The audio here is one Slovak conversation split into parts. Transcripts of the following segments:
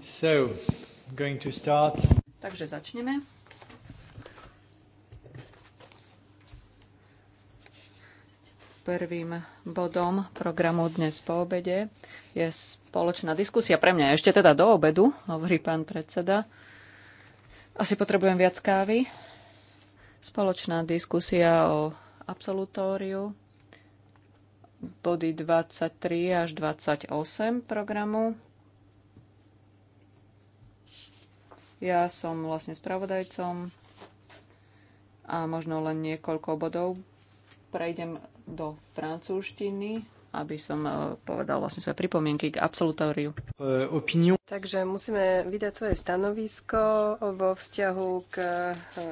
So, going to start. Takže začneme. Prvým bodom programu dnes po obede je spoločná diskusia. Pre mňa ešte teda do obedu, hovorí pán predseda. Asi potrebujem viac kávy. Spoločná diskusia o absolutóriu body 23 až 28 programu. Ja som vlastne spravodajcom a možno len niekoľko bodov. Prejdem do francúzštiny aby som e, povedal vlastne svoje pripomienky k absolutóriu. E, Takže musíme vydať svoje stanovisko vo vzťahu k e,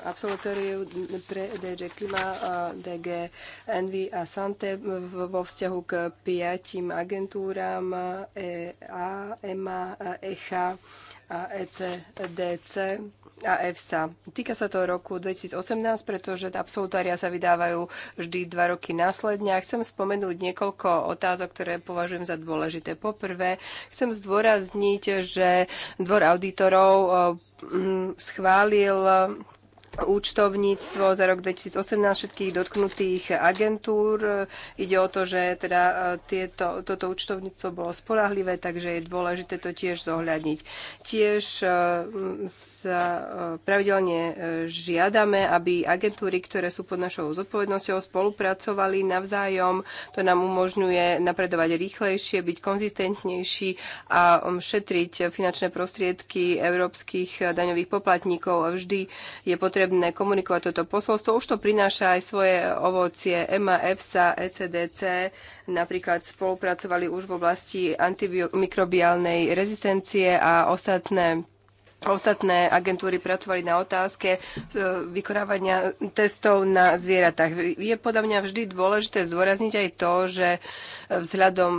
absolutóriu pre DG Klima, DG Envy a Sante vo vzťahu k piatim agentúram EA, EMA, ECHA a ECDC a EFSA. Týka sa to roku 2018, pretože absolutária sa vydávajú vždy dva roky následne a chcem spomenúť niekoľko otázok, ktoré považujem za dôležité. Poprvé, chcem zdôrazniť, že dvor auditorov eh, schválil účtovníctvo za rok 2018 všetkých dotknutých agentúr. Ide o to, že teda e, tieto, toto účtovníctvo bolo spolahlivé, takže je dôležité to tiež zohľadniť. Tiež e, sa e, pravidelne žiadame, aby agentúry, ktoré sú pod našou zodpovednosťou, spolupracovali navzájom. To nám umožňuje napredovať rýchlejšie, byť konzistentnejší a šetriť finančné prostriedky európskych daňových poplatníkov. vždy je potrebné potrebné komunikovať toto posolstvo. Už to prináša aj svoje ovocie. EMA, EFSA, ECDC napríklad spolupracovali už v oblasti antimikrobiálnej rezistencie a ostatné Ostatné agentúry pracovali na otázke e, vykorávania testov na zvieratách. Je podľa mňa vždy dôležité zdôrazniť aj to, že vzhľadom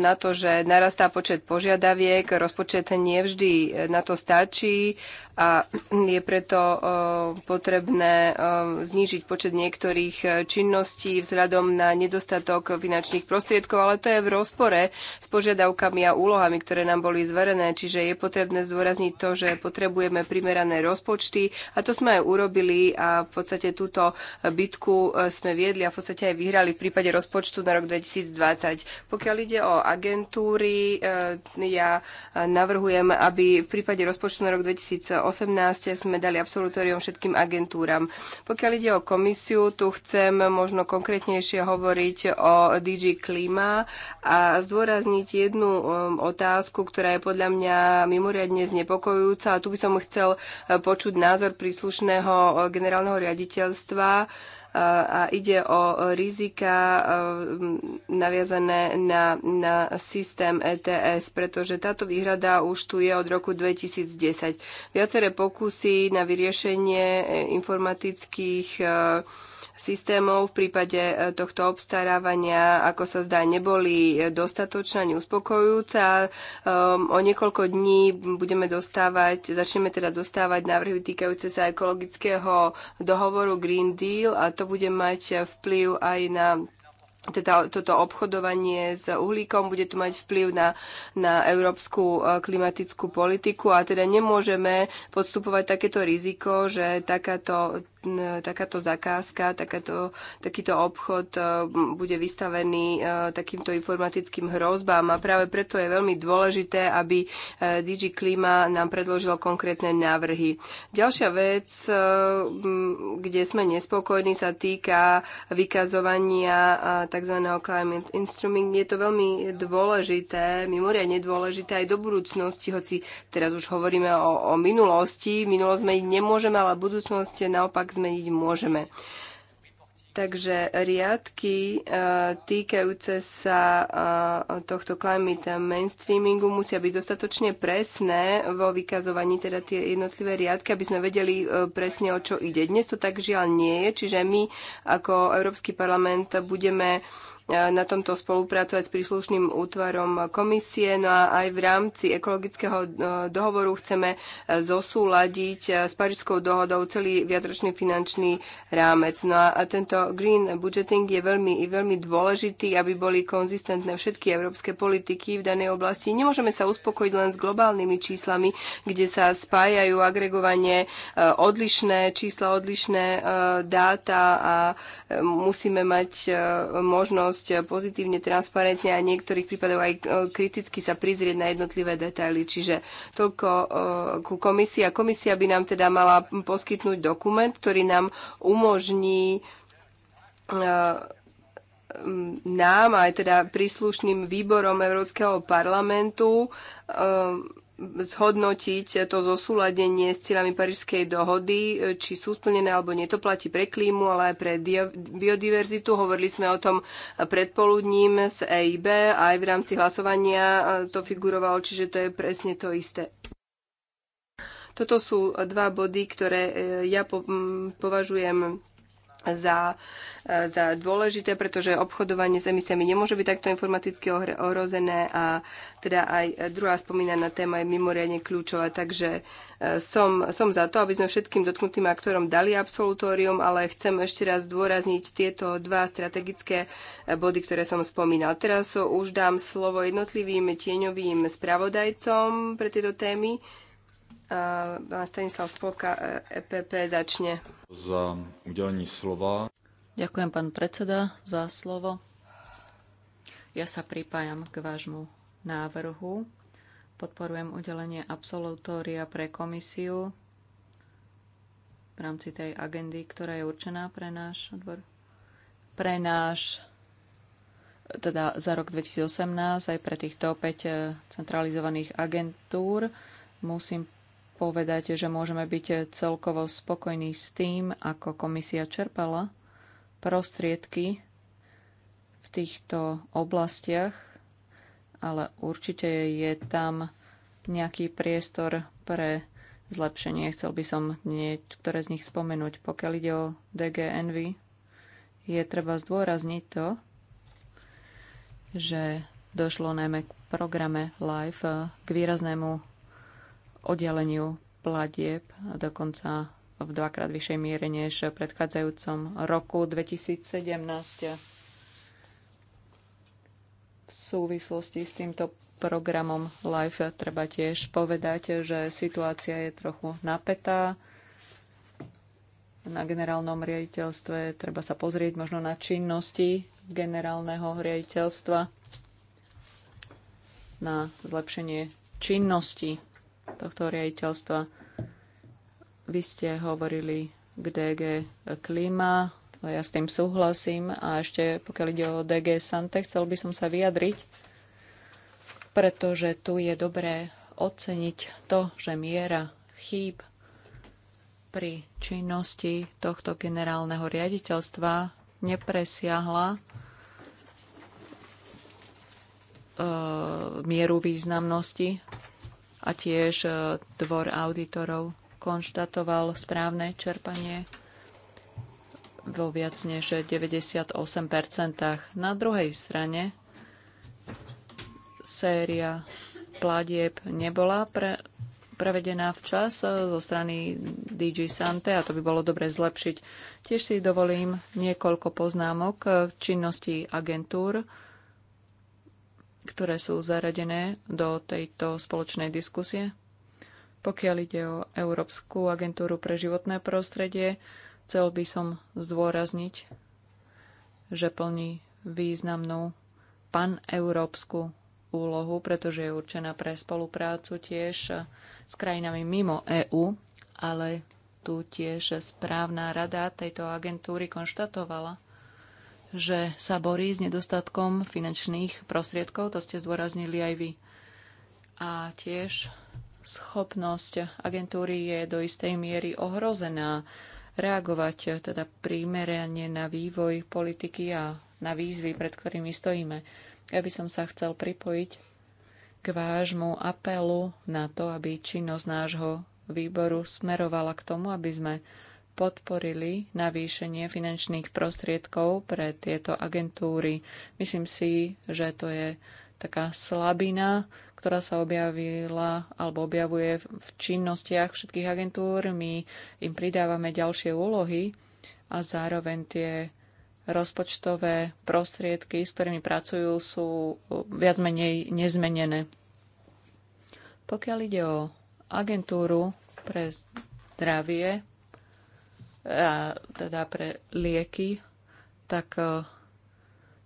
na to, že narastá počet požiadaviek, rozpočet nie vždy na to stačí a je preto potrebné znížiť počet niektorých e, činností vzhľadom na nedostatok finančných prostriedkov, ale to je v rozpore s požiadavkami a úlohami, ktoré nám boli zverené, čiže je potrebné zdôrazniť to, že potrebujeme primerané rozpočty a to sme aj urobili a v podstate túto e, bitku e, sme viedli a v podstate aj vyhrali v prípade rozpočtu na rok 2020. Pokiaľ ide o agentúry, ja navrhujem, aby v prípade rozpočtu na rok 2018 sme dali absolutórium všetkým agentúram. Pokiaľ ide o komisiu, tu chcem možno konkrétnejšie hovoriť o DG Klima a zdôrazniť jednu um, otázku, ktorá je podľa mňa mimoriadne znepokojujúca a tu by som chcel eh, počuť názor príslušného eh, generálneho riaditeľstva a ide o rizika naviazané na, na systém ETS, pretože táto výhrada už tu je od roku 2010. Viaceré pokusy na vyriešenie e, informatických e, systémov v prípade e, tohto obstarávania, ako sa zdá, neboli e, dostatočná, neuspokojujúca. Um, o niekoľko dní budeme dostávať, začneme teda dostávať návrhy týkajúce sa ekologického dohovoru Green Deal a to bude mať vplyv aj na teda toto obchodovanie s uhlíkom bude tu mať vplyv na, na európsku e, klimatickú politiku a teda nemôžeme podstupovať takéto riziko, že takáto E, takáto zakázka, takáto, takýto obchod e, bude vystavený e, takýmto informatickým hrozbám a práve preto je veľmi dôležité, aby DG Klima nám predložilo konkrétne návrhy. Ďalšia vec, kde sme nespokojní, sa týka vykazovania tzv. climate instrument. Je to veľmi dôležité, mimoriadne dôležité aj do budúcnosti, hoci teraz už hovoríme o, o minulosti. Minulosť sme nemôžeme, ale budúcnosť naopak tak zmeniť môžeme. Takže riadky e, týkajúce sa e, tohto climate mainstreamingu musia byť dostatočne presné vo vykazovaní teda tie jednotlivé riadky, aby sme vedeli e, presne o čo ide. Dnes to tak žiaľ nie je, čiže my ako Európsky parlament budeme na tomto spolupracovať s príslušným útvarom komisie. No a aj v rámci ekologického e, dohovoru chceme e, zosúladiť e, s Parížskou dohodou celý viacročný finančný rámec. No a tento green budgeting je veľmi, veľmi dôležitý, aby boli konzistentné všetky európske politiky v danej oblasti. Nemôžeme sa uspokojiť len s globálnymi číslami, kde sa spájajú agregovanie odlišné čísla, odlišné dáta a musíme mať možnosť možnosť pozitívne, transparentne a v niektorých prípadoch aj e, kriticky sa prizrieť na jednotlivé detaily. Čiže toľko e, ku komisii. A komisia by nám teda mala poskytnúť dokument, ktorý nám umožní e, nám aj teda príslušným výborom Európskeho parlamentu zhodnotiť to zosúladenie s cieľami Parížskej dohody, či sú splnené alebo nie. To platí pre klímu, ale aj pre biodiverzitu. Hovorili sme o tom predpoludním z EIB a aj v rámci hlasovania to figurovalo, čiže to je presne to isté. Toto sú dva body, ktoré e, ja považujem za, e, za dôležité, pretože obchodovanie s emisiami nemôže byť takto informaticky ohrozené a teda aj druhá spomínaná téma je mimoriadne kľúčová. Takže e, som, som za to, aby sme všetkým dotknutým aktorom dali absolutórium, ale chcem ešte raz zdôrazniť tieto dva strategické e, body, ktoré som spomínal. Teraz už dám slovo jednotlivým tieňovým spravodajcom pre tieto témy. Pán Stanislav Spolka, EPP, e začne. Za udelení slova. Ďakujem, pán predseda, za slovo. Ja sa pripájam k vášmu návrhu. Podporujem udelenie absolutória pre komisiu v rámci tej agendy, ktorá je určená pre náš odbor. Pre náš teda za rok 2018 aj pre týchto 5 e, centralizovaných agentúr musím povedať, že môžeme byť celkovo spokojní s tým, ako komisia čerpala prostriedky v týchto oblastiach, ale určite je tam nejaký priestor pre zlepšenie. Chcel by som niektoré z nich spomenúť. Pokiaľ ide o DGNV, je treba zdôrazniť to, že došlo najmä k programe LIFE k výraznému oddeleniu platieb dokonca v dvakrát vyššej miere než v predchádzajúcom roku 2017. V súvislosti s týmto programom LIFE treba tiež povedať, že situácia je trochu napätá. Na generálnom riaditeľstve treba sa pozrieť možno na činnosti generálneho riaditeľstva na zlepšenie činnosti tohto riaditeľstva. Vy ste hovorili k DG Klíma, ja s tým súhlasím. A ešte pokiaľ ide o DG Sante, chcel by som sa vyjadriť, pretože tu je dobré oceniť to, že miera chýb pri činnosti tohto generálneho riaditeľstva nepresiahla e, mieru významnosti a tiež e, dvor auditorov konštatoval správne čerpanie vo viac než 98%. Na druhej strane séria platieb nebola pre, prevedená včas e, zo strany DG Sante a to by bolo dobre zlepšiť. Tiež si dovolím niekoľko poznámok k činnosti agentúr ktoré sú zaradené do tejto spoločnej diskusie. Pokiaľ ide o Európsku agentúru pre životné prostredie, chcel by som zdôrazniť, že plní významnú paneurópsku úlohu, pretože je určená pre spoluprácu tiež s krajinami mimo EÚ, ale tu tiež správna rada tejto agentúry konštatovala, že sa borí s nedostatkom finančných prostriedkov, to ste zdôraznili aj vy. A tiež schopnosť agentúry je do istej miery ohrozená reagovať teda primerane na vývoj politiky a na výzvy, pred ktorými stojíme. Ja by som sa chcel pripojiť k vášmu apelu na to, aby činnosť nášho výboru smerovala k tomu, aby sme podporili navýšenie finančných prostriedkov pre tieto agentúry. Myslím si, že to je taká slabina, ktorá sa objavila alebo objavuje v činnostiach všetkých agentúr. My im pridávame ďalšie úlohy a zároveň tie rozpočtové prostriedky, s ktorými pracujú, sú viac menej nezmenené. Pokiaľ ide o agentúru pre zdravie, a teda pre lieky, tak e,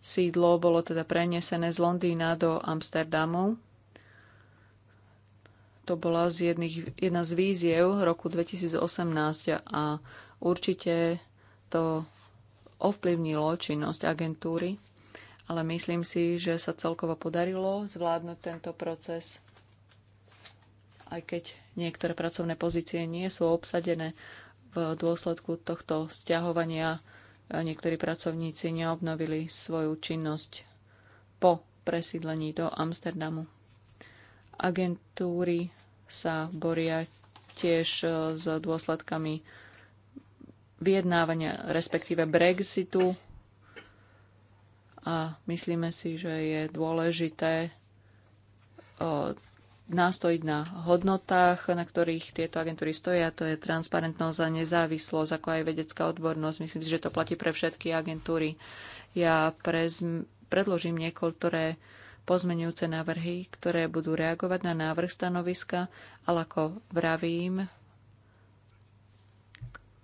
sídlo bolo teda prenesené z Londýna do Amsterdamu. To bola z jedných, jedna z víziev roku 2018 a určite to ovplyvnilo činnosť agentúry, ale myslím si, že sa celkovo podarilo zvládnuť tento proces, aj keď niektoré pracovné pozície nie sú obsadené v dôsledku tohto stiahovania niektorí pracovníci neobnovili svoju činnosť po presídlení do Amsterdamu. Agentúry sa boria tiež e, s dôsledkami vyjednávania, respektíve Brexitu. A myslíme si, že je dôležité e, nástojiť na hodnotách, na ktorých tieto agentúry stoja, to je transparentnosť a nezávislosť, ako aj vedecká odbornosť. Myslím si, že to platí pre všetky agentúry. Ja prezm, predložím niektoré pozmenujúce návrhy, ktoré budú reagovať na návrh stanoviska, ale ako vravím,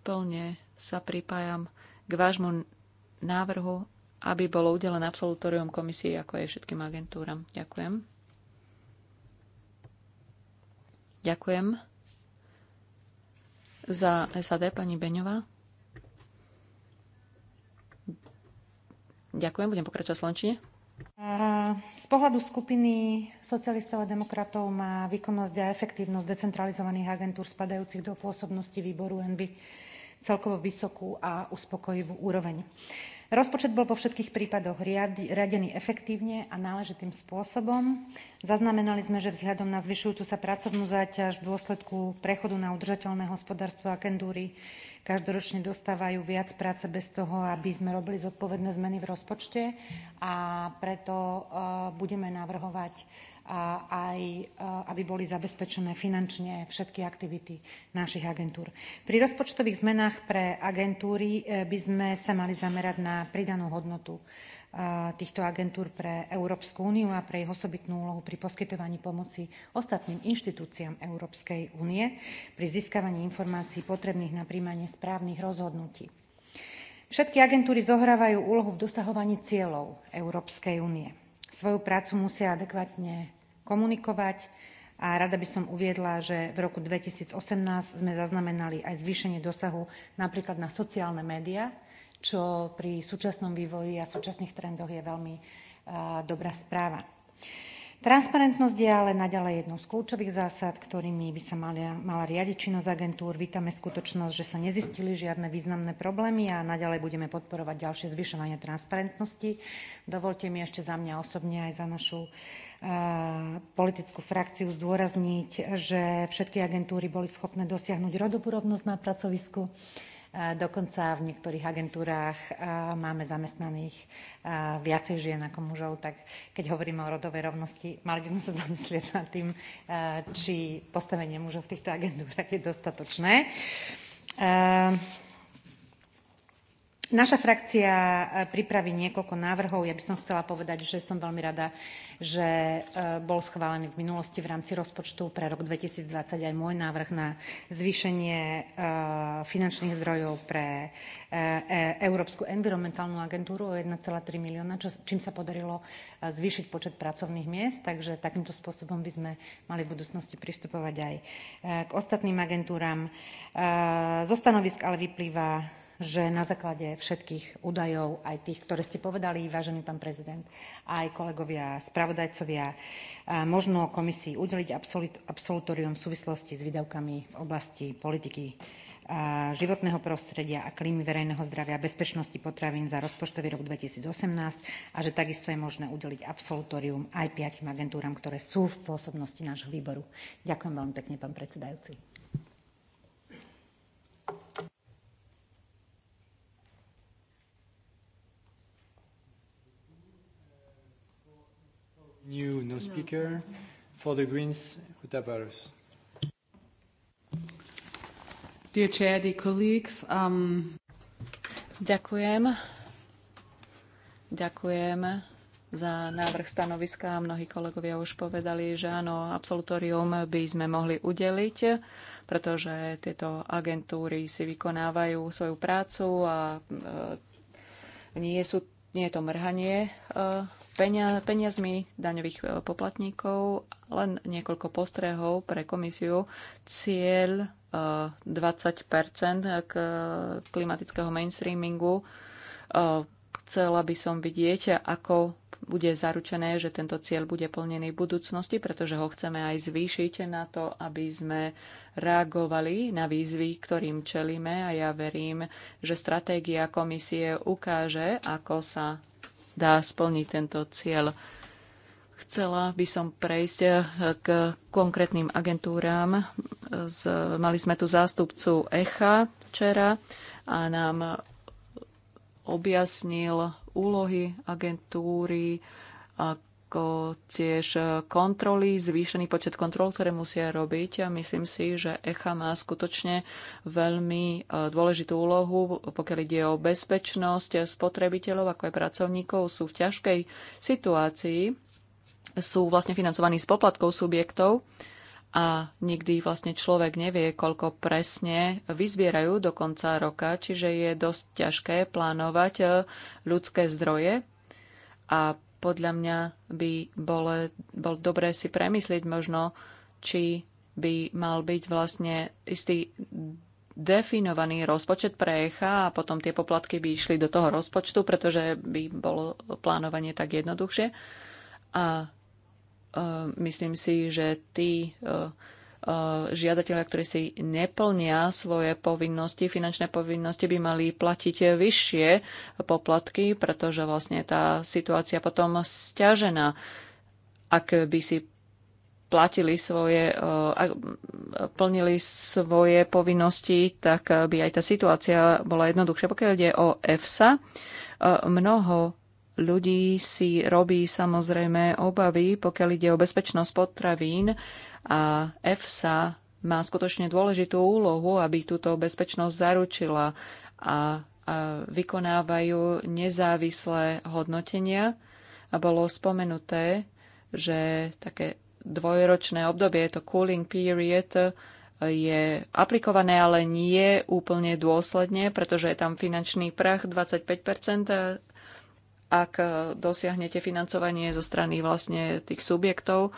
plne sa pripájam k vášmu návrhu, aby bolo udelené absolutórium komisie, ako aj všetkým agentúram. Ďakujem. Ďakujem. Za SAD pani Beňová. Ďakujem, budem pokračovať Slončine. Z pohľadu skupiny socialistov a demokratov má výkonnosť a efektívnosť decentralizovaných agentúr spadajúcich do pôsobnosti výboru ENVY celkovo vysokú a uspokojivú úroveň. Rozpočet bol vo všetkých prípadoch riadený efektívne a náležitým spôsobom. Zaznamenali sme, že vzhľadom na zvyšujúcu sa pracovnú záťaž v dôsledku prechodu na udržateľné hospodárstvo a kendúry každoročne dostávajú viac práce bez toho, aby sme robili zodpovedné zmeny v rozpočte a preto eh, budeme navrhovať aj aby boli zabezpečené finančne všetky aktivity našich agentúr. Pri rozpočtových zmenách pre agentúry e, by sme sa mali zamerať na pridanú hodnotu e, týchto agentúr pre Európsku úniu a pre ich osobitnú úlohu pri poskytovaní pomoci ostatným inštitúciám Európskej únie pri získavaní informácií potrebných na príjmanie správnych rozhodnutí. Všetky agentúry zohrávajú úlohu v dosahovaní cieľov Európskej únie. Svoju prácu musia adekvátne komunikovať. A rada by som uviedla, že v roku 2018 sme zaznamenali aj zvýšenie dosahu napríklad na sociálne médiá, čo pri súčasnom vývoji a súčasných trendoch je veľmi uh, dobrá správa. Transparentnosť je ale naďalej jednou z kľúčových zásad, ktorými by sa mala, mala riadiť činnosť agentúr. Vítame skutočnosť, že sa nezistili žiadne významné problémy a naďalej budeme podporovať ďalšie zvyšovanie transparentnosti. Dovolte mi ešte za mňa osobne aj za našu eh, politickú frakciu zdôrazniť, že všetky agentúry boli schopné dosiahnuť rodovú rovnosť na pracovisku, Eh, dokonca v niektorých agentúrách eh, máme zamestnaných eh, viacej žien ako mužov, tak keď hovoríme o rodovej rovnosti, mali by sme sa zamyslieť nad tým, či postavenie mužov v týchto agentúrach je dostatočné. Naša frakcia eh, pripraví niekoľko návrhov. Ja by som chcela povedať, že som veľmi rada, že eh, bol schválený v minulosti v rámci rozpočtu pre rok 2020 aj môj návrh na zvýšenie eh, finančných zdrojov pre e, Európsku environmentálnu agentúru o 1,3 milióna, čím sa podarilo zvýšiť počet pracovných miest. Takže takýmto spôsobom by sme mali v budúcnosti pristupovať aj k ostatným agentúram. Zo stanovisk ale vyplýva že na základe všetkých údajov, aj tých, ktoré ste povedali, vážený pán prezident, aj kolegovia spravodajcovia, možno komisii udeliť absolutórium v súvislosti s výdavkami v oblasti politiky životného prostredia a klímy verejného zdravia a bezpečnosti potravín za rozpočtový rok 2018 a že takisto je možné udeliť absolutórium aj piatim agentúram, ktoré sú v pôsobnosti nášho výboru. Ďakujem veľmi pekne, pán predsedajúci. new no, no speaker. For the Greens, Ruta Barros. Dear Chair, dear colleagues, um... Ďakujem. Ďakujem za návrh stanoviska. Mnohí kolegovia už povedali, že áno, absolutorium by sme mohli udeliť, pretože tieto agentúry si vykonávajú svoju prácu a e, nie sú nie je to mrhanie e, peniazmi daňových e, poplatníkov, len niekoľko postrehov pre komisiu. Cieľ 20 e, klimatického mainstreamingu Chcela by som vidieť, ako bude zaručené, že tento cieľ bude plnený v budúcnosti, pretože ho chceme aj zvýšiť na to, aby sme reagovali na výzvy, ktorým čelíme a ja verím, že stratégia komisie ukáže, ako sa dá splniť tento cieľ. Chcela by som prejsť k konkrétnym agentúram. Mali sme tu zástupcu ECHA včera a nám objasnil úlohy agentúry, ako tiež kontroly, zvýšený počet kontrol, ktoré musia robiť. A myslím si, že ECHA má skutočne veľmi e, dôležitú úlohu, pokiaľ ide o bezpečnosť spotrebiteľov, ako aj pracovníkov, sú v ťažkej situácii, sú vlastne financovaní z poplatkov subjektov a nikdy vlastne človek nevie, koľko presne vyzbierajú do konca roka, čiže je dosť ťažké plánovať e, ľudské zdroje a podľa mňa by bolo, bol dobré si premyslieť možno, či by mal byť vlastne istý definovaný rozpočet pre ECHA a potom tie poplatky by išli do toho rozpočtu, pretože by bolo plánovanie tak jednoduchšie. A E, myslím si, že tí e, e, žiadatelia, ktorí si neplnia svoje povinnosti, finančné povinnosti, by mali platiť vyššie poplatky, pretože vlastne tá situácia potom stiažená. Ak by si platili svoje, ak plnili svoje povinnosti, tak by aj tá situácia bola jednoduchšia. Pokiaľ ide o EFSA, mnoho ľudí si robí samozrejme obavy, pokiaľ ide o bezpečnosť potravín a EFSA má skutočne dôležitú úlohu, aby túto bezpečnosť zaručila a, a vykonávajú nezávislé hodnotenia. A bolo spomenuté, že také dvojročné obdobie, to cooling period, je aplikované, ale nie úplne dôsledne, pretože je tam finančný prach 25% ak eh, dosiahnete financovanie zo strany vlastne tých subjektov,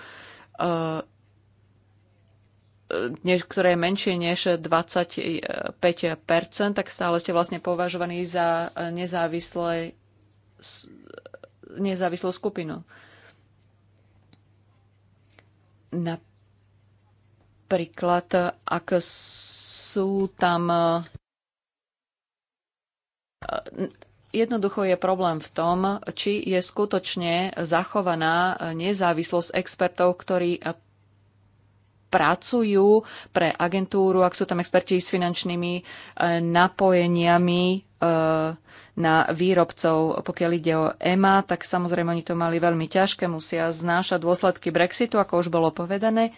eh, ktoré je menšie než 25%, tak stále ste vlastne považovaní za eh, nezávislé, nezávislú skupinu. Napríklad, ak sú tam Jednoducho je problém v tom, či je skutočne zachovaná nezávislosť expertov, ktorí pracujú pre agentúru, ak sú tam experti s finančnými e, napojeniami e, na výrobcov. Pokiaľ ide o EMA, tak samozrejme oni to mali veľmi ťažké, musia znášať dôsledky Brexitu, ako už bolo povedané,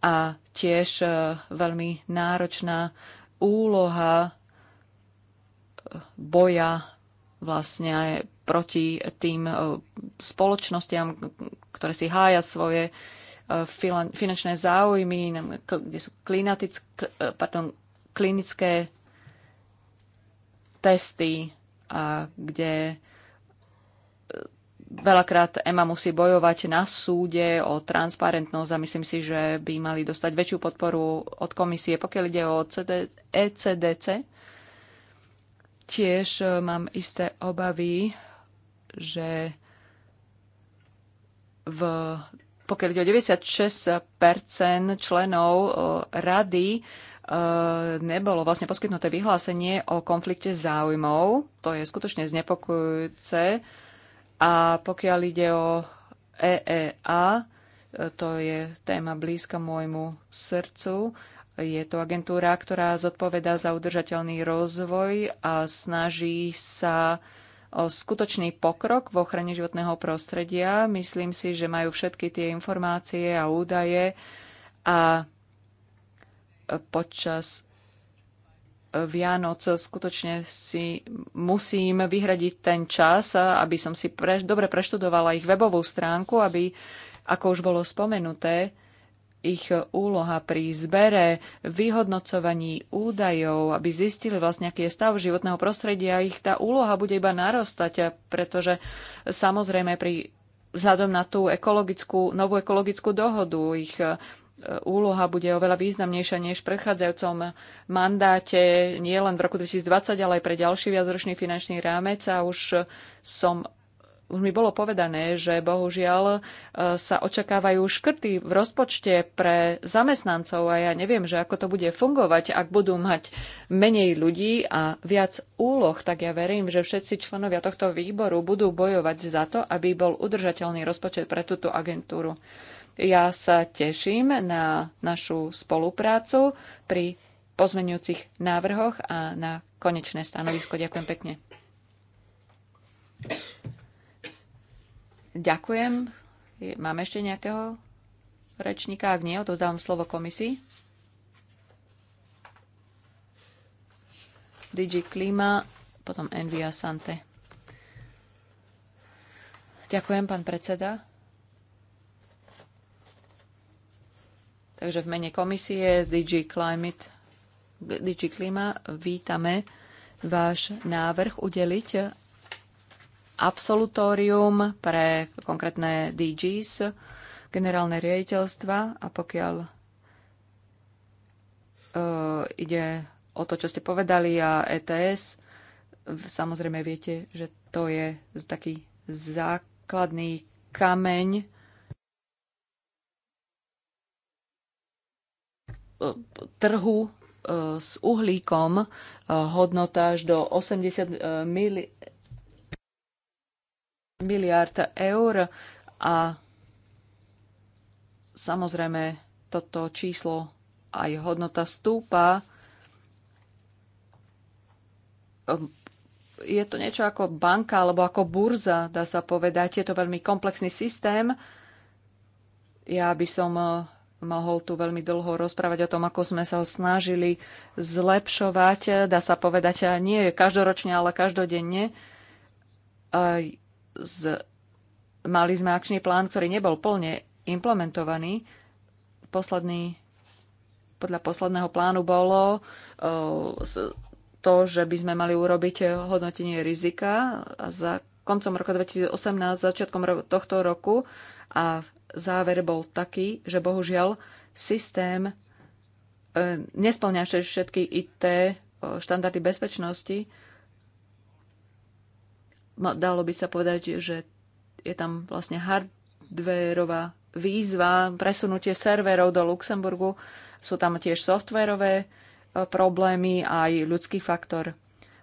a tiež e, veľmi náročná úloha boja vlastne proti tým e, spoločnostiam, ktoré si hája svoje e, finančné záujmy, kde sú e, pardon, klinické testy a kde veľakrát EMA musí bojovať na súde o transparentnosť a myslím si, že by mali dostať väčšiu podporu od komisie, pokiaľ ide o ECDC. Tiež e, mám isté obavy, že v, pokiaľ ide o 96 členov e, rady, e, nebolo vlastne poskytnuté vyhlásenie o konflikte záujmov. To je skutočne znepokojúce. A pokiaľ ide o EEA, to je téma blízka môjmu srdcu. Je to agentúra, ktorá zodpovedá za udržateľný rozvoj a snaží sa o skutočný pokrok v ochrane životného prostredia. Myslím si, že majú všetky tie informácie a údaje a počas Vianoc skutočne si musím vyhradiť ten čas, aby som si pre, dobre preštudovala ich webovú stránku, aby, ako už bolo spomenuté, ich úloha pri zbere, vyhodnocovaní údajov, aby zistili vlastne, aký je stav životného prostredia. Ich tá úloha bude iba narastať, pretože samozrejme pri vzhľadom na tú ekologickú, novú ekologickú dohodu ich e, úloha bude oveľa významnejšia než v predchádzajúcom mandáte, nie len v roku 2020, ale aj pre ďalší viacročný finančný rámec a už som už mi bolo povedané, že bohužiaľ e, sa očakávajú škrty v rozpočte pre zamestnancov a ja neviem, že ako to bude fungovať, ak budú mať menej ľudí a viac úloh, tak ja verím, že všetci členovia tohto výboru budú bojovať za to, aby bol udržateľný rozpočet pre túto agentúru. Ja sa teším na našu spoluprácu pri pozmeňujúcich návrhoch a na konečné stanovisko. Ďakujem pekne. Ďakujem. Máme ešte nejakého rečníka? Ak nie, odovzdávam slovo komisii. DG Klima, potom Envia Sante. Ďakujem, pán predseda. Takže v mene komisie DG Climate, DG Klima vítame váš návrh udeliť absolutórium pre konkrétne DGs, generálne riaditeľstva a pokiaľ uh, ide o to, čo ste povedali a ETS, samozrejme viete, že to je taký základný kameň e, trhu e, s uhlíkom hodnota až do 80 mili- miliard eur a samozrejme toto číslo aj hodnota stúpa. Ehm, je to niečo ako banka alebo ako burza, dá sa povedať. Je to veľmi komplexný systém. Ja by som eh, mohol tu veľmi dlho rozprávať o tom, ako sme sa ho snažili zlepšovať. Dá sa povedať, eh, nie každoročne, ale každodenne eh, z, mali sme akčný plán, ktorý nebol plne implementovaný. Posledný, podľa posledného plánu bolo e, to, že by sme mali urobiť hodnotenie rizika a za koncom roku 2018, začiatkom tohto roku a záver bol taký, že bohužiaľ systém e, nesplňa všetky IT e, štandardy bezpečnosti Dalo by sa povedať, že je tam vlastne hardwareová výzva, presunutie serverov do Luxemburgu. Sú tam tiež softwareové e, problémy a aj ľudský faktor.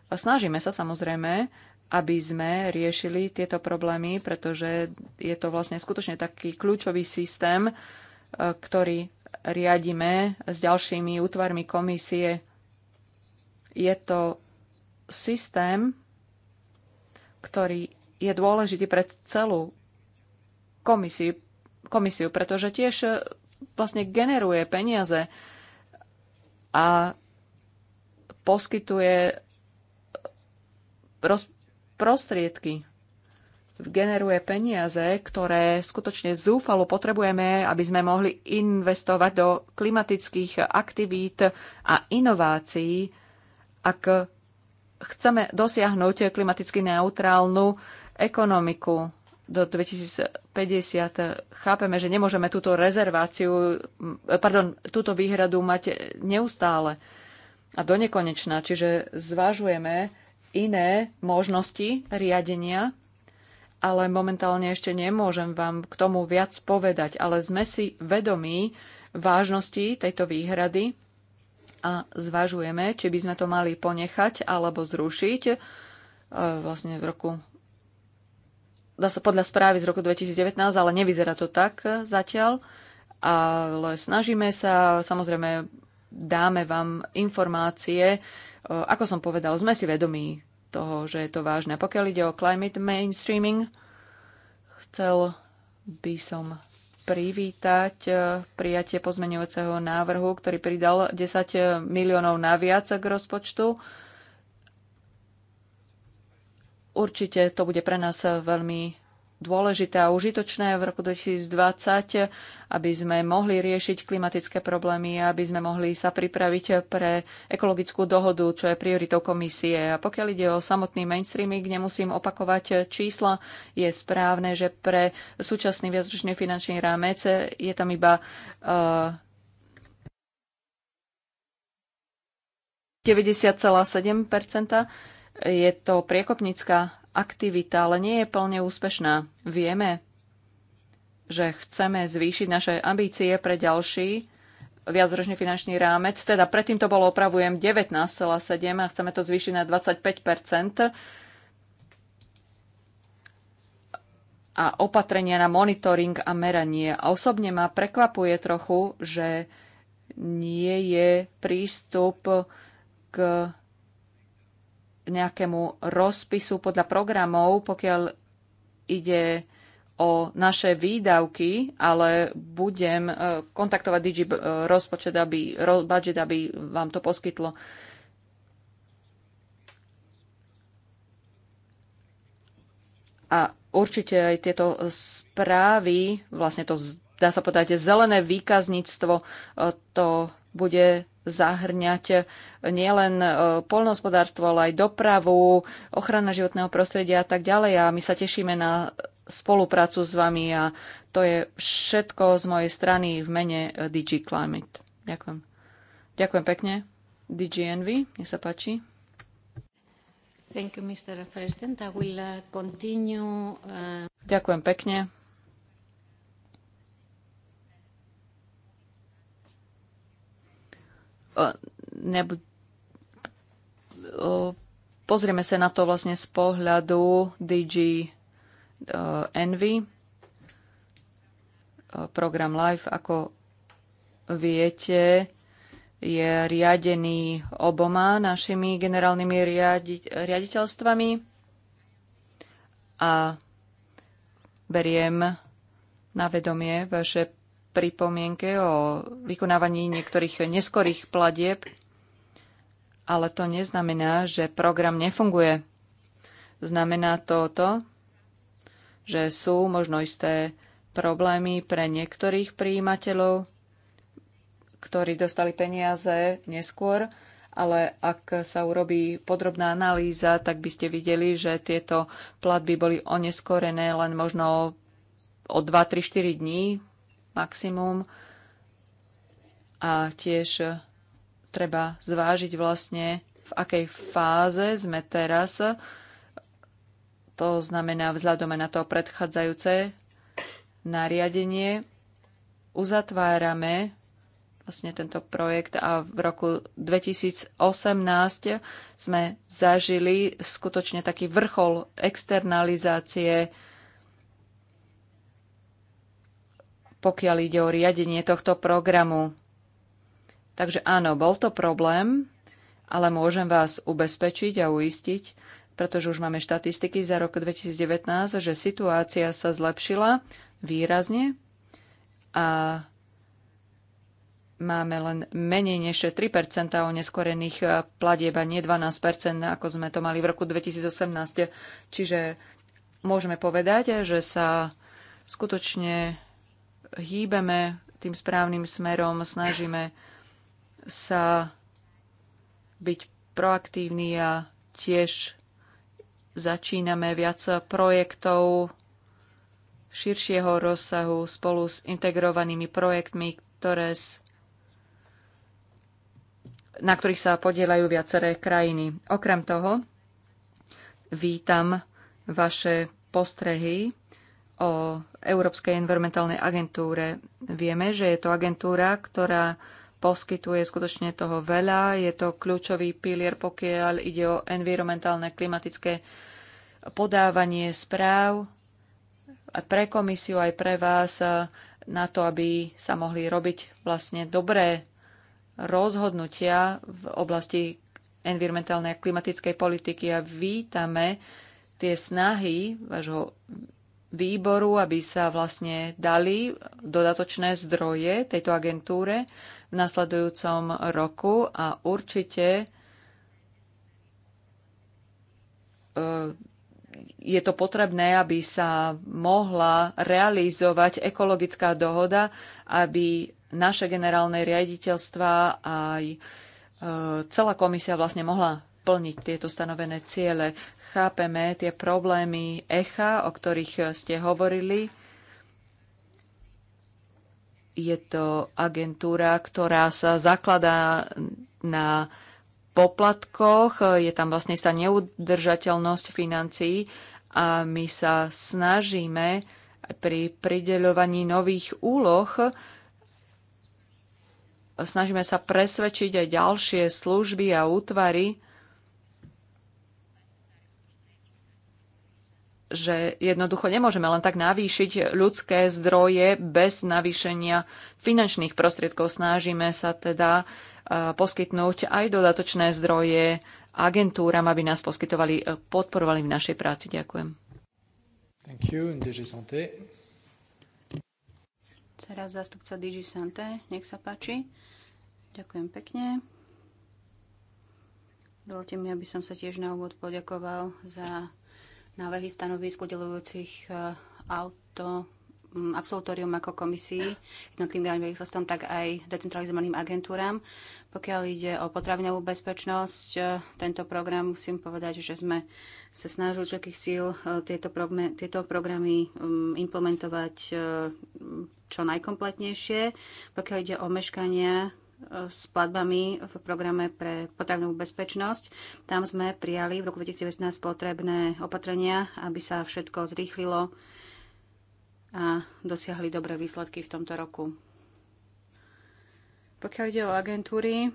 Snažíme sa samozrejme, aby sme riešili tieto problémy, pretože je to vlastne skutočne taký kľúčový systém, e, ktorý riadime s ďalšími útvarmi komisie. Je to systém, ktorý je dôležitý pre celú komisiu, komisiu pretože tiež e, vlastne generuje peniaze a poskytuje e, prostriedky, generuje peniaze, ktoré skutočne zúfalo potrebujeme, aby sme mohli investovať do klimatických aktivít a inovácií, ak chceme dosiahnuť klimaticky neutrálnu ekonomiku do 2050. Chápeme, že nemôžeme túto rezerváciu, pardon, túto výhradu mať neustále a do nekonečna. Čiže zvážujeme iné možnosti riadenia, ale momentálne ešte nemôžem vám k tomu viac povedať, ale sme si vedomí vážnosti tejto výhrady a zvažujeme, či by sme to mali ponechať alebo zrušiť. E, vlastne v roku dá sa podľa správy z roku 2019, ale nevyzerá to tak zatiaľ. Ale snažíme sa, samozrejme dáme vám informácie. E, ako som povedal, sme si vedomí toho, že je to vážne. Pokiaľ ide o climate mainstreaming, chcel by som privítať e, prijatie pozmeňujúceho návrhu, ktorý pridal 10 miliónov naviac k rozpočtu. Určite to bude pre nás veľmi dôležité a užitočné v roku 2020, aby sme mohli riešiť klimatické problémy, aby sme mohli sa pripraviť pre ekologickú dohodu, čo je prioritou komisie. A pokiaľ ide o samotný mainstreaming, nemusím opakovať čísla. Je správne, že pre súčasný viacročný finančný rámec je tam iba uh, eh, 90,7 je to priekopnícka aktivita, ale nie je plne úspešná. Vieme, že chceme zvýšiť naše ambície pre ďalší viacročný finančný rámec. Teda predtým to bolo, opravujem, 19,7 a chceme to zvýšiť na 25 a opatrenia na monitoring a meranie. A osobne ma prekvapuje trochu, že nie je prístup k nejakému rozpisu podľa programov, pokiaľ ide o naše výdavky, ale budem e, kontaktovať Digi e, rozpočet, aby, budget, aby vám to poskytlo. A určite aj tieto správy, vlastne to dá sa povedať zelené výkazníctvo, e, to bude zahrňať nielen e, polnohospodárstvo, ale aj dopravu, ochrana životného prostredia a tak ďalej. A my sa tešíme na spoluprácu s vami a to je všetko z mojej strany v mene e, DG Climate. Ďakujem. Ďakujem pekne. DG Envy, nech sa páči. Thank you, Mr. President. I will uh, continue, uh... Ďakujem pekne. nebu- pozrieme sa na to vlastne z pohľadu DG Envy, program Live, ako viete, je riadený oboma našimi generálnymi riadi- riaditeľstvami a beriem na vedomie vaše pripomienke o vykonávaní niektorých neskorých platieb, ale to neznamená, že program nefunguje. Znamená to to, že sú možno isté problémy pre niektorých príjimateľov, ktorí dostali peniaze neskôr, ale ak sa urobí podrobná analýza, tak by ste videli, že tieto platby boli oneskorené len možno o 2, 3, 4 dní, maximum a tiež eh, treba zvážiť vlastne, v akej fáze sme teraz. To znamená vzhľadom na to predchádzajúce nariadenie. Uzatvárame vlastne tento projekt a v roku 2018 sme zažili skutočne taký vrchol externalizácie pokiaľ ide o riadenie tohto programu. Takže áno, bol to problém, ale môžem vás ubezpečiť a uistiť, pretože už máme štatistiky za rok 2019, že situácia sa zlepšila výrazne a máme len menej než 3% oneskorených platieb a nie 12%, ako sme to mali v roku 2018. Čiže môžeme povedať, že sa skutočne hýbeme tým správnym smerom, snažíme sa byť proaktívni a tiež začíname viac projektov širšieho rozsahu spolu s integrovanými projektmi, ktoré s, na ktorých sa podielajú viaceré krajiny. Okrem toho, vítam vaše postrehy o Európskej environmentálnej agentúre. Vieme, že je to agentúra, ktorá poskytuje skutočne toho veľa. Je to kľúčový pilier, pokiaľ ide o environmentálne klimatické podávanie správ pre komisiu aj pre vás na to, aby sa mohli robiť vlastne dobré rozhodnutia v oblasti environmentálnej a klimatickej politiky a vítame tie snahy vášho výboru, aby sa vlastne dali dodatočné zdroje tejto agentúre v nasledujúcom roku a určite e, je to potrebné, aby sa mohla realizovať ekologická dohoda, aby naše generálne riaditeľstva aj e, celá komisia vlastne mohla plniť tieto stanovené ciele. Chápeme tie problémy echa, o ktorých ste hovorili. Je to agentúra, ktorá sa zakladá na poplatkoch, je tam vlastne tá neudržateľnosť financií a my sa snažíme pri prideľovaní nových úloh snažíme sa presvedčiť aj ďalšie služby a útvary, že jednoducho nemôžeme len tak navýšiť ľudské zdroje bez navýšenia finančných prostriedkov. Snažíme sa teda e, poskytnúť aj dodatočné zdroje agentúram, aby nás poskytovali, e, podporovali v našej práci. Ďakujem. Thank you, DG Santé. Teraz zástupca DG Santé, nech sa páči. Ďakujem pekne. Dovolte mi, aby som sa tiež na úvod poďakoval za návrhy stanovisk udelujúcich e, auto absolutórium ako komisii, jednotlivým daňovým listom, tak aj decentralizovaným agentúram. Pokiaľ ide o potravňovú bezpečnosť, e, tento program musím povedať, že sme sa snažili všetkých síl e, tieto, programy, tieto programy implementovať čo najkompletnejšie. Pokiaľ ide o meškania, s platbami v programe pre potravnú bezpečnosť. Tam sme prijali v roku 2019 potrebné opatrenia, aby sa všetko zrýchlilo a dosiahli dobré výsledky v tomto roku. Pokiaľ ide o agentúry,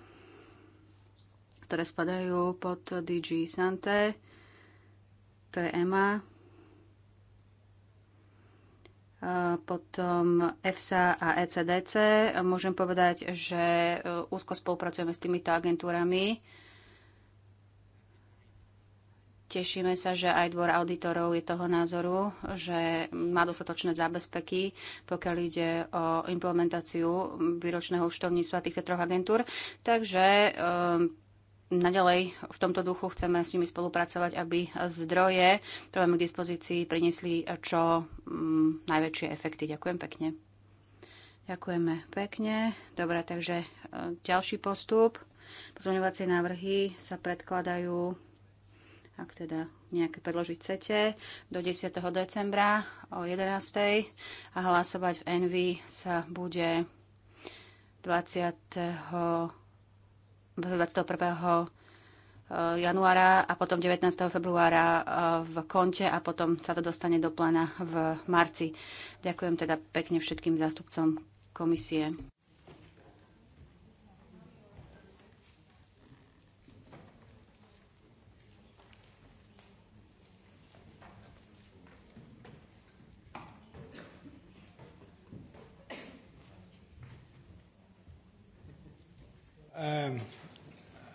ktoré spadajú pod DG Sante, to je EMA, potom EFSA a ECDC. Môžem povedať, že e, úzko spolupracujeme s týmito agentúrami. Tešíme sa, že aj dvor auditorov je toho názoru, že má dostatočné zábezpeky, pokiaľ ide o implementáciu výročného účtovníctva týchto troch agentúr. Takže e, Naďalej v tomto duchu chceme s nimi spolupracovať, aby zdroje, ktoré máme k dispozícii, priniesli čo mm, najväčšie efekty. Ďakujem pekne. Ďakujeme pekne. Dobre, takže e, ďalší postup. Pozmeňovacie návrhy sa predkladajú, ak teda nejaké predložiť chcete, do 10. decembra o 11. a hlasovať v Envy sa bude 20. 21 eh, januára a potom 19. februára eh, v konte a potom sa to dostane do plena v marci. Ďakujem teda pekne všetkým zástupcom komisie. Um.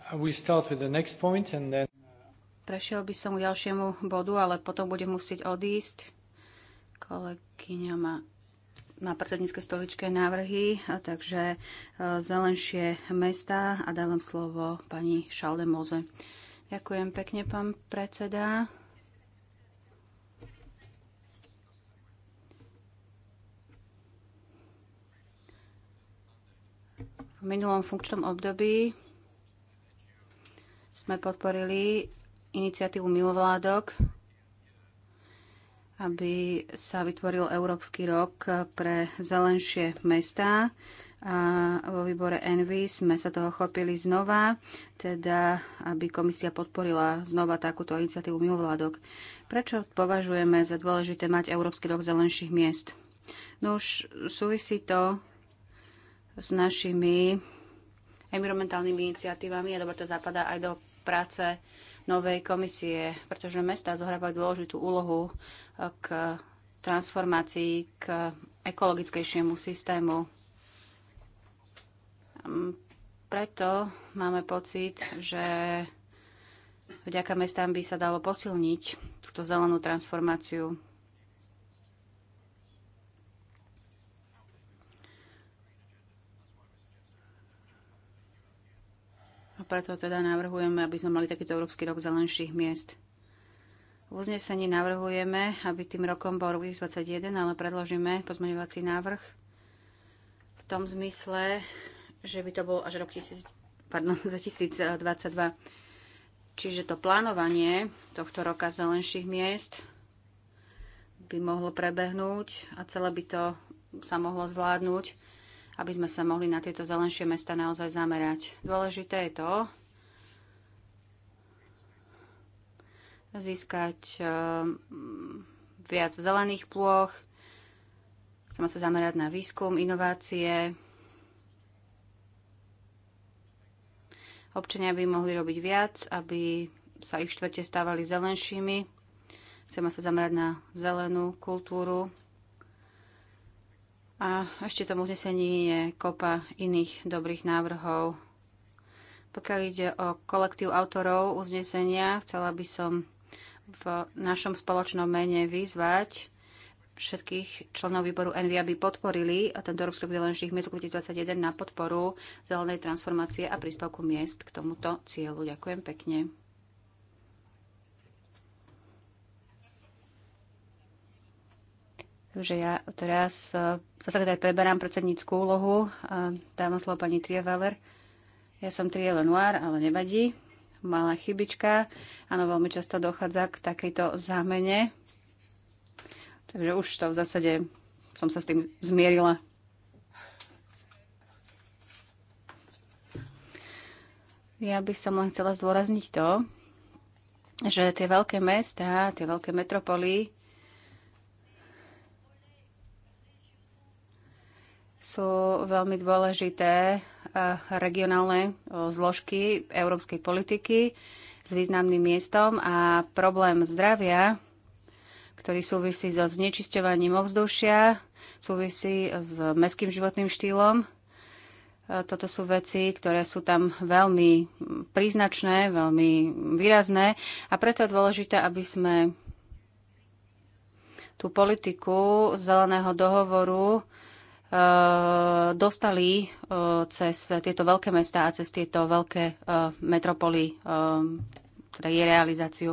Uh, Prešiel by som k ďalšiemu bodu, ale potom budem musieť odísť. Kolegyňa má na predsedníckej stoličke návrhy, takže uh, zelenšie mesta a dávam slovo pani Šaldemoze. Ďakujem pekne, pán predseda. V minulom funkčnom období sme podporili iniciatívu mimovládok, aby sa vytvoril Európsky rok pre zelenšie mesta. A vo výbore Envy sme sa toho chopili znova, teda aby komisia podporila znova takúto iniciatívu mimovládok. Prečo považujeme za dôležité mať Európsky rok zelenších miest? No už súvisí to s našimi environmentálnymi iniciatívami a dobre to zapadá aj do práce novej komisie, pretože mesta zohrávajú dôležitú úlohu eh, k transformácii k ekologickejšiemu systému. Ehm, preto máme pocit, že vďaka mestám by sa dalo posilniť túto zelenú transformáciu preto teda navrhujeme, aby sme mali takýto Európsky rok zelenších miest. V uznesení navrhujeme, aby tým rokom bol rok 2021, ale predložíme pozmeňovací návrh v tom zmysle, že by to bol až rok 1000, pardon, 2022. Čiže to plánovanie tohto roka zelenších miest by mohlo prebehnúť a celé by to sa mohlo zvládnuť aby sme sa mohli na tieto zelenšie mesta naozaj zamerať. Dôležité je to, získať eh, viac zelených plôch, chceme sa zamerať na výskum, inovácie. Občania by mohli robiť viac, aby sa ich štvrte stávali zelenšími. Chceme sa zamerať na zelenú kultúru, a ešte tomu uznesení je kopa iných dobrých návrhov. Pokiaľ ide o kolektív autorov uznesenia, chcela by som v našom spoločnom mene vyzvať všetkých členov výboru Envy, aby podporili a tento Európsky rok zelenších miest 2021 na podporu zelenej transformácie a príspevku miest k tomuto cieľu. Ďakujem pekne. Takže ja teraz sa e, teda preberám predsednícku úlohu a dávam slovo pani Trievaler. Ja som Trie Lenoir, ale nevadí. Malá chybička. Áno, veľmi často dochádza k takejto zámene. Takže už to v zásade som sa s tým zmierila. Ja by som len chcela zdôrazniť to, že tie veľké mesta, tie veľké metropoly, sú veľmi dôležité eh, regionálne eh, zložky európskej politiky s významným miestom a problém zdravia, ktorý súvisí so znečisťovaním ovzdušia, súvisí s mestským životným štýlom. Eh, toto sú veci, ktoré sú tam veľmi príznačné, veľmi výrazné a preto je dôležité, aby sme tú politiku zeleného dohovoru Eh, dostali eh, cez tieto veľké mestá a cez tieto veľké eh, metropoly teda jej realizáciu.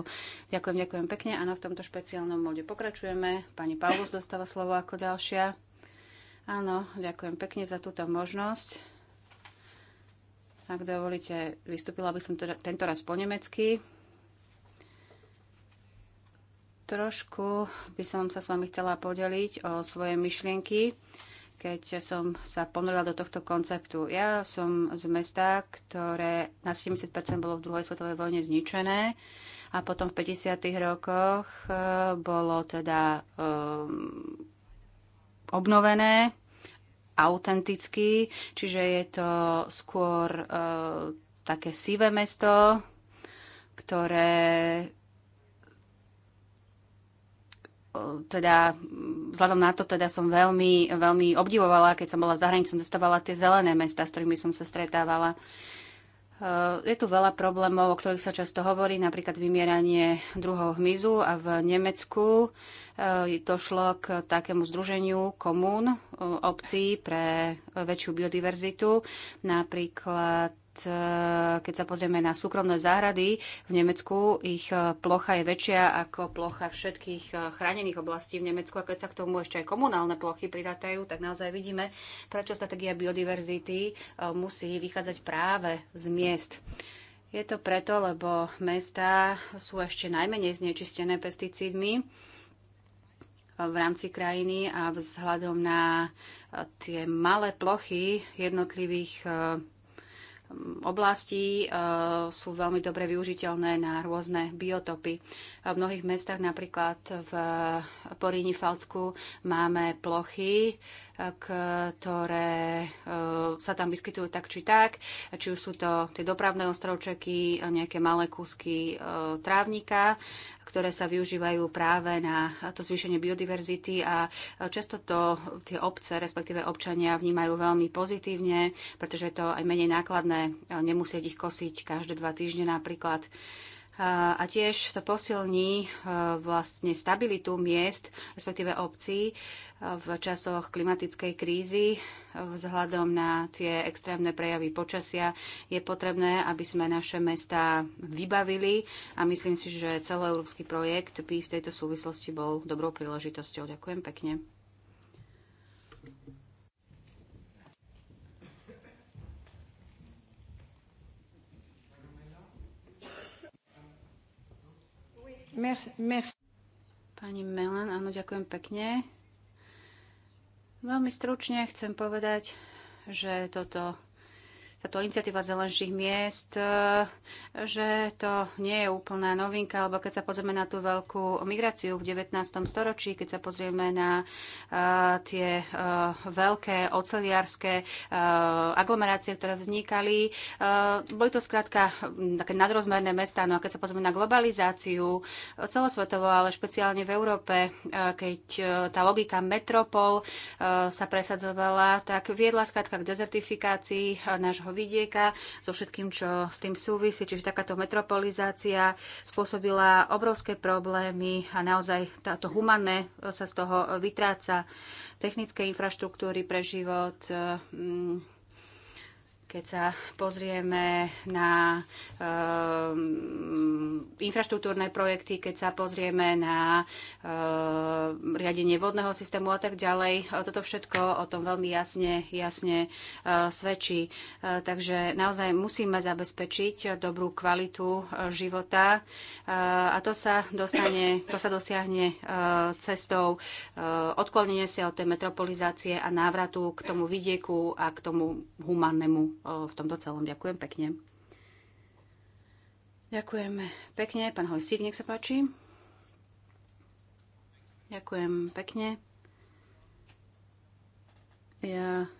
Ďakujem, ďakujem pekne. Áno, v tomto špeciálnom móde pokračujeme. Pani Paulus dostáva slovo ako ďalšia. Áno, ďakujem pekne za túto možnosť. Ak dovolíte, vystúpila by som teda tento raz po nemecky. Trošku by som sa s vami chcela podeliť o svoje myšlienky keď som sa ponorila do tohto konceptu. Ja som z mesta, ktoré na 70% bolo v druhej svetovej vojne zničené a potom v 50. rokoch eh, bolo teda um, obnovené autenticky, čiže je to skôr uh, také sivé mesto, ktoré teda vzhľadom na to teda som veľmi, veľmi obdivovala, keď som bola za hranicou, dostávala tie zelené mesta, s ktorými som sa stretávala. E, je tu veľa problémov, o ktorých sa často hovorí, napríklad vymieranie druhov hmyzu a v Nemecku došlo e, k takému združeniu komún, e, obcí pre väčšiu biodiverzitu. Napríklad E, keď sa pozrieme na súkromné záhrady v Nemecku, ich e, plocha je väčšia ako plocha všetkých e, chránených oblastí v Nemecku. A keď sa k tomu ešte aj komunálne plochy pridatajú, tak naozaj vidíme, prečo stratégia biodiverzity musí vychádzať práve z miest. Je to preto, lebo mesta sú ešte najmenej znečistené pesticídmi v rámci krajiny a vzhľadom na tie malé plochy jednotlivých oblasti eh, sú veľmi dobre využiteľné na rôzne biotopy. V mnohých mestách, napríklad v Poríni, Falcku, máme plochy, ktoré e, sa tam vyskytujú tak či tak. Či už sú to tie dopravné ostrovčeky, nejaké malé kúsky e, trávnika, ktoré sa využívajú práve na to zvýšenie biodiverzity a často to tie obce, respektíve občania vnímajú veľmi pozitívne, pretože je to aj menej nákladné nemusieť ich kosiť každé dva týždne napríklad a tiež to posilní e, vlastne stabilitu miest, respektíve obcí e, v časoch klimatickej krízy. E, vzhľadom na tie extrémne prejavy počasia je potrebné, aby sme naše mesta vybavili a myslím si, že celoeurópsky projekt by v tejto súvislosti bol dobrou príležitosťou. Ďakujem pekne. Pani Melan, áno, ďakujem pekne. Veľmi stručne chcem povedať, že toto táto iniciatíva zelenších miest, e, že to nie je úplná novinka, alebo keď sa pozrieme na tú veľkú migráciu v 19. storočí, keď sa pozrieme na e, tie e, veľké oceliárske aglomerácie, ktoré vznikali, boli to skrátka také nadrozmerné mesta. No a keď sa pozrieme na globalizáciu celosvetovo, ale špeciálne v Európe, keď tá logika metropol sa presadzovala, tak viedla skrátka k dezertifikácii nášho vidieka, so všetkým, čo s tým súvisí. Čiže takáto metropolizácia spôsobila obrovské problémy a naozaj táto humanné e, sa z toho vytráca. Technické infraštruktúry pre život, mm, keď sa pozrieme na um, infraštruktúrne projekty, keď sa pozrieme na um, riadenie vodného systému a tak ďalej. E, toto všetko o tom veľmi jasne, jasne uh, svedčí. Uh, takže naozaj musíme zabezpečiť dobrú kvalitu uh, života uh, a to sa, dostane, to sa dosiahne uh, cestou uh, odklonenia sa od tej metropolizácie a návratu k tomu vidieku a k tomu humannému v tomto celom. Ďakujem pekne. Ďakujem pekne. Pán Hojsík, nech sa páči. Ďakujem pekne. Ja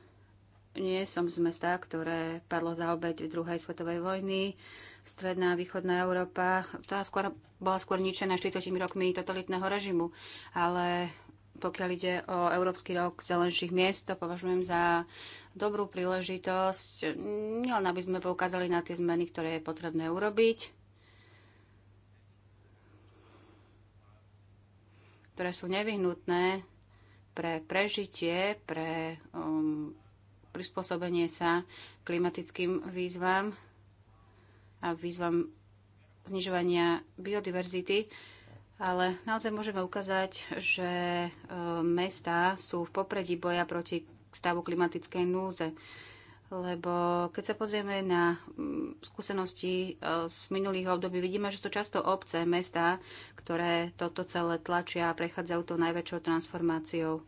nie som z mesta, ktoré padlo za obeď druhej svetovej vojny. Stredná a východná Európa, to skôr, bola skôr ničená 40 rokmi totalitného režimu. Ale pokiaľ ide o Európsky rok zelenších miest, to považujem za dobrú príležitosť, nielen aby sme poukázali na tie zmeny, ktoré je potrebné urobiť, ktoré sú nevyhnutné pre prežitie, pre um, prispôsobenie sa klimatickým výzvam a výzvam znižovania biodiverzity ale naozaj môžeme ukázať, že e, mesta sú v popredí boja proti stavu klimatickej núze. Lebo keď sa pozrieme na mm, skúsenosti e, z minulých období, vidíme, že sú často obce, mesta, ktoré toto celé tlačia a prechádzajú tou najväčšou transformáciou. E,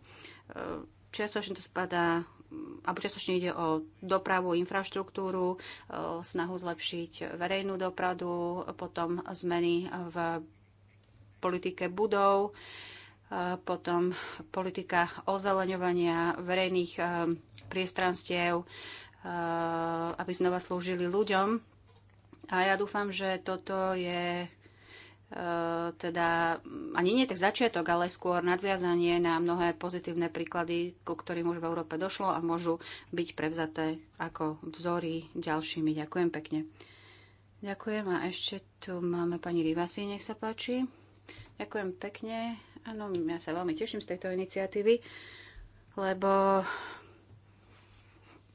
čiastočne to spadá mm, alebo čiastočne ide o dopravu, infraštruktúru, snahu zlepšiť verejnú dopravu, potom zmeny v politike budov, potom politika ozeleňovania verejných priestranstiev, aby znova slúžili ľuďom. A ja dúfam, že toto je teda ani nie tak začiatok, ale skôr nadviazanie na mnohé pozitívne príklady, ku ktorým už v Európe došlo a môžu byť prevzaté ako vzory ďalšími. Ďakujem pekne. Ďakujem a ešte tu máme pani Rivasi, nech sa páči. Ďakujem pekne. Áno, ja sa veľmi teším z tejto iniciatívy, lebo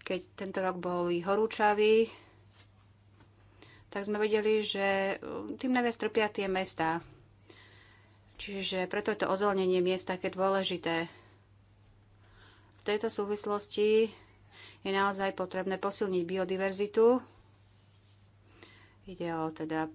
keď tento rok bol horúčavý, tak sme vedeli, že um, tým najviac trpia tie mesta. Čiže preto je to ozelenenie miest také dôležité. V tejto súvislosti je naozaj potrebné posilniť biodiverzitu. Ide o teda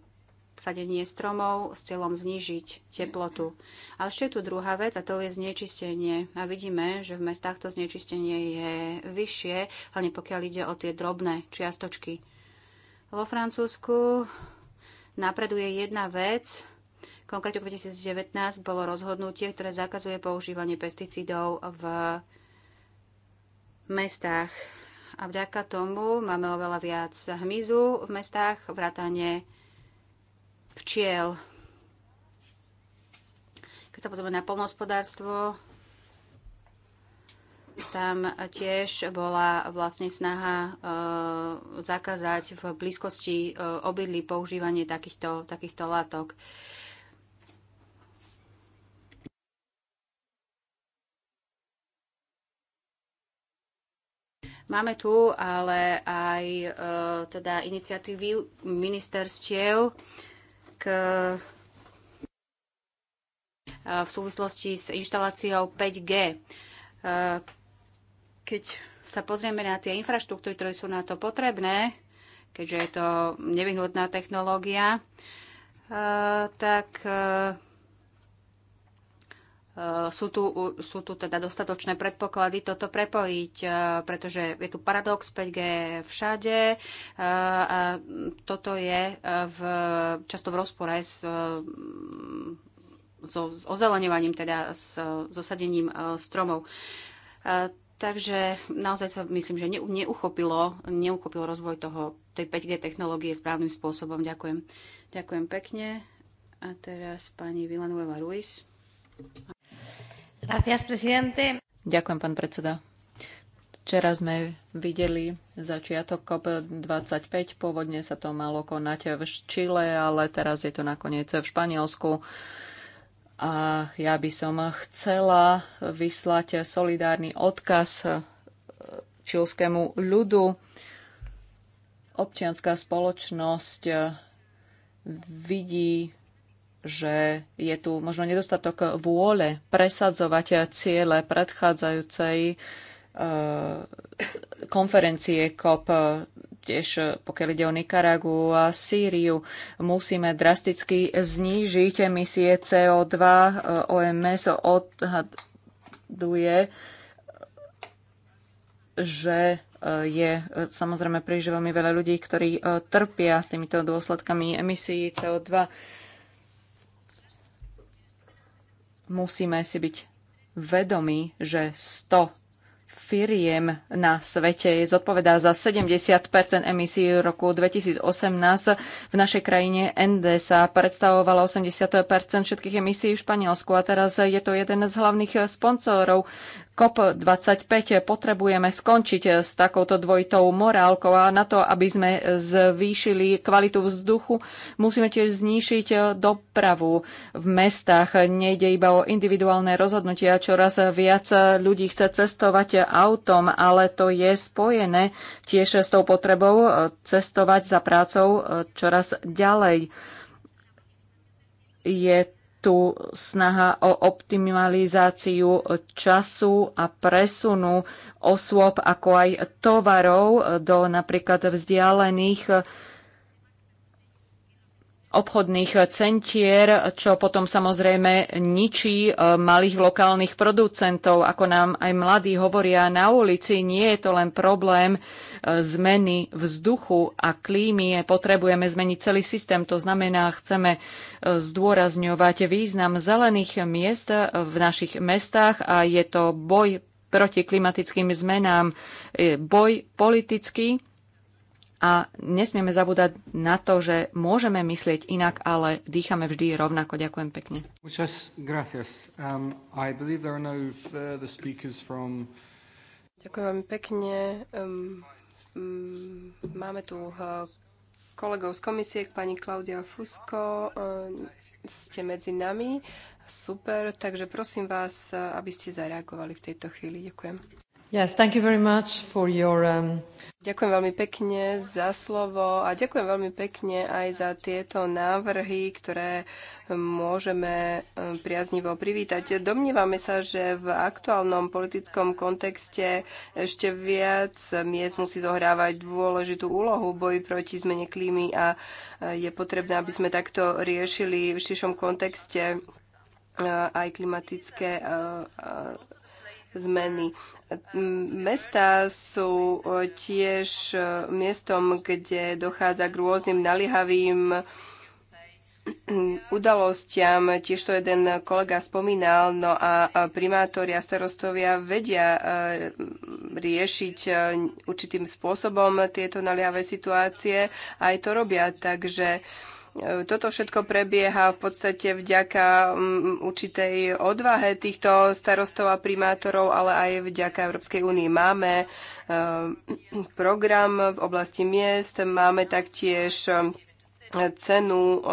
sadenie stromov s cieľom znížiť teplotu. Ale ešte je tu druhá vec a to je znečistenie. A vidíme, že v mestách to znečistenie je vyššie, hlavne pokiaľ ide o tie drobné čiastočky. Vo Francúzsku napreduje jedna vec, Konkrétne v 2019 bolo rozhodnutie, ktoré zakazuje používanie pesticídov v mestách. A vďaka tomu máme oveľa viac hmyzu v mestách, vrátane pčiel. Keď sa pozrieme na polnohospodárstvo, tam tiež bola vlastne snaha e, zakázať v blízkosti e, obydlí používanie takýchto, takýchto látok. Máme tu ale aj e, teda iniciatívy ministerstiev, e, Eh, v súvislosti s inštaláciou 5G. Eh, keď sa pozrieme na tie infraštruktúry, ktoré sú na to potrebné, keďže je to nevyhnutná technológia, eh, tak Eh, sú tu, sú tu teda dostatočné predpoklady toto prepojiť, eh, pretože je tu paradox 5G všade eh, a toto je v, často v rozpore s so ozeleňovaním, teda s zosadením stromov. Takže naozaj sa myslím, že neuchopilo, neuchopil rozvoj toho, tej 5G technológie správnym spôsobom. Ďakujem. Ďakujem pekne. A teraz pani Vilanueva Ruiz. Ďakujem, pán predseda. Včera sme videli začiatok COP25, pôvodne sa to malo konať v Čile, ale teraz je to nakoniec v Španielsku. A ja by som chcela vyslať solidárny odkaz e, čilskému ľudu. Občianská spoločnosť e, vidí že je tu možno nedostatok vôle presadzovať ciele predchádzajúcej e, konferencie COP, tiež pokiaľ ide o Nikaragu a Sýriu, musíme drasticky znížiť emisie CO2. OMS e, odhaduje, že e, je samozrejme príliš veľmi veľa ľudí, ktorí trpia týmito dôsledkami emisí CO2 Musíme si byť vedomí, že 100 firiem na svete zodpovedá za 70 emisí roku 2018. V našej krajine sa predstavovala 80 všetkých emisí v Španielsku a teraz je to jeden z hlavných sponzorov COP25 potrebujeme skončiť s takouto dvojitou morálkou a na to, aby sme zvýšili kvalitu vzduchu, musíme tiež znišiť dopravu v mestách. Nejde iba o individuálne rozhodnutia, čoraz viac ľudí chce cestovať autom, ale to je spojené tiež s tou potrebou cestovať za prácou čoraz ďalej. Je tu snaha o optimalizáciu času a presunu osôb ako aj tovarov do napríklad vzdialených obchodných centier, čo potom samozrejme ničí e, malých lokálnych producentov. Ako nám aj mladí hovoria na ulici, nie je to len problém e, zmeny vzduchu a klímy. Potrebujeme zmeniť celý systém. To znamená, chceme e, zdôrazňovať význam zelených miest v našich mestách a je to boj proti klimatickým zmenám, boj politický a nesmieme zabúdať na to, že môžeme myslieť inak, ale dýchame vždy rovnako. Ďakujem pekne. Um, no Ďakujem veľmi pekne. Um, mm, máme tu uh, kolegov z komisie, pani Klaudia Fusko. Uh, ste medzi nami. Super, takže prosím vás, uh, aby ste zareagovali v tejto chvíli. Ďakujem. Yes, thank you very much for your, um... Ďakujem veľmi pekne za slovo a ďakujem veľmi pekne aj za tieto návrhy, ktoré môžeme um, priaznivo privítať. Domnievame sa, že v aktuálnom politickom kontexte ešte viac miest musí zohrávať dôležitú úlohu boji proti zmene klímy a je potrebné, aby sme takto riešili v širšom kontexte aj klimatické zmeny. Mesta sú e, tiež e, miestom, kde dochádza k rôznym naliehavým mm, udalostiam. Tiež to jeden kolega spomínal. No a e, primátori a starostovia vedia riešiť určitým spôsobom tieto naliehavé situácie. Aj to robia, takže E, toto všetko prebieha v podstate vďaka určitej odvahe týchto starostov a primátorov, ale aj vďaka Európskej únii. Máme e, program v oblasti miest, máme taktiež e, cenu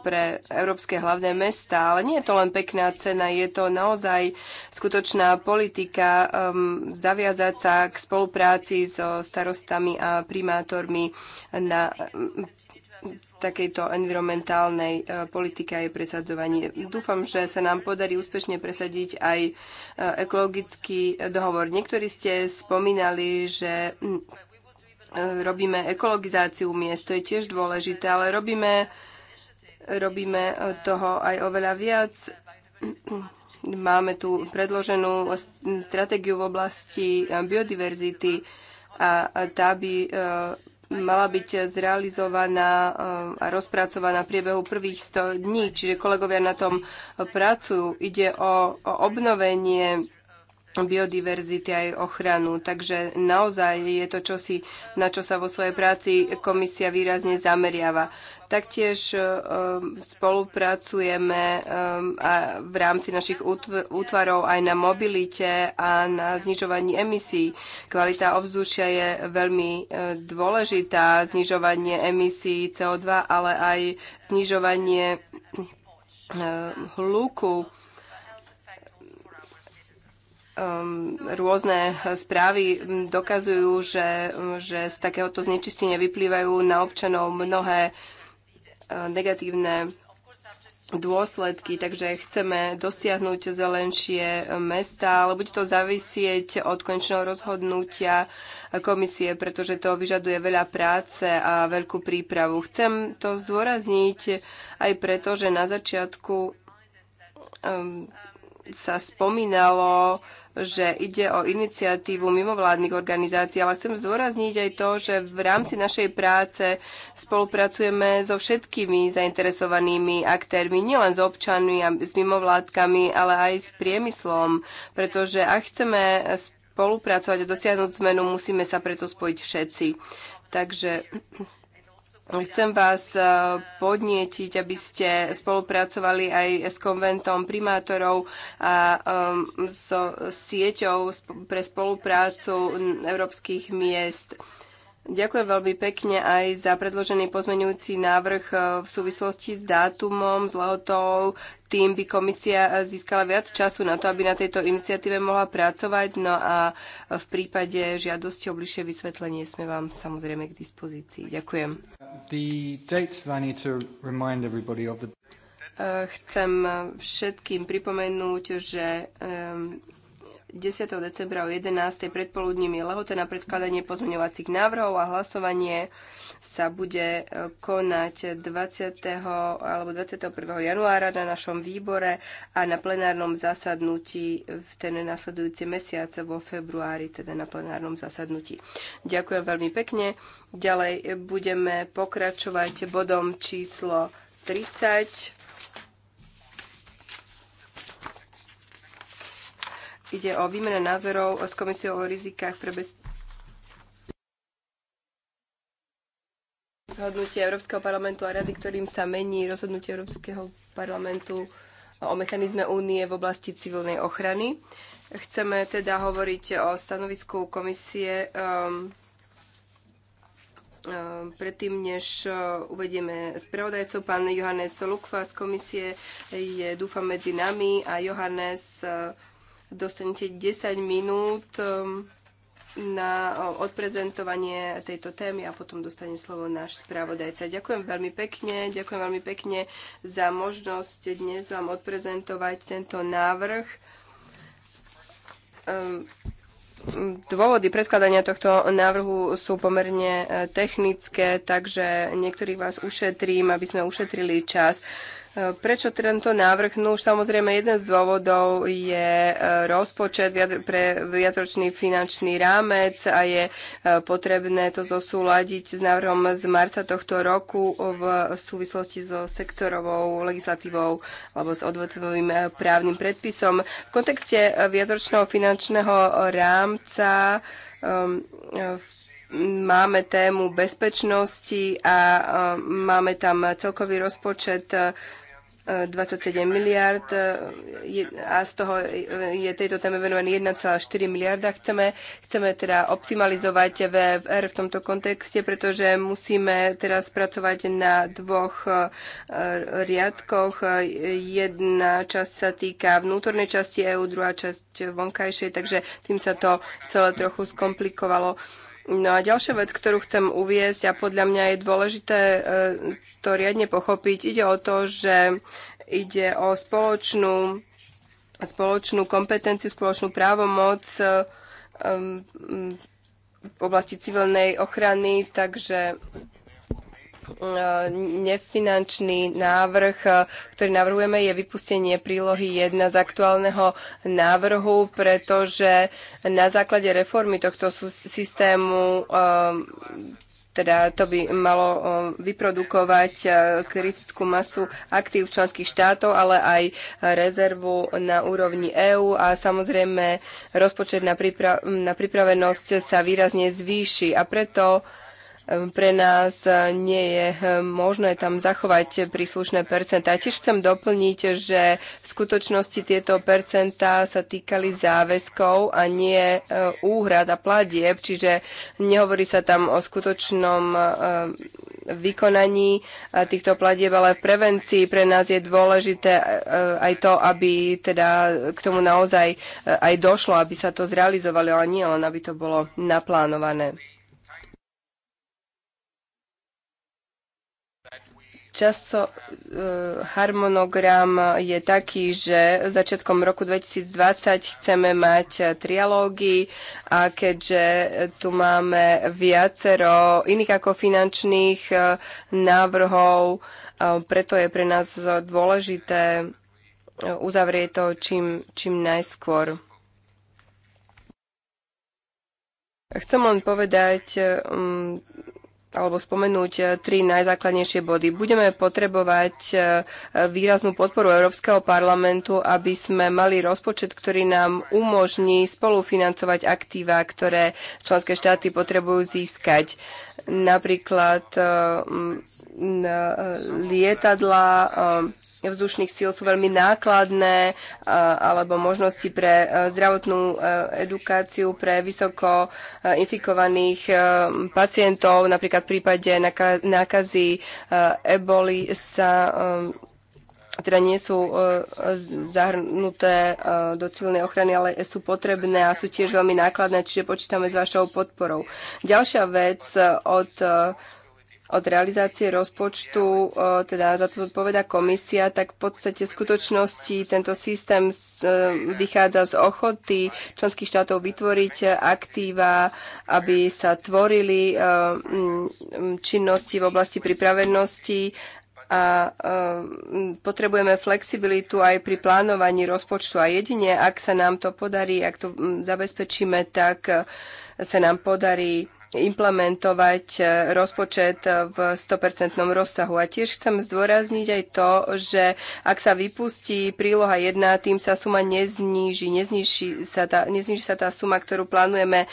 pre európske hlavné mesta, ale nie je to len pekná cena, je to naozaj skutočná politika zaviazať sa k spolupráci so starostami a primátormi na takejto environmentálnej e, politike a jej presadzovaní. Dúfam, že sa nám podarí úspešne presadiť aj e, ekologický dohovor. Niektorí ste spomínali, že mm, e, robíme ekologizáciu miest, to je tiež dôležité, ale robíme, robíme toho aj oveľa viac. Máme tu predloženú stratégiu v oblasti biodiverzity a tá by mala byť zrealizovaná eh, a rozpracovaná v priebehu prvých 100 dní, čiže kolegovia na tom eh, pracujú. Ide o, o obnovenie biodiverzity aj ochranu. Takže naozaj je to čosi, na čo sa vo svojej práci komisia výrazne zameriava. Taktiež e, e, spolupracujeme e, v rámci našich útvarov aj na mobilite a na znižovaní emisí. Kvalita ovzdušia je veľmi dôležitá, znižovanie emisí CO2, ale aj znižovanie hluku ehm, rôzne správy dokazujú, že, že z takéhoto znečistenia vyplývajú na občanov mnohé negatívne dôsledky, takže chceme dosiahnuť zelenšie mesta, ale bude to zavisieť od konečného rozhodnutia komisie, pretože to vyžaduje veľa práce a veľkú prípravu. Chcem to zdôrazniť aj preto, že na začiatku um, sa spomínalo, že ide o iniciatívu mimovládnych organizácií, ale chcem zdôrazniť aj to, že v rámci našej práce spolupracujeme so všetkými zainteresovanými aktérmi, nielen s občanmi a s mimovládkami, ale aj s priemyslom, pretože ak chceme spolupracovať a dosiahnuť zmenu, musíme sa preto spojiť všetci. Takže Chcem vás e, podnietiť, aby ste spolupracovali aj s konventom primátorov a e, so sieťou pre spoluprácu európskych miest. Ďakujem veľmi pekne aj za predložený pozmeňujúci návrh e, v súvislosti s dátumom, s lehotou. Tým by komisia získala viac času na to, aby na tejto iniciatíve mohla pracovať. No a v prípade žiadosti o bližšie vysvetlenie sme vám samozrejme k dispozícii. Ďakujem the dates that I need to remind everybody of the... Chcem všetkým pripomenúť, že ehm, 10. decembra o 11. predpoludním je lehota na predkladanie pozmeňovacích návrhov a hlasovanie sa bude e, konať 20. alebo 21. januára na našom výbore a na plenárnom zasadnutí v ten nasledujúci mesiac vo februári, teda na plenárnom zasadnutí. Ďakujem veľmi pekne. Ďalej budeme pokračovať bodom číslo 30 Ide o výmenu názorov s komisiou o rizikách pre bez... rozhodnutie Európskeho parlamentu a rady, ktorým sa mení rozhodnutie Európskeho parlamentu o mechanizme únie v oblasti civilnej ochrany. Chceme teda hovoriť o stanovisku komisie um, um predtým, než uh, uvedieme spravodajcov, pán Johannes Lukva z komisie je, dúfam, medzi nami a Johannes uh, dostanete 10 minút um, na odprezentovanie tejto témy a potom dostane slovo náš spravodajca. Ďakujem veľmi pekne, ďakujem veľmi pekne za možnosť dnes vám odprezentovať tento návrh. Um, dôvody predkladania tohto návrhu sú pomerne eh, technické, takže niektorých vás ušetrím, aby sme ušetrili čas. Prečo teda tento návrh? No už samozrejme jeden z dôvodov je e, rozpočet pre viacročný finančný rámec a je e, potrebné to zosúľadiť s návrhom z marca tohto roku v súvislosti so sektorovou legislatívou alebo s odvetvovým e, právnym predpisom. V kontekste viacročného finančného rámca um, v máme tému bezpečnosti a máme tam celkový rozpočet 27 miliard e, a z toho je tejto téme venovaný 1,4 miliarda. Chceme, chceme teda optimalizovať VFR v tomto kontexte, pretože musíme teraz pracovať na dvoch e, riadkoch. Jedna časť sa týka vnútornej časti EÚ, druhá časť vonkajšej, takže tým sa to celé trochu skomplikovalo. No a ďalšia vec, ktorú chcem uviezť a podľa mňa je dôležité e, to riadne pochopiť, ide o to, že ide o spoločnú, spoločnú kompetenciu, spoločnú právomoc e, e, v oblasti civilnej ochrany, takže E, nefinančný návrh, e, ktorý navrhujeme, je vypustenie prílohy 1 z aktuálneho návrhu, pretože na základe reformy tohto systému e, teda to by malo vyprodukovať kritickú masu aktív členských štátov, ale aj rezervu na úrovni EÚ a samozrejme rozpočet na, pripra- na pripravenosť sa výrazne zvýši a preto pre nás e, nie je e, možné tam zachovať príslušné percentá. Tiež chcem doplniť, že v skutočnosti tieto percentá sa týkali záväzkov a nie e, úhrad a platieb, čiže nehovorí sa tam o skutočnom vykonaní týchto platieb, ale v prevencii pre nás je dôležité aj to, aby teda k tomu naozaj aj došlo, aby sa to zrealizovalo, ale nie len, aby to bolo naplánované. Časo, e, harmonogram je taký, že začiatkom roku 2020 chceme mať trialógy a keďže tu máme viacero iných ako finančných e, návrhov, e, preto je pre nás dôležité uzavrieť to čím, čím najskôr. Chcem len povedať alebo spomenúť e, tri najzákladnejšie body. Budeme potrebovať e, výraznú podporu Európskeho parlamentu, aby sme mali rozpočet, ktorý nám umožní spolufinancovať aktíva, ktoré členské štáty potrebujú získať. Napríklad e, lietadla, vzdušných síl sú veľmi nákladné, e, alebo možnosti pre e, zdravotnú e, edukáciu pre vysoko infikovaných pacientov, napríklad v prípade nákazy eboli sa teda nie sú zahrnuté do civilnej ochrany, ale sú potrebné a sú tiež veľmi nákladné, čiže počítame s vašou podporou. Ďalšia vec od od realizácie rozpočtu, eh, teda za to zodpoveda komisia, tak v podstate v skutočnosti tento systém eh, vychádza z ochoty členských štátov vytvoriť aktíva, aby sa tvorili eh, mm, mm, činnosti v oblasti pripravenosti a potrebujeme flexibilitu aj pri plánovaní rozpočtu a jedine, ak sa nám to podarí, ak to mm, zabezpečíme, tak sa nám podarí implementovať e, rozpočet v 100% rozsahu. A tiež chcem zdôrazniť aj to, že ak sa vypustí príloha 1, tým sa suma nezníži. Nezníži sa tá, nezníži sa tá suma, ktorú plánujeme e,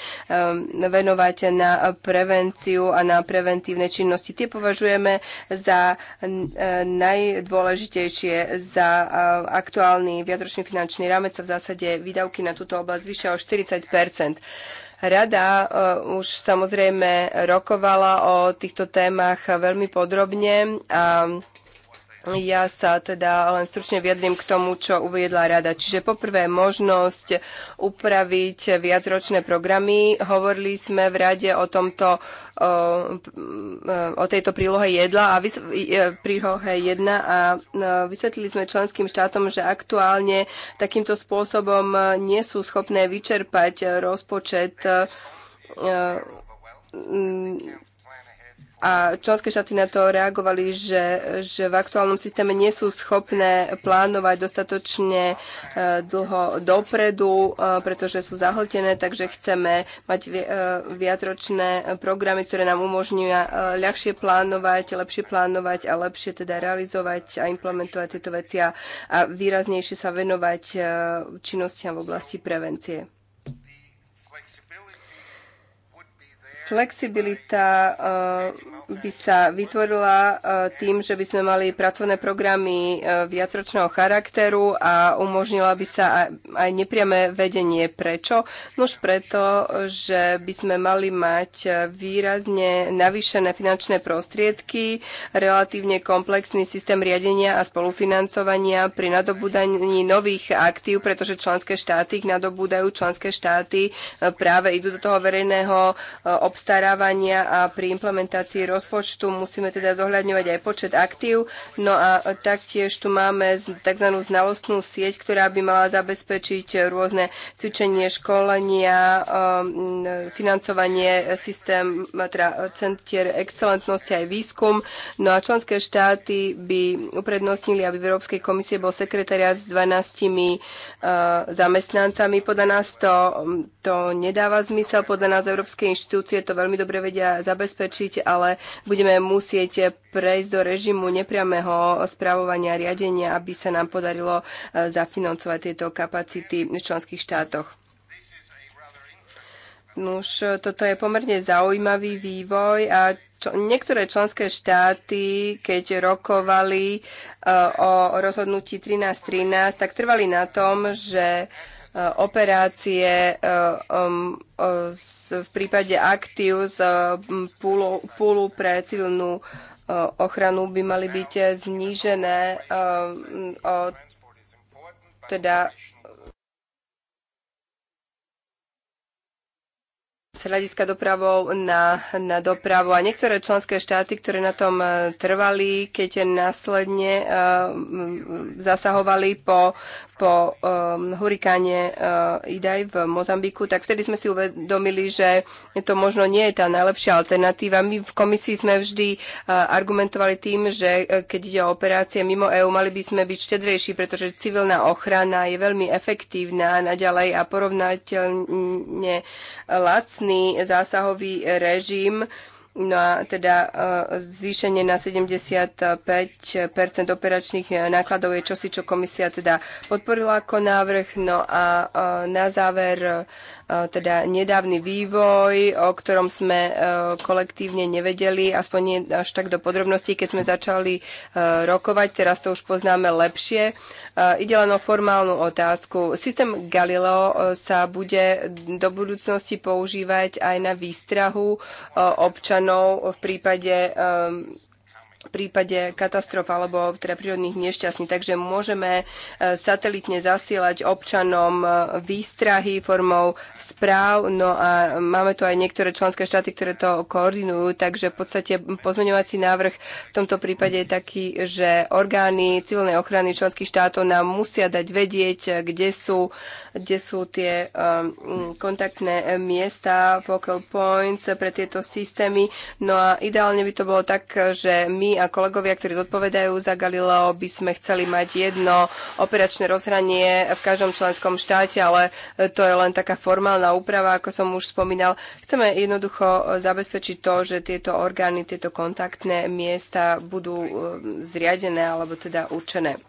venovať na prevenciu a na preventívne činnosti. Tie považujeme za e, najdôležitejšie za aktuálny viatročný finančný rámec a v zásade výdavky na túto oblasť vyššia o 40 Rada e, už samozrejme rokovala o týchto témach veľmi podrobne a ja sa teda len stručne vyjadrím k tomu, čo uviedla rada. Čiže poprvé možnosť upraviť viacročné programy. Hovorili sme v rade o tomto, o, o tejto prílohe jedla a e, prílohe 1 a e, vysvetlili sme členským štátom, že aktuálne takýmto spôsobom nie sú schopné vyčerpať rozpočet e, a členské štáty na to reagovali, že, že v aktuálnom systéme nie sú schopné plánovať dostatočne e, dlho dopredu, e, pretože sú zahltené, takže chceme mať e, viacročné programy, ktoré nám umožňujú ľahšie plánovať, lepšie plánovať a lepšie teda realizovať a implementovať tieto veci a, a výraznejšie sa venovať činnostiam v oblasti prevencie. Flexibilita eh, by sa vytvorila eh, tým, že by sme mali pracovné programy eh, viacročného charakteru a umožnila by sa aj nepriame vedenie. Prečo? Nož preto, že by sme mali mať výrazne navýšené finančné prostriedky, relatívne komplexný systém riadenia a spolufinancovania pri nadobúdaní nových aktív, pretože členské štáty ich nadobúdajú, členské štáty práve idú do toho verejného obsahu obstarávania a pri implementácii rozpočtu musíme teda zohľadňovať aj počet aktív. No a taktiež tu máme tzv. znalostnú sieť, ktorá by mala zabezpečiť rôzne cvičenie, školenia, um, financovanie systém, teda centier excelentnosti aj výskum. No a členské štáty by uprednostnili, aby v Európskej komisie bol sekretariat s 12 uh, zamestnancami. Podľa nás to, um, to nedáva zmysel, podľa nás európske inštitúcie to veľmi dobre vedia zabezpečiť, ale budeme musieť prejsť do režimu nepriamého správovania a riadenia, aby sa nám podarilo e, zafinancovať tieto kapacity v členských štátoch. Nuž, toto je pomerne zaujímavý vývoj a čo, niektoré členské štáty, keď rokovali uh, o rozhodnutí 13.13, 13, tak trvali na tom, že uh, Eh, operácie eh, um, eh, v prípade aktív z púlu pre civilnú ochranu by mali byť znížené o teda z hľadiska dopravou na, na dopravu. A niektoré členské štáty, ktoré na tom trvali, keď následne zasahovali po po um, hurikáne uh, Idaj v Mozambiku, tak vtedy sme si uvedomili, že to možno nie je tá najlepšia alternatíva. My v komisii sme vždy uh, argumentovali tým, že uh, keď ide o operácie mimo EÚ, mali by sme byť štedrejší, pretože civilná ochrana je veľmi efektívna naďalej a porovnateľne lacný zásahový režim uh, No a teda e, zvýšenie na 75 operačných e, nákladov je čosi, čo komisia teda podporila ako návrh. No a e, na záver Eh, teda nedávny vývoj, o ktorom sme eh, kolektívne nevedeli, aspoň nie až tak do podrobností, keď sme začali eh, rokovať, teraz to už poznáme lepšie. Ide len o formálnu otázku. Systém Galileo sa bude do budúcnosti používať aj na výstrahu občanov v prípade v prípade katastrof alebo teda prírodných nešťastní. Takže môžeme e, satelitne zasielať občanom e, výstrahy formou správ, no a máme tu aj niektoré členské štáty, ktoré to koordinujú, takže v podstate pozmeňovací návrh v tomto prípade je taký, že orgány civilnej ochrany členských štátov nám musia dať vedieť, e, kde sú uh, kde sú tie um, mm, kontaktné eh, miesta, focal points pre tieto systémy. No a ideálne by to bolo tak, že my a kolegovia, ktorí zodpovedajú za Galileo, by sme chceli mať jedno operačné rozhranie v každom členskom štáte, ale eh, to je len taká formálna úprava, ako som už spomínal. Chceme jednoducho eh, zabezpečiť to, že tieto orgány, tieto kontaktné miesta budú zriadené alebo teda určené.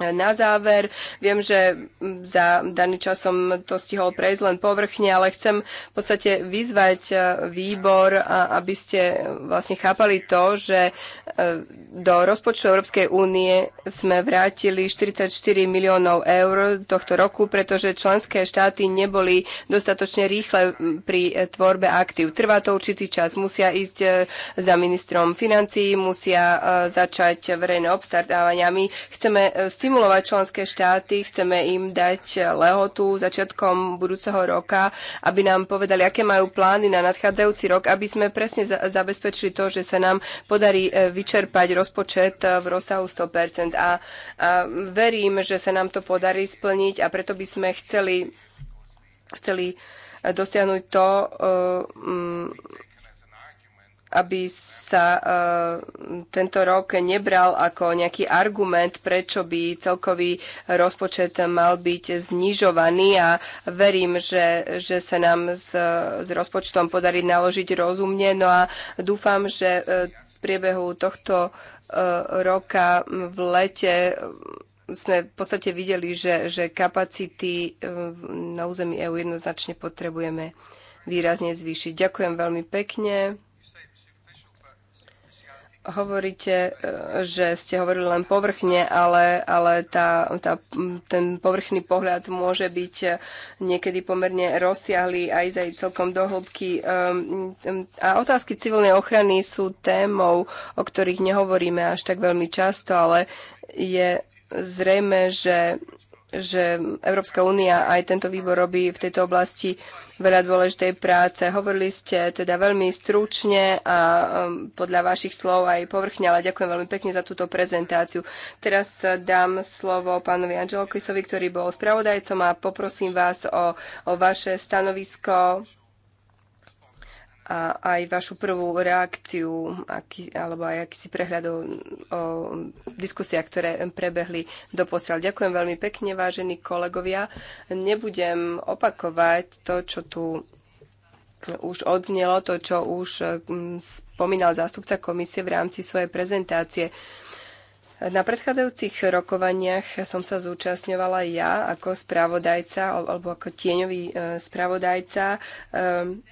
Na záver, viem, že za daný čas som to stihol prejsť len povrchne, ale chcem v podstate vyzvať e, výbor, aby ste vlastne chápali to, že e, do rozpočtu Európskej únie sme vrátili 44 miliónov eur tohto roku, pretože členské štáty neboli dostatočne rýchle pri e, tvorbe aktív. Trvá to určitý čas, musia ísť za ministrom financií, musia začať verejné My Chceme stimulovať stimulovať členské štáty, chceme im dať lehotu začiatkom budúceho roka, aby nám povedali, aké majú plány na nadchádzajúci rok, aby sme presne zabezpečili to, že sa nám podarí e, vyčerpať rozpočet e, v rozsahu 100%. A, a verím, že sa nám to podarí splniť a preto by sme chceli, chceli e, dosiahnuť to, aby sa eh, tento rok nebral ako nejaký argument, prečo by celkový rozpočet mal byť znižovaný a verím, že, že sa nám s, s rozpočtom podarí naložiť rozumne. No a dúfam, že eh, v priebehu tohto eh, roka v lete sme v podstate videli, že, že kapacity na území EU jednoznačne potrebujeme výrazne zvýšiť. Ďakujem veľmi pekne hovoríte, e, že ste hovorili len povrchne, ale, ale tá, tá, ten povrchný pohľad môže byť e, niekedy pomerne rozsiahlý aj za celkom dohlbky. Ehm, a otázky civilnej ochrany sú témou, o ktorých nehovoríme až tak veľmi často, ale je zrejme, že že Európska únia aj tento výbor robí v tejto oblasti veľa dôležitej práce. Hovorili ste teda veľmi stručne a um, podľa vašich slov aj povrchne, ale ďakujem veľmi pekne za túto prezentáciu. Teraz uh, dám slovo pánovi Angelokisovi, ktorý bol spravodajcom a poprosím vás o, o vaše stanovisko a aj vašu prvú reakciu aký, alebo aj akýsi prehľad o, o diskusiách, ktoré prebehli doposiaľ. Ďakujem veľmi pekne, vážení kolegovia. Nebudem opakovať to, čo tu už odznelo, to, čo už mm, spomínal zástupca komisie v rámci svojej prezentácie. Na predchádzajúcich rokovaniach som sa zúčastňovala ja ako spravodajca alebo ako tieňový e, spravodajca ehm,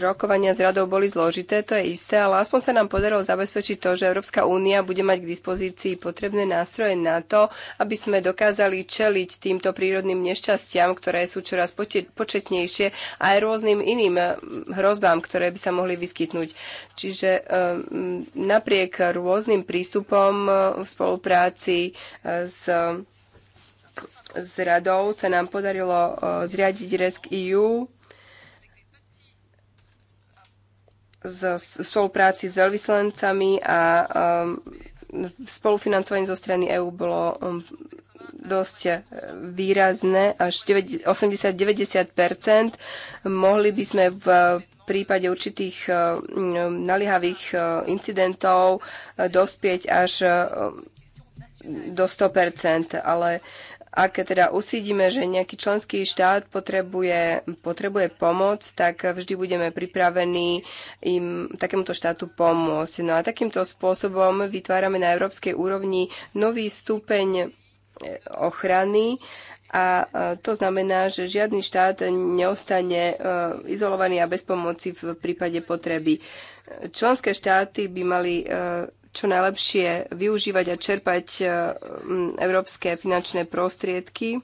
rokovania s radou boli zložité, to je isté, ale aspoň sa nám podarilo zabezpečiť to, že Európska únia bude mať k dispozícii potrebné nástroje na to, aby sme dokázali čeliť týmto prírodným nešťastiam, ktoré sú čoraz početnejšie a aj rôznym iným hrozbám, ktoré by sa mohli vyskytnúť. Čiže ehm, napriek rôznym prístupom e, v spolupráci e, s s radou sa nám podarilo e, zriadiť RESC EU, so spolupráci s veľvyslancami a um, spolufinancovanie zo strany EÚ bolo um, dosť e, výrazné, až 80-90 Mohli by sme v prípade určitých um, naliehavých e, incidentov dospieť až do 100%, ale ak teda usídime, že nejaký členský štát potrebuje, potrebuje pomoc, tak vždy budeme pripravení im takémuto štátu pomôcť. No a takýmto spôsobom vytvárame na európskej úrovni nový stupeň e, ochrany a e, to znamená, že žiadny štát neostane e, izolovaný a bez pomoci v prípade potreby. Členské štáty by mali čo najlepšie využívať a čerpať e, európske finančné prostriedky.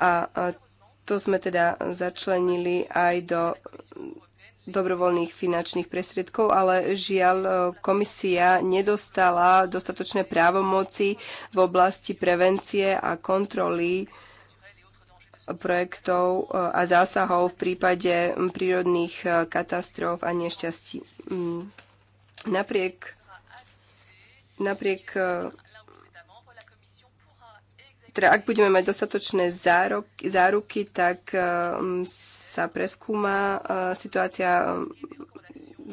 A to sme teda začlenili aj do dobrovoľných finančných prostriedkov, ale žiaľ e, komisia nedostala dostatočné právomoci v oblasti prevencie a kontroly projektov e, a zásahov v prípade prírodných katastrof a nešťastí. Napriek, napriek e, teda ak budeme mať dostatočné zároky, záruky, tak e, sa preskúma e, situácia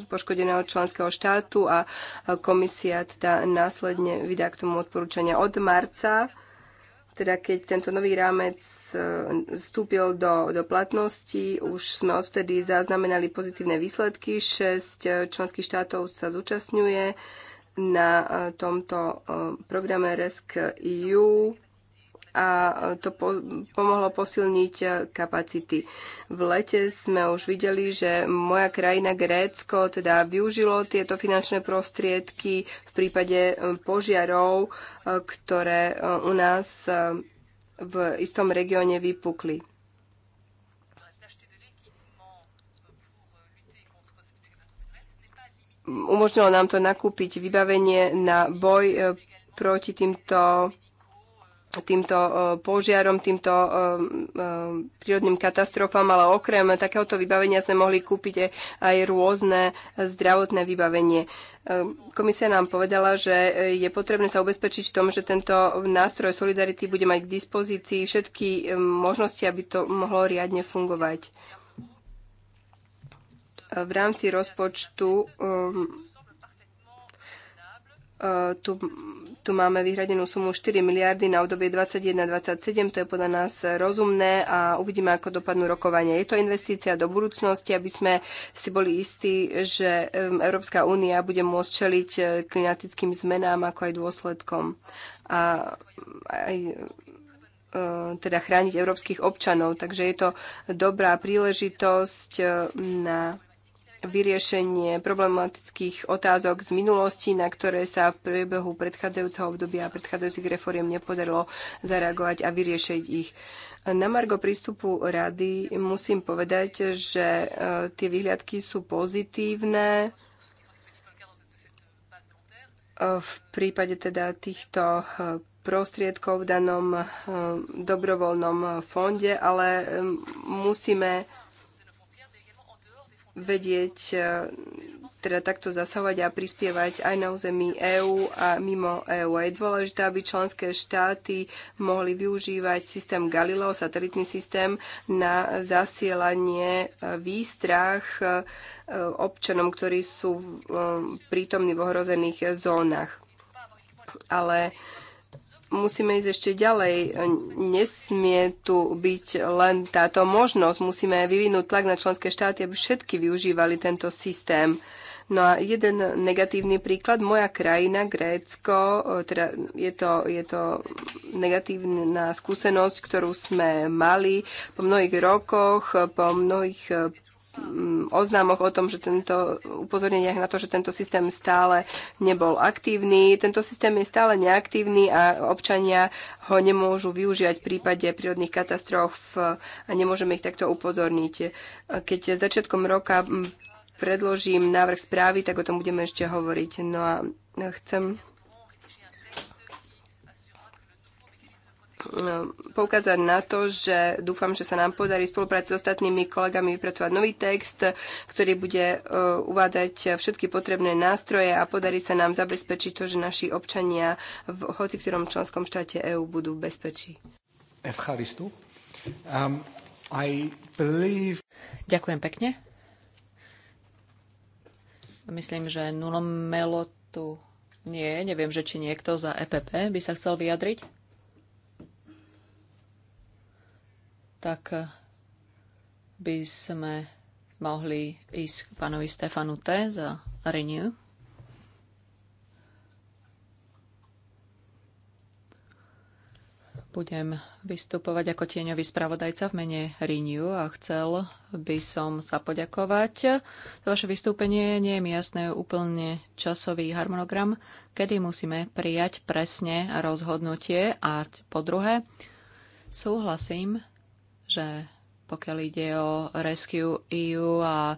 poškodeného členského štátu a komisia teda následne vydá k tomu odporúčania od marca teda keď tento nový rámec e, vstúpil do, do platnosti, už sme odtedy zaznamenali pozitívne výsledky. Šesť e, členských štátov sa zúčastňuje na e, tomto programe RESC EU a to po, pomohlo posilniť kapacity. V lete sme už videli, že moja krajina Grécko teda využilo tieto finančné prostriedky v prípade e, požiarov, e, ktoré e, u nás v istom regióne vypukli. umožnilo nám to nakúpiť vybavenie na boj proti týmto týmto e, požiarom, týmto e, e, prírodným katastrofám, ale okrem takéhoto vybavenia sme mohli kúpiť aj rôzne zdravotné vybavenie. Komisia nám povedala, že je potrebné sa ubezpečiť v tom, že tento nástroj Solidarity bude mať k dispozícii všetky možnosti, aby to mohlo riadne fungovať. V rámci rozpočtu tu tu máme vyhradenú sumu 4 miliardy na obdobie 21-27, to je podľa nás rozumné a uvidíme, ako dopadnú rokovanie. Je to investícia do budúcnosti, aby sme si boli istí, že Európska únia bude môcť čeliť eh, klimatickým zmenám, ako aj dôsledkom. A aj eh, teda chrániť európskych občanov. Takže je to dobrá príležitosť eh, na vyriešenie problematických otázok z minulosti, na ktoré sa v priebehu predchádzajúceho obdobia a predchádzajúcich reforiem nepodarilo zareagovať a vyriešiť ich. Na margo prístupu rady musím povedať, že e, tie vyhliadky sú pozitívne. E, v prípade teda týchto e, prostriedkov v danom dobrovoľnom fonde, ale musíme vedieť e, teda takto zasahovať a prispievať aj na území EÚ a mimo EÚ. je dôležité, aby členské štáty mohli využívať systém Galileo, satelitný systém, na zasielanie e, výstrach e, občanom, ktorí sú prítomní v ohrozených zónach. Ale musíme ísť ešte ďalej. Nesmie tu byť len táto možnosť. Musíme vyvinúť tlak na členské štáty, aby všetky využívali tento systém. No a jeden negatívny príklad, moja krajina, Grécko, teda je to, je to negatívna skúsenosť, ktorú sme mali po mnohých rokoch, po mnohých Mm, oznámoch o tom, že tento upozorneniach na to, že tento systém stále nebol aktívny. Tento systém je stále neaktívny a občania ho nemôžu využiať v prípade prírodných katastrof eh, a nemôžeme ich takto upozorniť. Eh, keď začiatkom roka mm, predložím návrh správy, tak o tom budeme ešte hovoriť. No a chcem Eh, poukázať na to, že dúfam, že sa nám podarí spolupráci s ostatnými kolegami vypracovať nový text, ktorý bude eh, uvádzať všetky potrebné nástroje a podarí sa nám zabezpečiť to, že naši občania v hoci ktorom členskom štáte EÚ budú v bezpečí. Um, believe... Ďakujem pekne. Myslím, že nulomelo tu nie. Neviem, že či niekto za EPP by sa chcel vyjadriť. tak by sme mohli ísť k pánovi Stefanu T. za Renew. Budem vystupovať ako tieňový spravodajca v mene Renew a chcel by som sa poďakovať. To vaše vystúpenie nie je mi jasné úplne časový harmonogram, kedy musíme prijať presne rozhodnutie a po druhé súhlasím že pokiaľ ide o Rescue EU a e,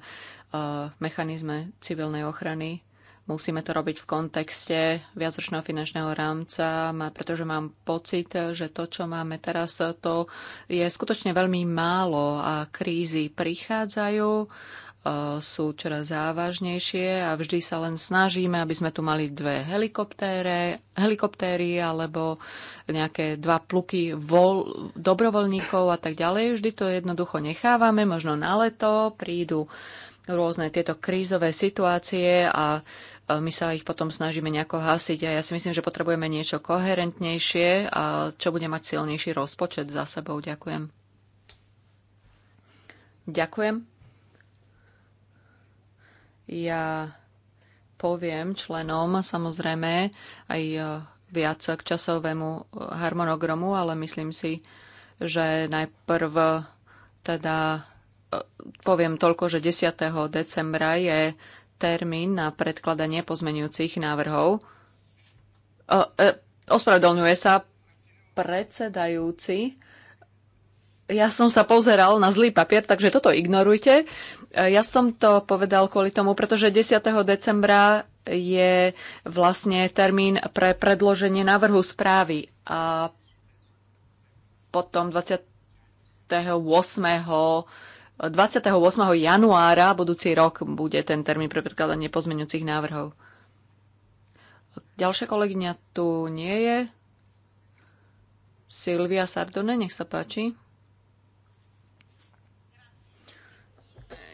mechanizme civilnej ochrany, musíme to robiť v kontexte viacročného finančného rámca, pretože mám pocit, že to, čo máme teraz, to je skutočne veľmi málo a krízy prichádzajú E, sú čoraz závažnejšie a vždy sa len snažíme, aby sme tu mali dve helikoptére, helikoptéry alebo nejaké dva pluky vol, dobrovoľníkov a tak ďalej. Vždy to jednoducho nechávame, možno na leto prídu rôzne tieto krízové situácie a e, my sa ich potom snažíme nejako hasiť a ja si myslím, že potrebujeme niečo koherentnejšie, a čo bude mať silnejší rozpočet za sebou. Ďakujem. Ďakujem. Ja poviem členom samozrejme aj e, viac k časovému e, harmonogramu, ale myslím si, že najprv teda e, poviem toľko, že 10. decembra je termín na predkladanie pozmenujúcich návrhov. Ospravedlňuje sa predsedajúci ja som sa pozeral na zlý papier, takže toto ignorujte. E, ja som to povedal kvôli tomu, pretože 10. decembra je vlastne termín pre predloženie návrhu správy a potom 28. 28. januára budúci rok bude ten termín pre predkladanie pozmeňujúcich návrhov. Ďalšia kolegyňa tu nie je. Silvia Sardone, nech sa páči.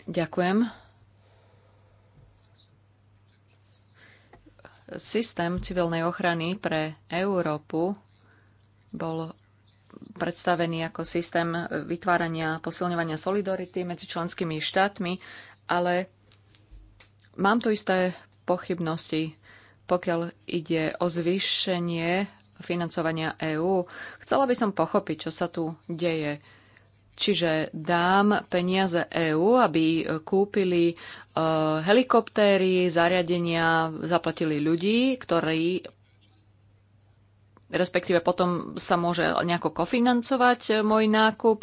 Ďakujem. Systém civilnej ochrany pre Európu bol predstavený ako systém vytvárania a posilňovania solidarity medzi členskými štátmi, ale mám tu isté pochybnosti, pokiaľ ide o zvýšenie financovania EÚ. Chcela by som pochopiť, čo sa tu deje Čiže dám peniaze EÚ, aby e, kúpili e, helikoptéry, zariadenia, zaplatili ľudí, ktorí respektíve potom sa môže nejako kofinancovať e, môj nákup.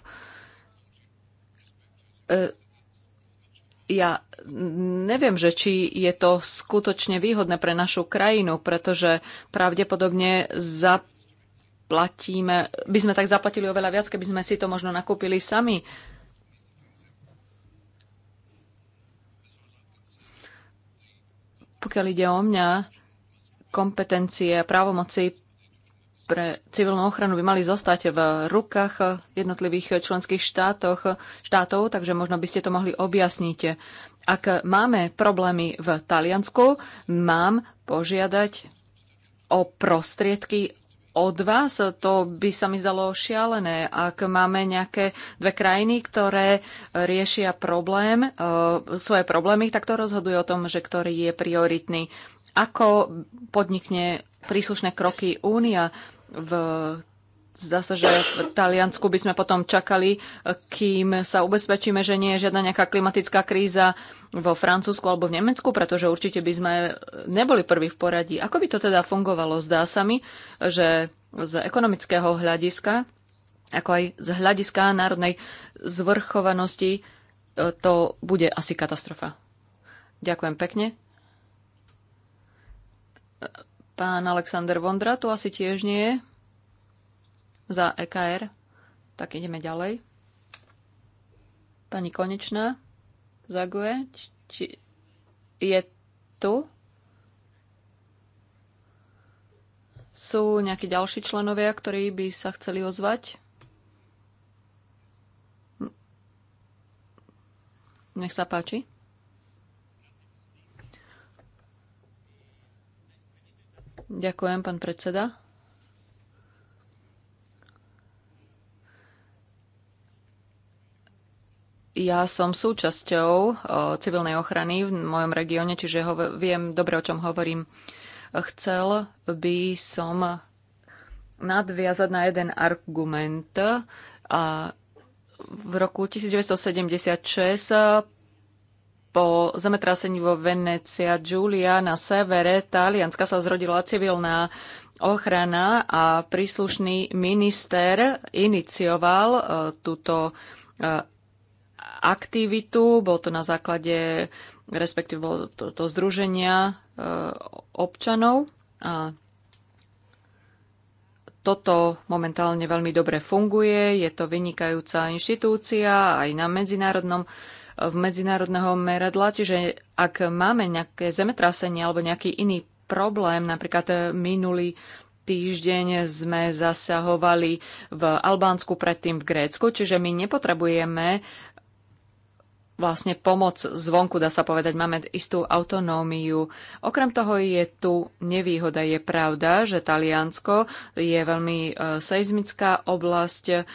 ja neviem, že či je to skutočne výhodné pre našu krajinu, pretože pravdepodobne zap platíme, by sme tak zaplatili oveľa viac, keby sme si to možno nakúpili sami. Pokiaľ ide o mňa, kompetencie a právomoci pre civilnú ochranu by mali zostať v rukách jednotlivých členských štátoch, štátov, takže možno by ste to mohli objasniť. Ak máme problémy v Taliansku, mám požiadať o prostriedky od vás, to by sa mi zdalo šialené. Ak máme nejaké dve krajiny, ktoré riešia problém, e, svoje problémy, tak to rozhoduje o tom, že ktorý je prioritný. Ako podnikne príslušné kroky Únia v zase, že v Taliansku by sme potom čakali, e, kým sa ubezpečíme, že nie je žiadna nejaká klimatická kríza vo Francúzsku alebo v Nemecku, pretože určite by sme e, neboli prví v poradí. Ako by to teda fungovalo? Zdá sa mi, že z ekonomického hľadiska, ako aj z hľadiska národnej zvrchovanosti, e, to bude asi katastrofa. Ďakujem pekne. Pán Alexander Vondra tu asi tiež nie je za EKR. Tak ideme ďalej. Pani Konečná Zague, či je tu? Sú nejakí ďalší členovia, ktorí by sa chceli ozvať? Nech sa páči. Ďakujem, pán predseda. Ja som súčasťou e, civilnej ochrany v mojom regióne, čiže viem dobre, o čom hovorím. Chcel by som nadviazať na jeden argument. A v roku 1976 e, po zemetrasení vo Venecia Giulia na severe Talianska sa zrodila civilná ochrana a príslušný minister inicioval e, túto aktivitu, bol to na základe, respektíve bolo to, to združenia e, občanov a toto momentálne veľmi dobre funguje, je to vynikajúca inštitúcia aj na medzinárodnom v medzinárodného meradla, čiže ak máme nejaké zemetrasenie alebo nejaký iný problém, napríklad minulý týždeň sme zasahovali v Albánsku, predtým v Grécku, čiže my nepotrebujeme vlastne pomoc zvonku, dá sa povedať, máme istú autonómiu. Okrem toho je tu nevýhoda. Je pravda, že Taliansko je veľmi e, seizmická oblasť,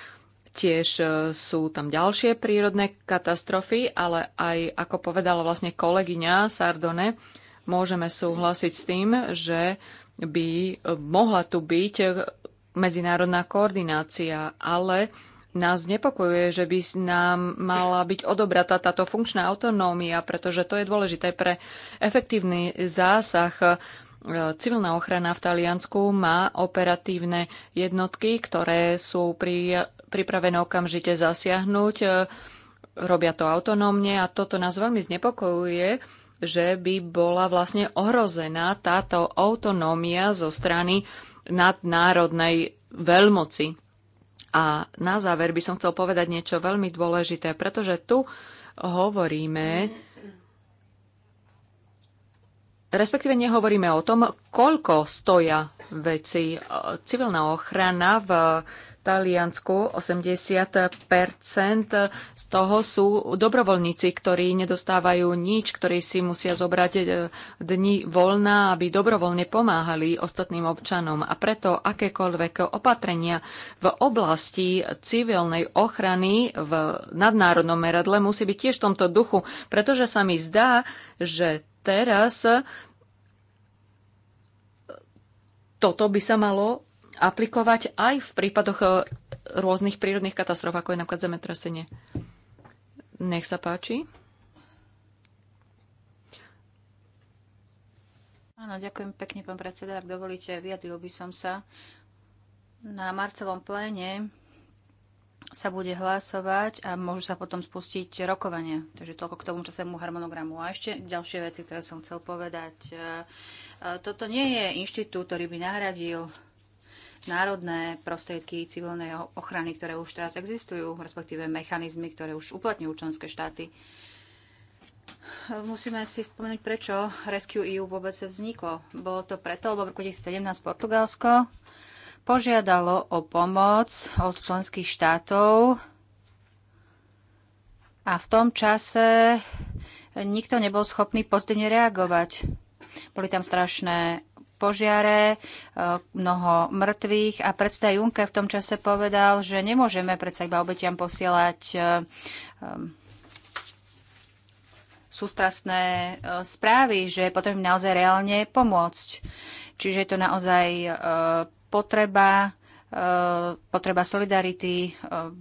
tiež e, sú tam ďalšie prírodné katastrofy, ale aj, ako povedala vlastne kolegyňa Sardone, môžeme súhlasiť s tým, že by mohla tu byť medzinárodná koordinácia, ale nás znepokojuje, že by nám mala byť odobratá táto funkčná autonómia, pretože to je dôležité pre efektívny zásah. E, civilná ochrana v Taliansku má operatívne jednotky, ktoré sú pri, pripravené okamžite zasiahnuť. E, robia to autonómne a toto nás veľmi znepokojuje, že by bola vlastne ohrozená táto autonómia zo strany nadnárodnej veľmoci. A na záver by som chcel povedať niečo veľmi dôležité, pretože tu hovoríme, respektíve nehovoríme o tom, koľko stoja veci. Civilná ochrana v Taliansku 80 z toho sú dobrovoľníci, ktorí nedostávajú nič, ktorí si musia zobrať e, dni voľna, aby dobrovoľne pomáhali ostatným občanom. A preto akékoľvek opatrenia v oblasti civilnej ochrany v nadnárodnom meradle musí byť tiež v tomto duchu, pretože sa mi zdá, že teraz toto by sa malo aplikovať aj v prípadoch e, rôznych prírodných katastrof, ako je napríklad zemetrasenie. Nech sa páči. Áno, ďakujem pekne, pán predseda. Ak dovolíte, vyjadril by som sa. Na marcovom pléne sa bude hlasovať a môžu sa potom spustiť rokovania. Takže toľko k tomu časovému harmonogramu. A ešte ďalšie veci, ktoré som chcel povedať. E, e, toto nie je inštitút, ktorý by nahradil národné prostriedky civilnej ochrany, ktoré už teraz existujú, respektíve mechanizmy, ktoré už uplatňujú členské štáty. Musíme si spomenúť, prečo Rescue EU vôbec vzniklo. Bolo to preto, lebo v roku 2017 Portugalsko požiadalo o pomoc od členských štátov a v tom čase nikto nebol schopný pozitívne reagovať. Boli tam strašné požiare, e, mnoho mŕtvych a predseda Juncker v tom čase povedal, že nemôžeme predsa iba obetiam posielať e, e, sústrasné správy, že je potrebné naozaj reálne pomôcť. Čiže je to naozaj potreba E, potreba solidarity e,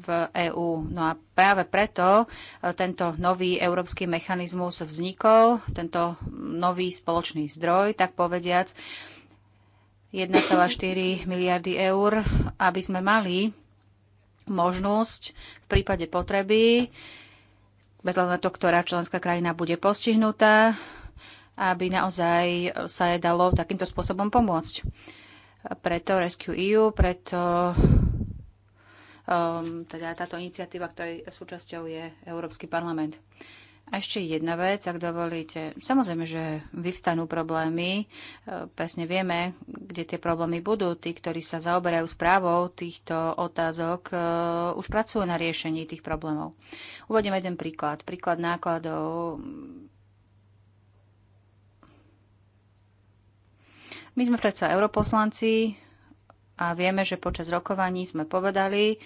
v EÚ. No a práve preto e, tento nový európsky mechanizmus vznikol, tento nový spoločný zdroj, tak povediac, 1,4 miliardy eur, aby sme mali možnosť v prípade potreby, bez na to, ktorá členská krajina bude postihnutá, aby naozaj sa jej dalo takýmto spôsobom pomôcť preto Rescue EU, preto um, teda táto iniciatíva, ktorej súčasťou je Európsky parlament. A ešte jedna vec, ak dovolíte. Samozrejme, že vyvstanú problémy. E, presne vieme, kde tie problémy budú. Tí, ktorí sa zaoberajú správou týchto otázok, e, už pracujú na riešení tých problémov. Uvediem jeden príklad. Príklad nákladov My sme predsa europoslanci a vieme, že počas rokovaní sme povedali,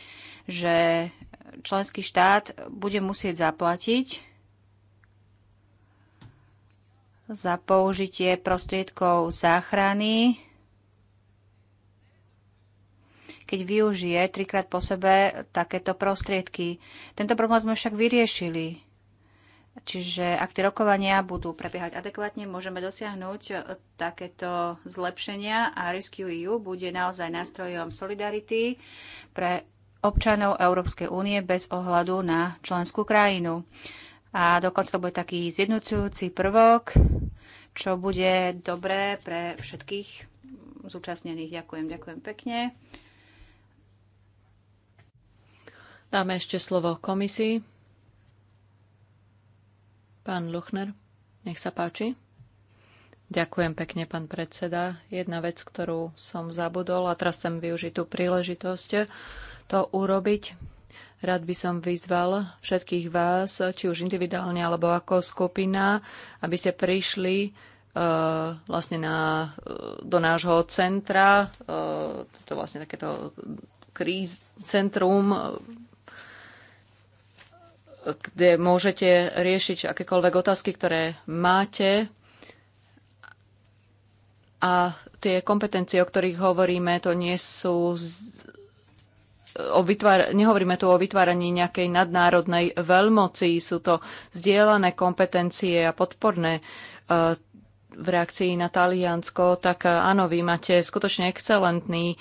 že členský štát bude musieť zaplatiť za použitie prostriedkov záchrany, keď využije trikrát po sebe takéto prostriedky. Tento problém sme však vyriešili Čiže ak tie rokovania budú prebiehať adekvátne, môžeme dosiahnuť eh, takéto zlepšenia a Rescue EU bude naozaj nástrojom solidarity pre občanov Európskej únie bez ohľadu na členskú krajinu. A dokonca to bude taký zjednocujúci prvok, čo bude dobré pre všetkých zúčastnených. Ďakujem, ďakujem pekne. Dáme ešte slovo komisii. Pán Luchner, nech sa páči. Ďakujem pekne, pán predseda. Jedna vec, ktorú som zabudol a teraz chcem využiť tú príležitosť to urobiť. Rád by som vyzval všetkých vás, či už individuálne alebo ako skupina, aby ste prišli uh, vlastne na, e, do nášho centra, uh, to vlastne takéto kríz, centrum kde môžete riešiť akékoľvek otázky, ktoré máte. A tie kompetencie, o ktorých hovoríme, to nie sú z... o vytvár... nehovoríme tu o vytváraní nejakej nadnárodnej veľmoci, sú to zdieľané kompetencie a podporné e, v reakcii na Taliansko, tak e, áno, vy máte skutočne excelentný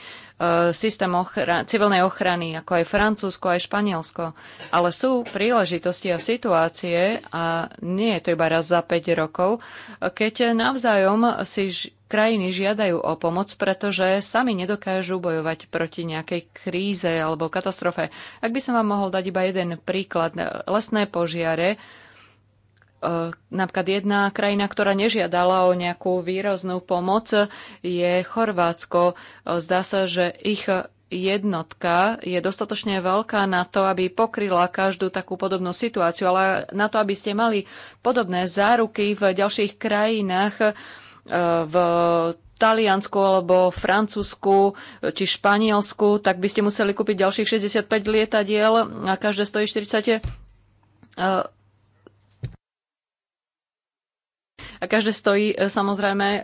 systém ochra- civilnej ochrany, ako aj Francúzsko, aj Španielsko. Ale sú príležitosti a situácie, a nie je to iba raz za 5 rokov, keď navzájom si krajiny žiadajú o pomoc, pretože sami nedokážu bojovať proti nejakej kríze alebo katastrofe. Ak by som vám mohol dať iba jeden príklad, lesné požiare, E, napríklad jedna krajina, ktorá nežiadala o nejakú výraznú pomoc, je Chorvátsko. E, zdá sa, že ich jednotka je dostatočne veľká na to, aby pokryla každú takú podobnú situáciu, ale na to, aby ste mali podobné záruky v ďalších krajinách, e, v Taliansku alebo Francúzsku či Španielsku, tak by ste museli kúpiť ďalších 65 lietadiel a každé stojí 40 A každé stojí e, samozrejme e,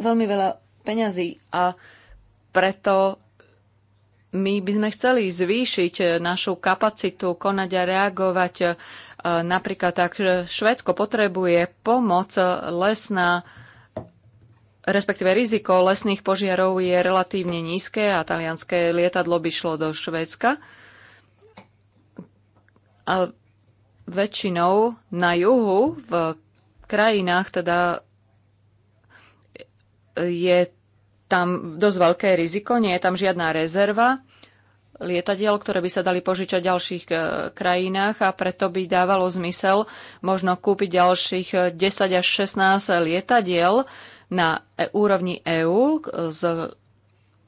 veľmi veľa peňazí a preto my by sme chceli zvýšiť e, našu kapacitu konať a reagovať. Napríklad tak Švédsko potrebuje pomoc lesná, respektíve riziko lesných požiarov je relatívne nízke a talianské lietadlo by šlo do Švédska. A väčšinou na juhu v krajinách teda je tam dosť veľké riziko, nie je tam žiadna rezerva lietadiel, ktoré by sa dali požičať v ďalších e, krajinách a preto by dávalo zmysel možno kúpiť ďalších 10 až 16 lietadiel na e, úrovni EÚ e, s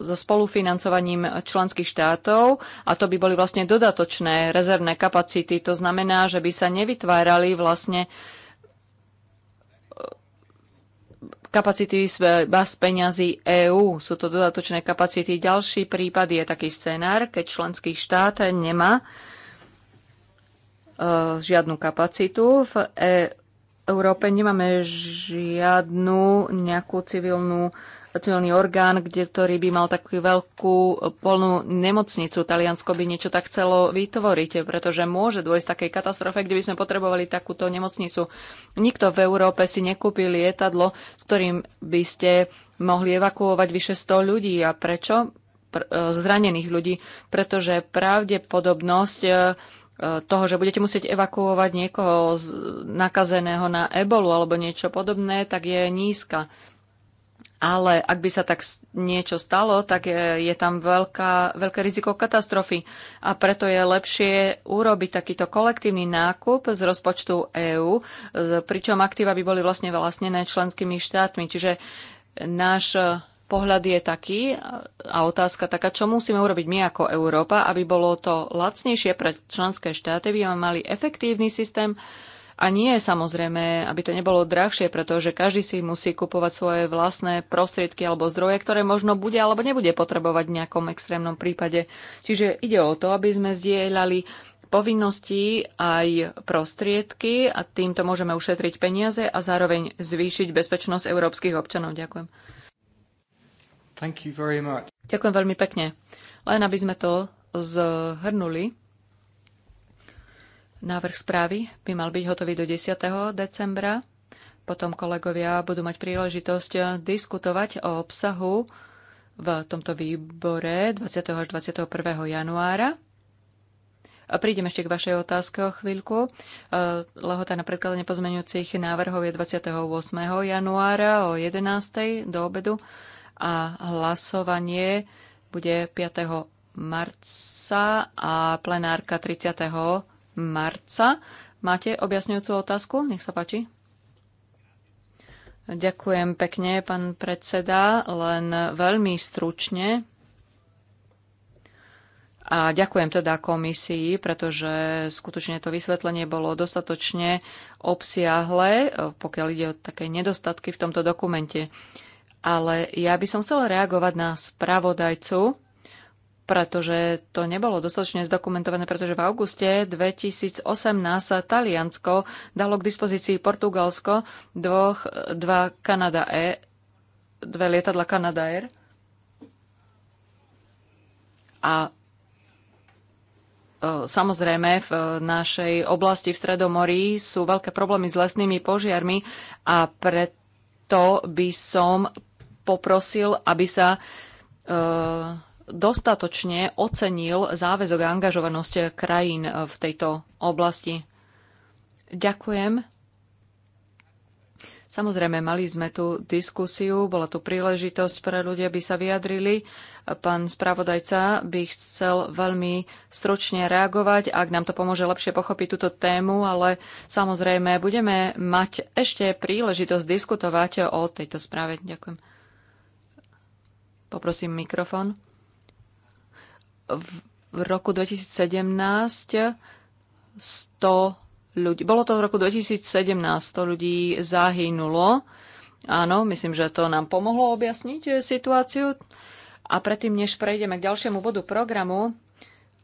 so spolufinancovaním členských štátov a to by boli vlastne dodatočné rezervné kapacity. To znamená, že by sa nevytvárali vlastne kapacity bez peňazí EÚ. Sú to dodatočné kapacity. Ďalší prípad je taký scenár, keď členský štát nemá e, žiadnu kapacitu. V e- Európe nemáme žiadnu nejakú civilnú civilný orgán, kde, ktorý by mal takú veľkú eh, polnú nemocnicu. Taliansko by niečo tak chcelo vytvoriť, pretože môže dôjsť takej katastrofe, kde by sme potrebovali takúto nemocnicu. Nikto v Európe si nekúpil lietadlo, s ktorým by ste mohli evakuovať vyše 100 ľudí. A prečo? Eh, zranených ľudí, pretože pravdepodobnosť eh, toho, že budete musieť evakuovať niekoho nakazeného na ebolu alebo niečo podobné, tak je nízka ale ak by sa tak niečo stalo, tak je, je tam veľká, veľké riziko katastrofy. A preto je lepšie urobiť takýto kolektívny nákup z rozpočtu EÚ, pričom aktíva by boli vlastne vlastnené členskými štátmi. Čiže náš e, pohľad je taký a otázka taká, čo musíme urobiť my ako Európa, aby bolo to lacnejšie pre členské štáty, aby mali efektívny systém, a nie samozrejme, aby to nebolo drahšie, pretože každý si musí kupovať svoje vlastné prostriedky alebo zdroje, ktoré možno bude alebo nebude potrebovať v nejakom extrémnom prípade. Čiže ide o to, aby sme zdieľali povinnosti aj prostriedky a týmto môžeme ušetriť peniaze a zároveň zvýšiť bezpečnosť európskych občanov. Ďakujem. Thank you very much. Ďakujem veľmi pekne. Len aby sme to zhrnuli, Návrh správy by mal byť hotový do 10. decembra. Potom kolegovia budú mať príležitosť diskutovať o obsahu v tomto výbore 20. až 21. januára. A prídem ešte k vašej otázke o chvíľku. E, Lehota na predkladanie pozmeňujúcich návrhov je 28. januára o 11. do obedu a hlasovanie bude 5. marca a plenárka 30 marca. Máte objasňujúcu otázku? Nech sa páči. Ďakujem pekne, pán predseda, len veľmi stručne. A ďakujem teda komisii, pretože skutočne to vysvetlenie bolo dostatočne obsiahle, pokiaľ ide o také nedostatky v tomto dokumente. Ale ja by som chcela reagovať na spravodajcu, pretože to nebolo dostatočne zdokumentované, pretože v auguste 2018 sa Taliansko dalo k dispozícii Portugalsko dvoch, dva Kanada E, dve lietadla Canada Air. A e, Samozrejme, v našej oblasti v Stredomorí sú veľké problémy s lesnými požiarmi a preto by som poprosil, aby sa e, dostatočne ocenil záväzok a angažovanosť krajín v tejto oblasti. Ďakujem. Samozrejme, mali sme tu diskusiu, bola tu príležitosť pre ľudia, aby sa vyjadrili. Pán spravodajca by chcel veľmi stručne reagovať, ak nám to pomôže lepšie pochopiť túto tému, ale samozrejme budeme mať ešte príležitosť diskutovať o tejto správe. Ďakujem. Poprosím mikrofón v roku 2017 100 ľudí, bolo to v roku 2017, 100 ľudí zahynulo. Áno, myslím, že to nám pomohlo objasniť eh, situáciu. A predtým, než prejdeme k ďalšiemu bodu programu,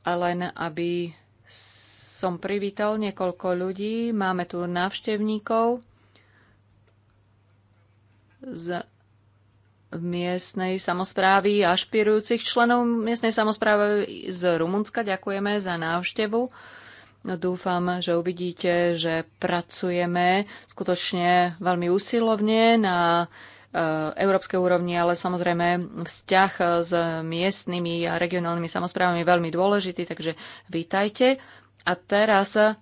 len aby som privítal niekoľko ľudí. Máme tu návštevníkov z miestnej samozprávy a špirujúcich členov miestnej samozprávy z Rumunska. Ďakujeme za návštevu. No, dúfam, že uvidíte, že pracujeme skutočne veľmi úsilovne na e, európskej úrovni, ale samozrejme vzťah s miestnymi a regionálnymi samozprávami je veľmi dôležitý, takže vítajte. A teraz, e,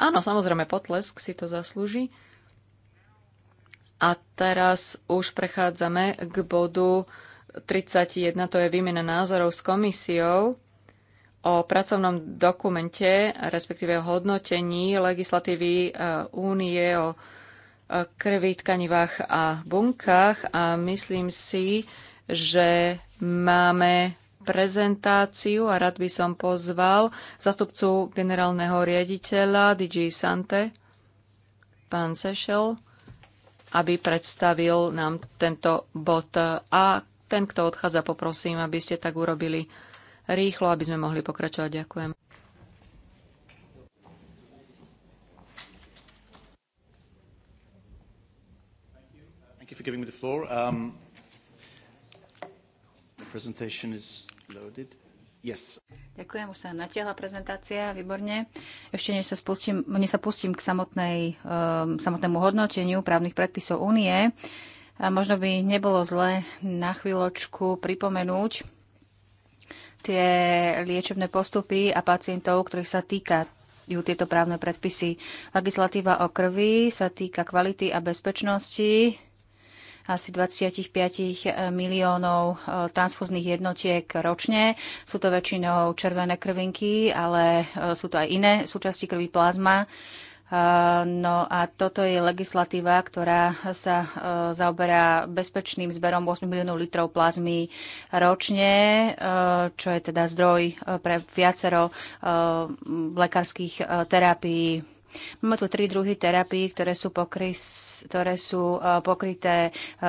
áno, samozrejme potlesk si to zaslúži. A teraz už prechádzame k bodu 31, to je výmena názorov s komisiou o pracovnom dokumente, respektíve o hodnotení legislatívy eh, únie o eh, krvi, tkanivách a bunkách a myslím si, že máme prezentáciu a rád by som pozval zastupcu generálneho riaditeľa DG Sante, pán Sešel aby predstavil nám tento bod. A ten, kto odchádza, poprosím, aby ste tak urobili rýchlo, aby sme mohli pokračovať. Ďakujem. for giving me the floor. Um, the presentation is loaded. Yes. Ďakujem, už sa natiahla prezentácia, výborne. Ešte než sa, spustím, než sa pustím k samotnej, um, samotnému hodnoteniu právnych predpisov únie, a možno by nebolo zle na chvíľočku pripomenúť tie liečebné postupy a pacientov, ktorých sa týka ju tieto právne predpisy. Legislatíva o krvi sa týka kvality a bezpečnosti asi 25 eh, miliónov eh, transfúznych jednotiek ročne. Sú to väčšinou červené krvinky, ale eh, sú to aj iné súčasti krvi plazma. No a toto je legislatíva, ktorá sa zaoberá bezpečným zberom 8 miliónov litrov plazmy ročne, čo je teda zdroj pre viacero lekárskych terapií Máme tu tri druhy terapii, ktoré sú, pokrys, ktoré sú e, pokryté e, e,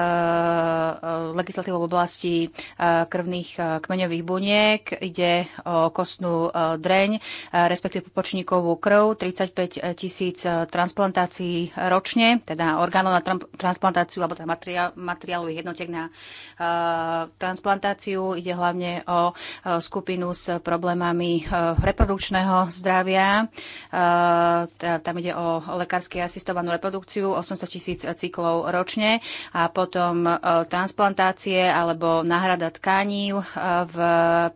legislatívou v oblasti krvných kmeňových buniek. Ide o kostnú dreň, respektíve popočníkovú krv, 35 tisíc transplantácií ročne, teda orgánov na transplantáciu alebo teda materiál, materiálových jednotiek na transplantáciu. Ide hlavne o skupinu s problémami reprodukčného zdravia, teda tam ide o lekársky asistovanú reprodukciu, 800 tisíc cyklov ročne a potom e, transplantácie alebo náhrada tkaní e, v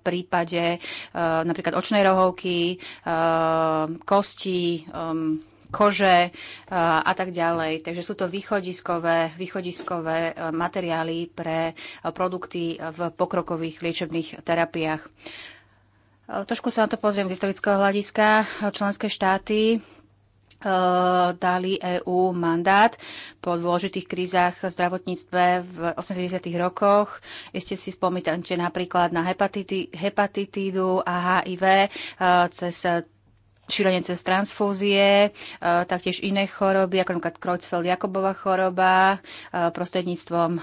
prípade e, napríklad očnej rohovky, kosti, kože a tak ďalej. Takže sú to východiskové, východiskové materiály pre produkty v pokrokových liečebných terapiách. Trošku sa na to pozriem z historického hľadiska. Členské štáty Eh, dali EÚ mandát po dôležitých krízach v zdravotníctve v 80. rokoch. Ešte si spomínate napríklad na hepatitídu a HIV eh, cez šírenie cez transfúzie, e, taktiež iné choroby, ako napríklad Creutzfeldt-Jakobova choroba, e, prostredníctvom e,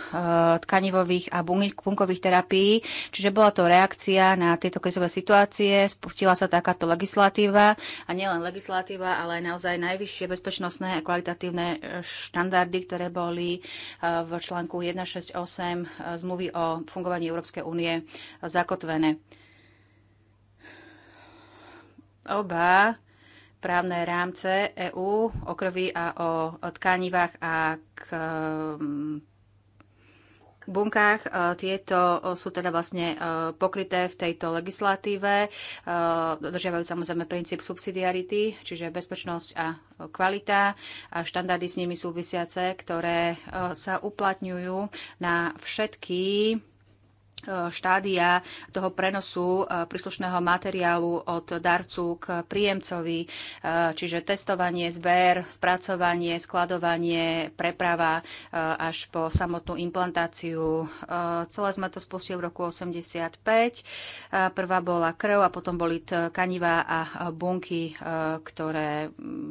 tkanivových a bunkových terapií. Čiže bola to reakcia na tieto krizové situácie, spustila sa takáto legislatíva a nielen legislatíva, ale aj naozaj najvyššie bezpečnostné a kvalitatívne štandardy, ktoré boli v článku 168 zmluvy o fungovaní Európskej únie zakotvené. Oba právne rámce EÚ o krvi a o, o tkanivách a k bunkách. E, tieto sú teda vlastne e, pokryté v tejto legislatíve, e, dodržiavajú samozrejme princíp subsidiarity, čiže bezpečnosť a kvalita a štandardy s nimi súvisiace, ktoré sa uplatňujú na všetky štádia toho prenosu e, príslušného materiálu od darcu k príjemcovi, e, čiže testovanie, zber, spracovanie, skladovanie, preprava e, až po samotnú implantáciu. Celé sme to spustili v roku 1985. Prvá bola krv a potom boli kanivá a bunky, ktoré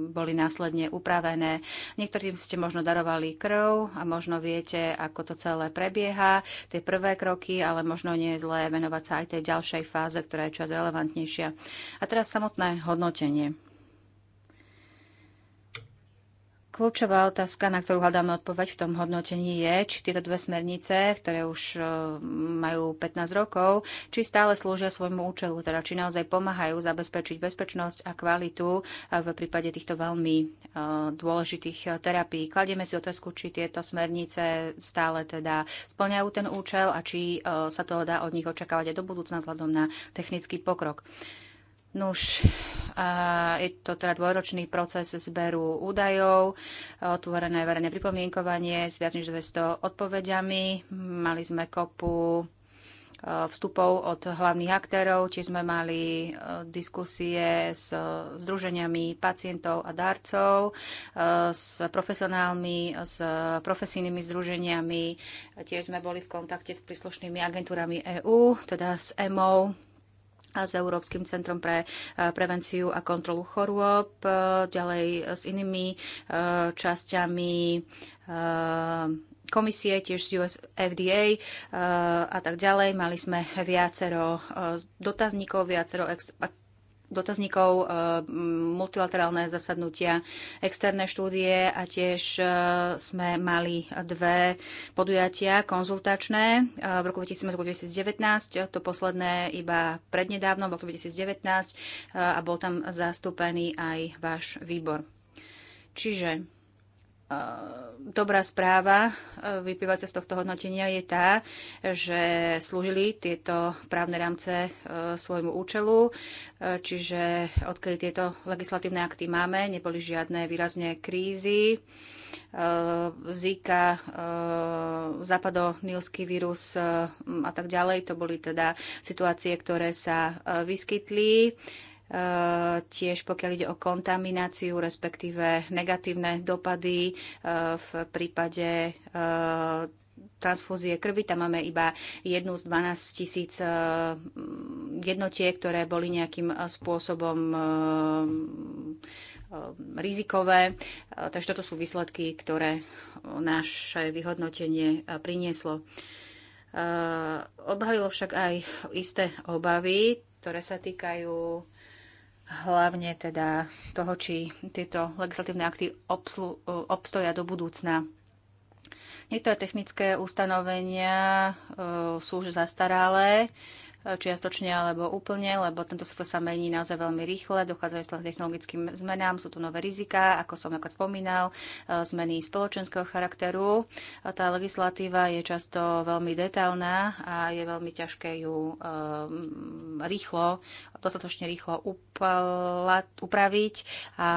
boli následne upravené. Niektorým ste možno darovali krv a možno viete, ako to celé prebieha, tie prvé kroky, ale ale možno nie je zlé venovať sa aj tej ďalšej fáze, ktorá je čas relevantnejšia. A teraz samotné hodnotenie. Kľúčová otázka, na ktorú hľadáme odpoveď v tom hodnotení je, či tieto dve smernice, ktoré už e, majú 15 rokov, či stále slúžia svojmu účelu, teda či naozaj pomáhajú zabezpečiť bezpečnosť a kvalitu e, v prípade týchto veľmi e, dôležitých terapií. Kladieme si otázku, či tieto smernice stále teda splňajú ten účel a či sa toho dá od nich očakávať aj do budúcna vzhľadom na technický pokrok. Nuž, je to teda dvojročný proces zberu údajov, otvorené verejné pripomienkovanie s viac než 200 odpovediami. Mali sme kopu e, vstupov od hlavných aktérov, či sme mali e, diskusie s e, združeniami pacientov a darcov, s profesionálmi, s profesijnými združeniami. Tiež sme boli v kontakte s príslušnými agentúrami EÚ, teda s EMO, a s Európskym centrom pre eh, prevenciu a kontrolu chorôb, eh, ďalej s inými eh, časťami komisie, tiež z US FDA a tak ďalej. Mali sme viacero dotazníkov, viacero dotazníkov, eh, multilaterálne zasadnutia, externé štúdie a tiež eh, sme mali dve podujatia konzultačné eh, v roku 2019, to posledné iba prednedávno v roku 2019 a bol tam zastúpený aj váš výbor. Čiže Ehm, dobrá správa ehm, vyplývajúca z tohto hodnotenia je tá, že slúžili tieto právne rámce ehm, svojmu účelu, čiže odkedy tieto legislatívne akty máme, neboli žiadne výrazne krízy. Zika, západonilský vírus a tak ďalej, to boli teda situácie, ktoré sa vyskytli tiež pokiaľ ide o kontamináciu, respektíve negatívne dopady e, v prípade e, transfúzie krvi. Tam máme iba jednu z 12 tisíc e, jednotiek, ktoré boli nejakým spôsobom rizikové. Takže toto sú výsledky, ktoré naše vyhodnotenie prinieslo. Obhalilo však aj isté obavy, ktoré sa týkajú hlavne teda toho, či tieto legislatívne akty obslu, obstoja do budúcna. Niektoré technické ustanovenia e, sú už zastaralé, e, čiastočne alebo úplne, lebo tento sektor sa mení naozaj veľmi rýchle, dochádzajú k technologickým zmenám, sú tu nové rizika, ako som ako spomínal, e, zmeny spoločenského charakteru. Tá legislatíva je často veľmi detailná a je veľmi ťažké ju rýchlo dostatočne rýchlo upraviť. A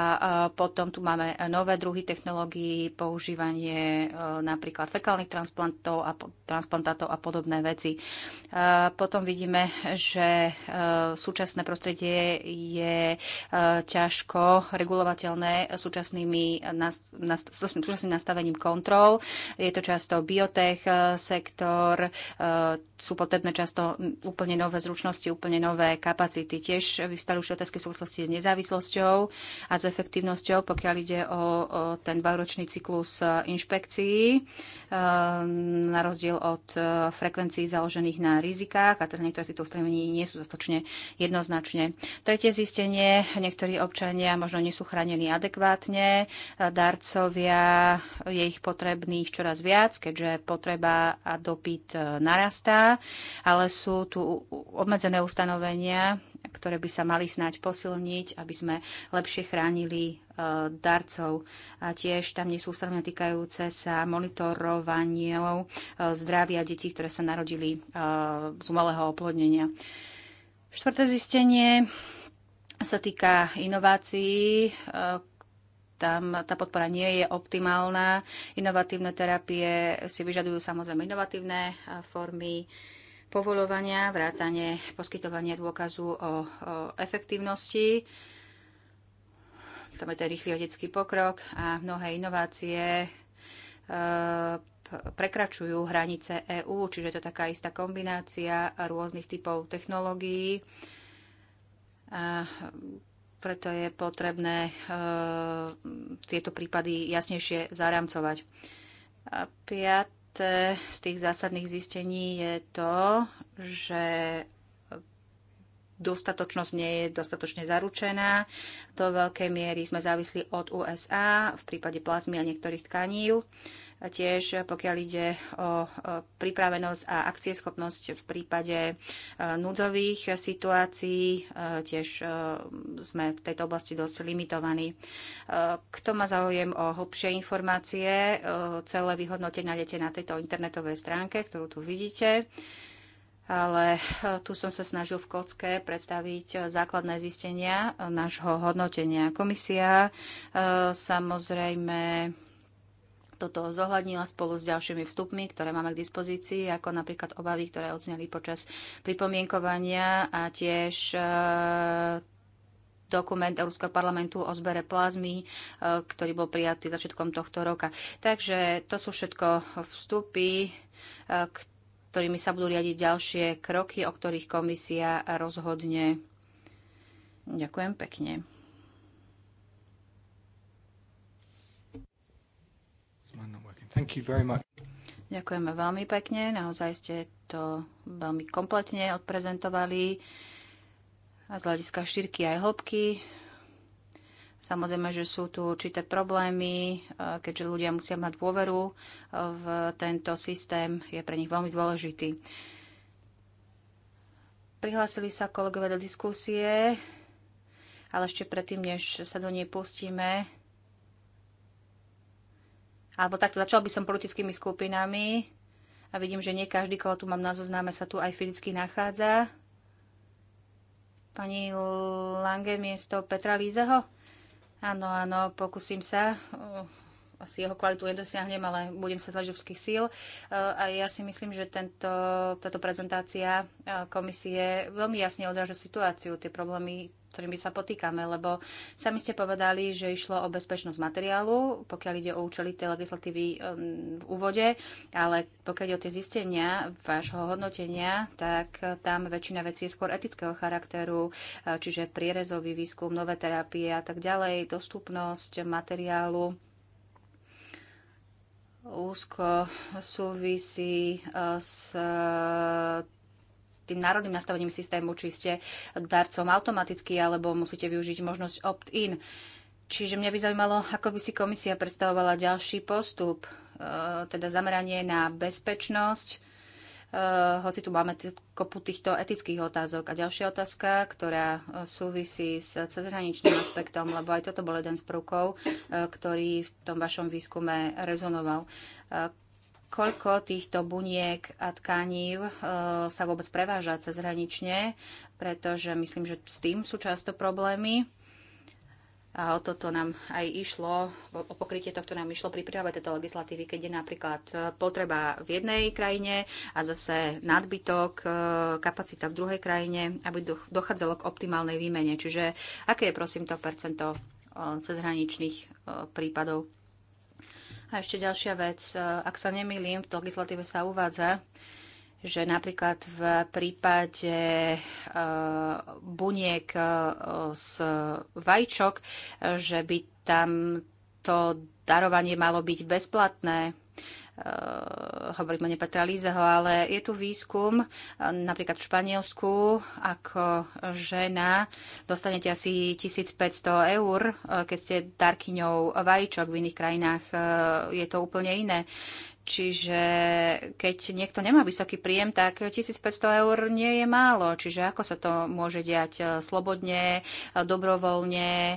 potom tu máme nové druhy technológií, používanie e, napríklad fekálnych transplantov a transplantátov a podobné veci. E, potom vidíme, že e, súčasné prostredie je ťažko regulovateľné súčasnými, súčasným nastavením kontrol. Je to často biotech sektor, sú potrebné často úplne nové zručnosti, úplne nové kapacity otázky. Tiež vyvstali už otázky v súvislosti s nezávislosťou a s efektívnosťou, pokiaľ ide o, o ten dvojročný cyklus e, inšpekcií, e, na rozdiel od e, frekvencií založených na rizikách, a teda niektoré z týchto ustanovení nie sú dostatočne jednoznačne. Tretie zistenie, niektorí občania možno nie sú chránení adekvátne, darcovia je ich potrebných čoraz viac, keďže potreba a dopyt narastá, ale sú tu obmedzené ustanovenia, ktoré by sa mali snať posilniť, aby sme lepšie chránili e, darcov. A tiež tam nie sú ustanovenia týkajúce sa monitorovaniou e, zdravia detí, ktoré sa narodili e, z umelého oplodnenia. Štvrté zistenie sa týka inovácií, tam tá podpora nie je optimálna. Inovatívne terapie si vyžadujú samozrejme inovatívne formy povolovania, vrátanie poskytovania dôkazu o, o efektívnosti. Tam je ten rýchly vedecký pokrok a mnohé inovácie e, prekračujú hranice EÚ, čiže je to taká istá kombinácia rôznych typov technológií. A preto je potrebné e, tieto prípady jasnejšie zaramcovať. A piat, dôležité z tých zásadných zistení je to, že dostatočnosť nie je dostatočne zaručená. Do veľkej miery sme závisli od USA v prípade plazmy a niektorých tkaní tiež pokiaľ ide o pripravenosť a akcieschopnosť v prípade e, núdzových situácií. E, tiež e, sme v tejto oblasti dosť limitovaní. Kto má záujem o hlbšie informácie, celé vyhodnotenie nájdete na tejto internetovej stránke, ktorú tu vidíte ale tu som sa snažil v kocke predstaviť základné zistenia nášho hodnotenia. Komisia samozrejme toto zohľadnila spolu s ďalšími vstupmi, ktoré máme k dispozícii, ako napríklad obavy, ktoré odzneli počas pripomienkovania a tiež e, dokument Európskeho parlamentu o zbere plazmy, e, ktorý bol prijatý začiatkom tohto roka. Takže to sú všetko vstupy, e, ktorými sa budú riadiť ďalšie kroky, o ktorých komisia rozhodne. Ďakujem pekne. Ďakujeme veľmi pekne, naozaj ste to veľmi kompletne odprezentovali a z hľadiska šírky aj hĺbky. Samozrejme, že sú tu určité problémy, keďže ľudia musia mať dôveru v tento systém, je pre nich veľmi dôležitý. Prihlásili sa kolegové do diskusie, ale ešte predtým, než sa do nej pustíme, alebo takto začal by som politickými skupinami a vidím, že nie každý, koho tu mám na zozname, sa tu aj fyzicky nachádza. Pani Lange miesto Petra Lízeho? Áno, áno, pokúsim sa. Uh, asi jeho kvalitu nedosiahnem, ale budem sa z obských síl. Uh, a ja si myslím, že tento, táto prezentácia uh, komisie veľmi jasne odráža situáciu, tie problémy, ktorými sa potýkame, lebo sami ste povedali, že išlo o bezpečnosť materiálu, pokiaľ ide o účely tej legislatívy um, v úvode, ale pokiaľ ide o tie zistenia vášho hodnotenia, tak eh, tam väčšina vecí je skôr etického charakteru, eh, čiže prierezový výskum, nové terapie a tak ďalej, dostupnosť materiálu úzko súvisí eh, s tým národným nastavením systému, či ste darcom automaticky, alebo musíte využiť možnosť opt-in. Čiže mňa by zaujímalo, ako by si komisia predstavovala ďalší postup, e, teda zameranie na bezpečnosť, e, hoci tu máme kopu týchto etických otázok. A ďalšia otázka, ktorá e, súvisí s cezhraničným aspektom, lebo aj toto bol jeden z prvkov, ktorý v tom vašom výskume rezonoval koľko týchto buniek a tkanív e, sa vôbec preváža cez hranične, pretože myslím, že s tým sú často problémy. A o toto nám aj išlo, o pokrytie tohto nám išlo pri príprave tejto legislatívy, keď je napríklad e, potreba v jednej krajine a zase nadbytok, e, kapacita v druhej krajine, aby dochádzalo k optimálnej výmene. Čiže aké je prosím to percento cezhraničných prípadov? A ešte ďalšia vec, e, ak sa nemýlim, v legislatíve sa uvádza, že napríklad v prípade e, buniek e, z vajčok, že by tam to darovanie malo byť bezplatné, Eh, hovorím o nepatralízeho, ale je tu výskum eh, napríklad v Španielsku, ako žena dostanete asi 1500 eur, eh, keď ste darkyňou vajíčok, v iných krajinách je to úplne iné. Čiže keď niekto nemá vysoký príjem, tak 1500 eur nie je málo. Čiže ako sa to môže diať e, slobodne, e, dobrovoľne, e,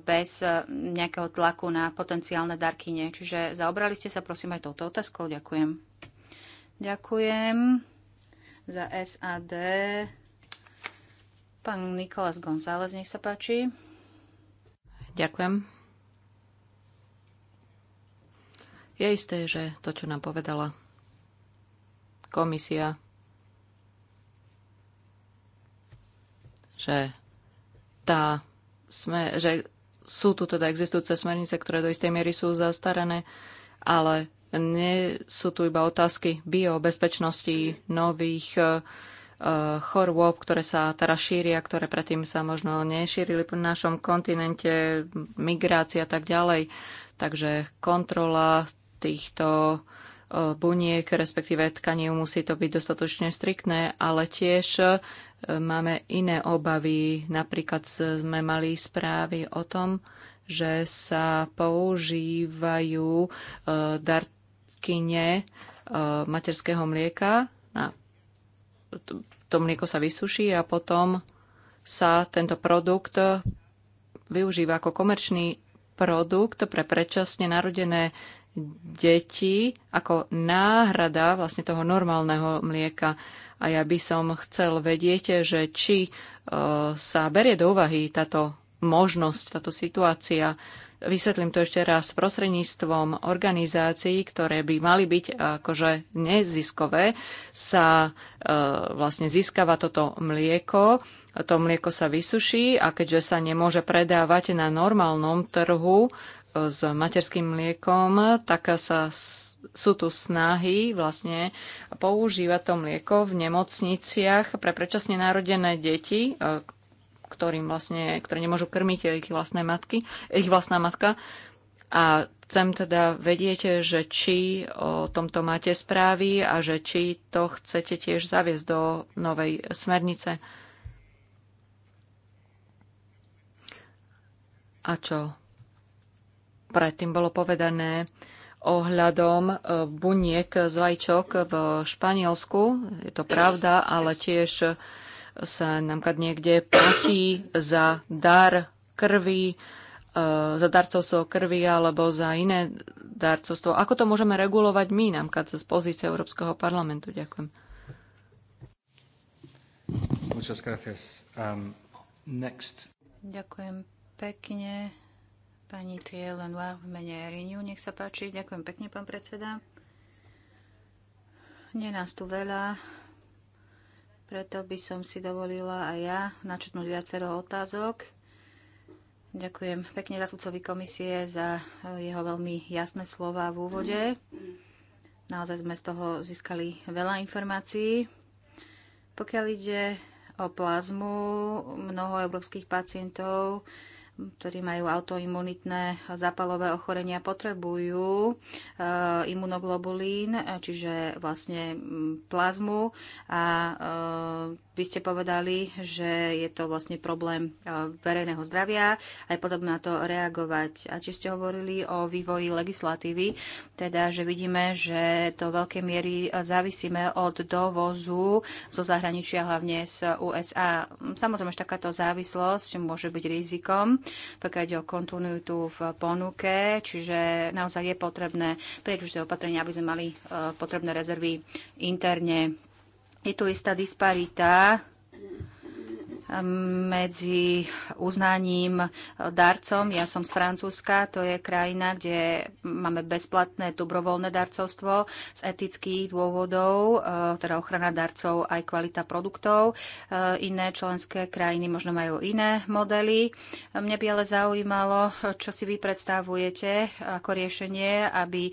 bez nejakého tlaku na potenciálne darkyne. Čiže zaobrali ste sa prosím aj touto otázkou. Ďakujem. Ďakujem za SAD. Pán Nikolás González, nech sa páči. Ďakujem. Je isté, že to, čo nám povedala komisia, že tá sme, že sú tu teda existujúce smernice, ktoré do istej miery sú zastarané, ale nie sú tu iba otázky biobezpečnosti nových uh, chorôb, ktoré sa teraz šíria, ktoré predtým sa možno nešírili po našom kontinente, migrácia a tak ďalej. Takže kontrola týchto e, buniek, respektíve tkaní musí to byť dostatočne striktné, ale tiež e, máme iné obavy. Napríklad sme mali správy o tom, že sa používajú e, darkyne materského mlieka. Na to mlieko sa vysuší a potom sa tento produkt využíva ako komerčný produkt pre predčasne narodené deti ako náhrada vlastne toho normálneho mlieka. A ja by som chcel vedieť, že či e, sa berie do úvahy táto možnosť, táto situácia. Vysvetlím to ešte raz prostredníctvom organizácií, ktoré by mali byť akože neziskové, sa e, vlastne získava toto mlieko, to mlieko sa vysuší a keďže sa nemôže predávať na normálnom trhu, s materským mliekom, tak sa, sú tu snahy vlastne používať to mlieko v nemocniciach pre predčasne narodené deti, e, ktorým vlastne, ktoré nemôžu krmiť ich vlastné matky, ich vlastná matka. A chcem teda vedieť, že či o tomto máte správy a že či to chcete tiež zaviesť do novej smernice. A čo predtým bolo povedané ohľadom e, buniek z vajčok v Španielsku. Je to pravda, ale tiež sa nám kad niekde platí za dar krvi, e, za darcovstvo krvi alebo za iné darcovstvo. Ako to môžeme regulovať my, nám kad z pozície Európskeho parlamentu? Ďakujem. Um, Ďakujem pekne. Pani Trielenoir v mene Riniu, nech sa páči. Ďakujem pekne, pán predseda. Nie nás tu veľa, preto by som si dovolila aj ja načetnúť viacero otázok. Ďakujem pekne zastupcovi komisie za eh, jeho veľmi jasné slova v úvode. Naozaj sme z toho získali veľa informácií. Pokiaľ ide o plazmu, mnoho európskych pacientov ktorí majú autoimunitné zápalové ochorenia, potrebujú eh, imunoglobulín, eh, čiže vlastne mm, plazmu a eh, vy ste povedali, že je to vlastne problém verejného zdravia, a je podobné na to reagovať. A či ste hovorili o vývoji legislatívy, teda, že vidíme, že to veľkej miery závisíme od dovozu zo zahraničia, hlavne z USA. Samozrejme, že takáto závislosť môže byť rizikom, pokiaľ ide o kontinuitu v ponuke, čiže naozaj je potrebné prieť už opatrenia, aby sme mali potrebné rezervy interne je tu istá disparita medzi uznaním darcom. Ja som z Francúzska, to je krajina, kde máme bezplatné dobrovoľné darcovstvo z etických dôvodov, e, teda ochrana darcov aj kvalita produktov. E, iné členské krajiny možno majú iné modely. Mne by ale zaujímalo, čo si vy predstavujete ako riešenie, aby e,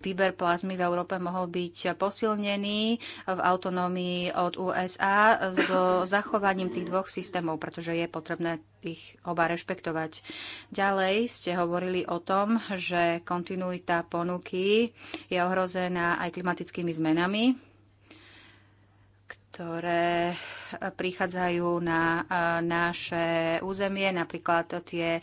výber plazmy v Európe mohol byť posilnený v autonómii od USA so zachovaním tých dvoch systémov, pretože je potrebné ich oba rešpektovať. Ďalej ste hovorili o tom, že kontinuita ponuky je ohrozená aj klimatickými zmenami ktoré prichádzajú na naše územie, napríklad tie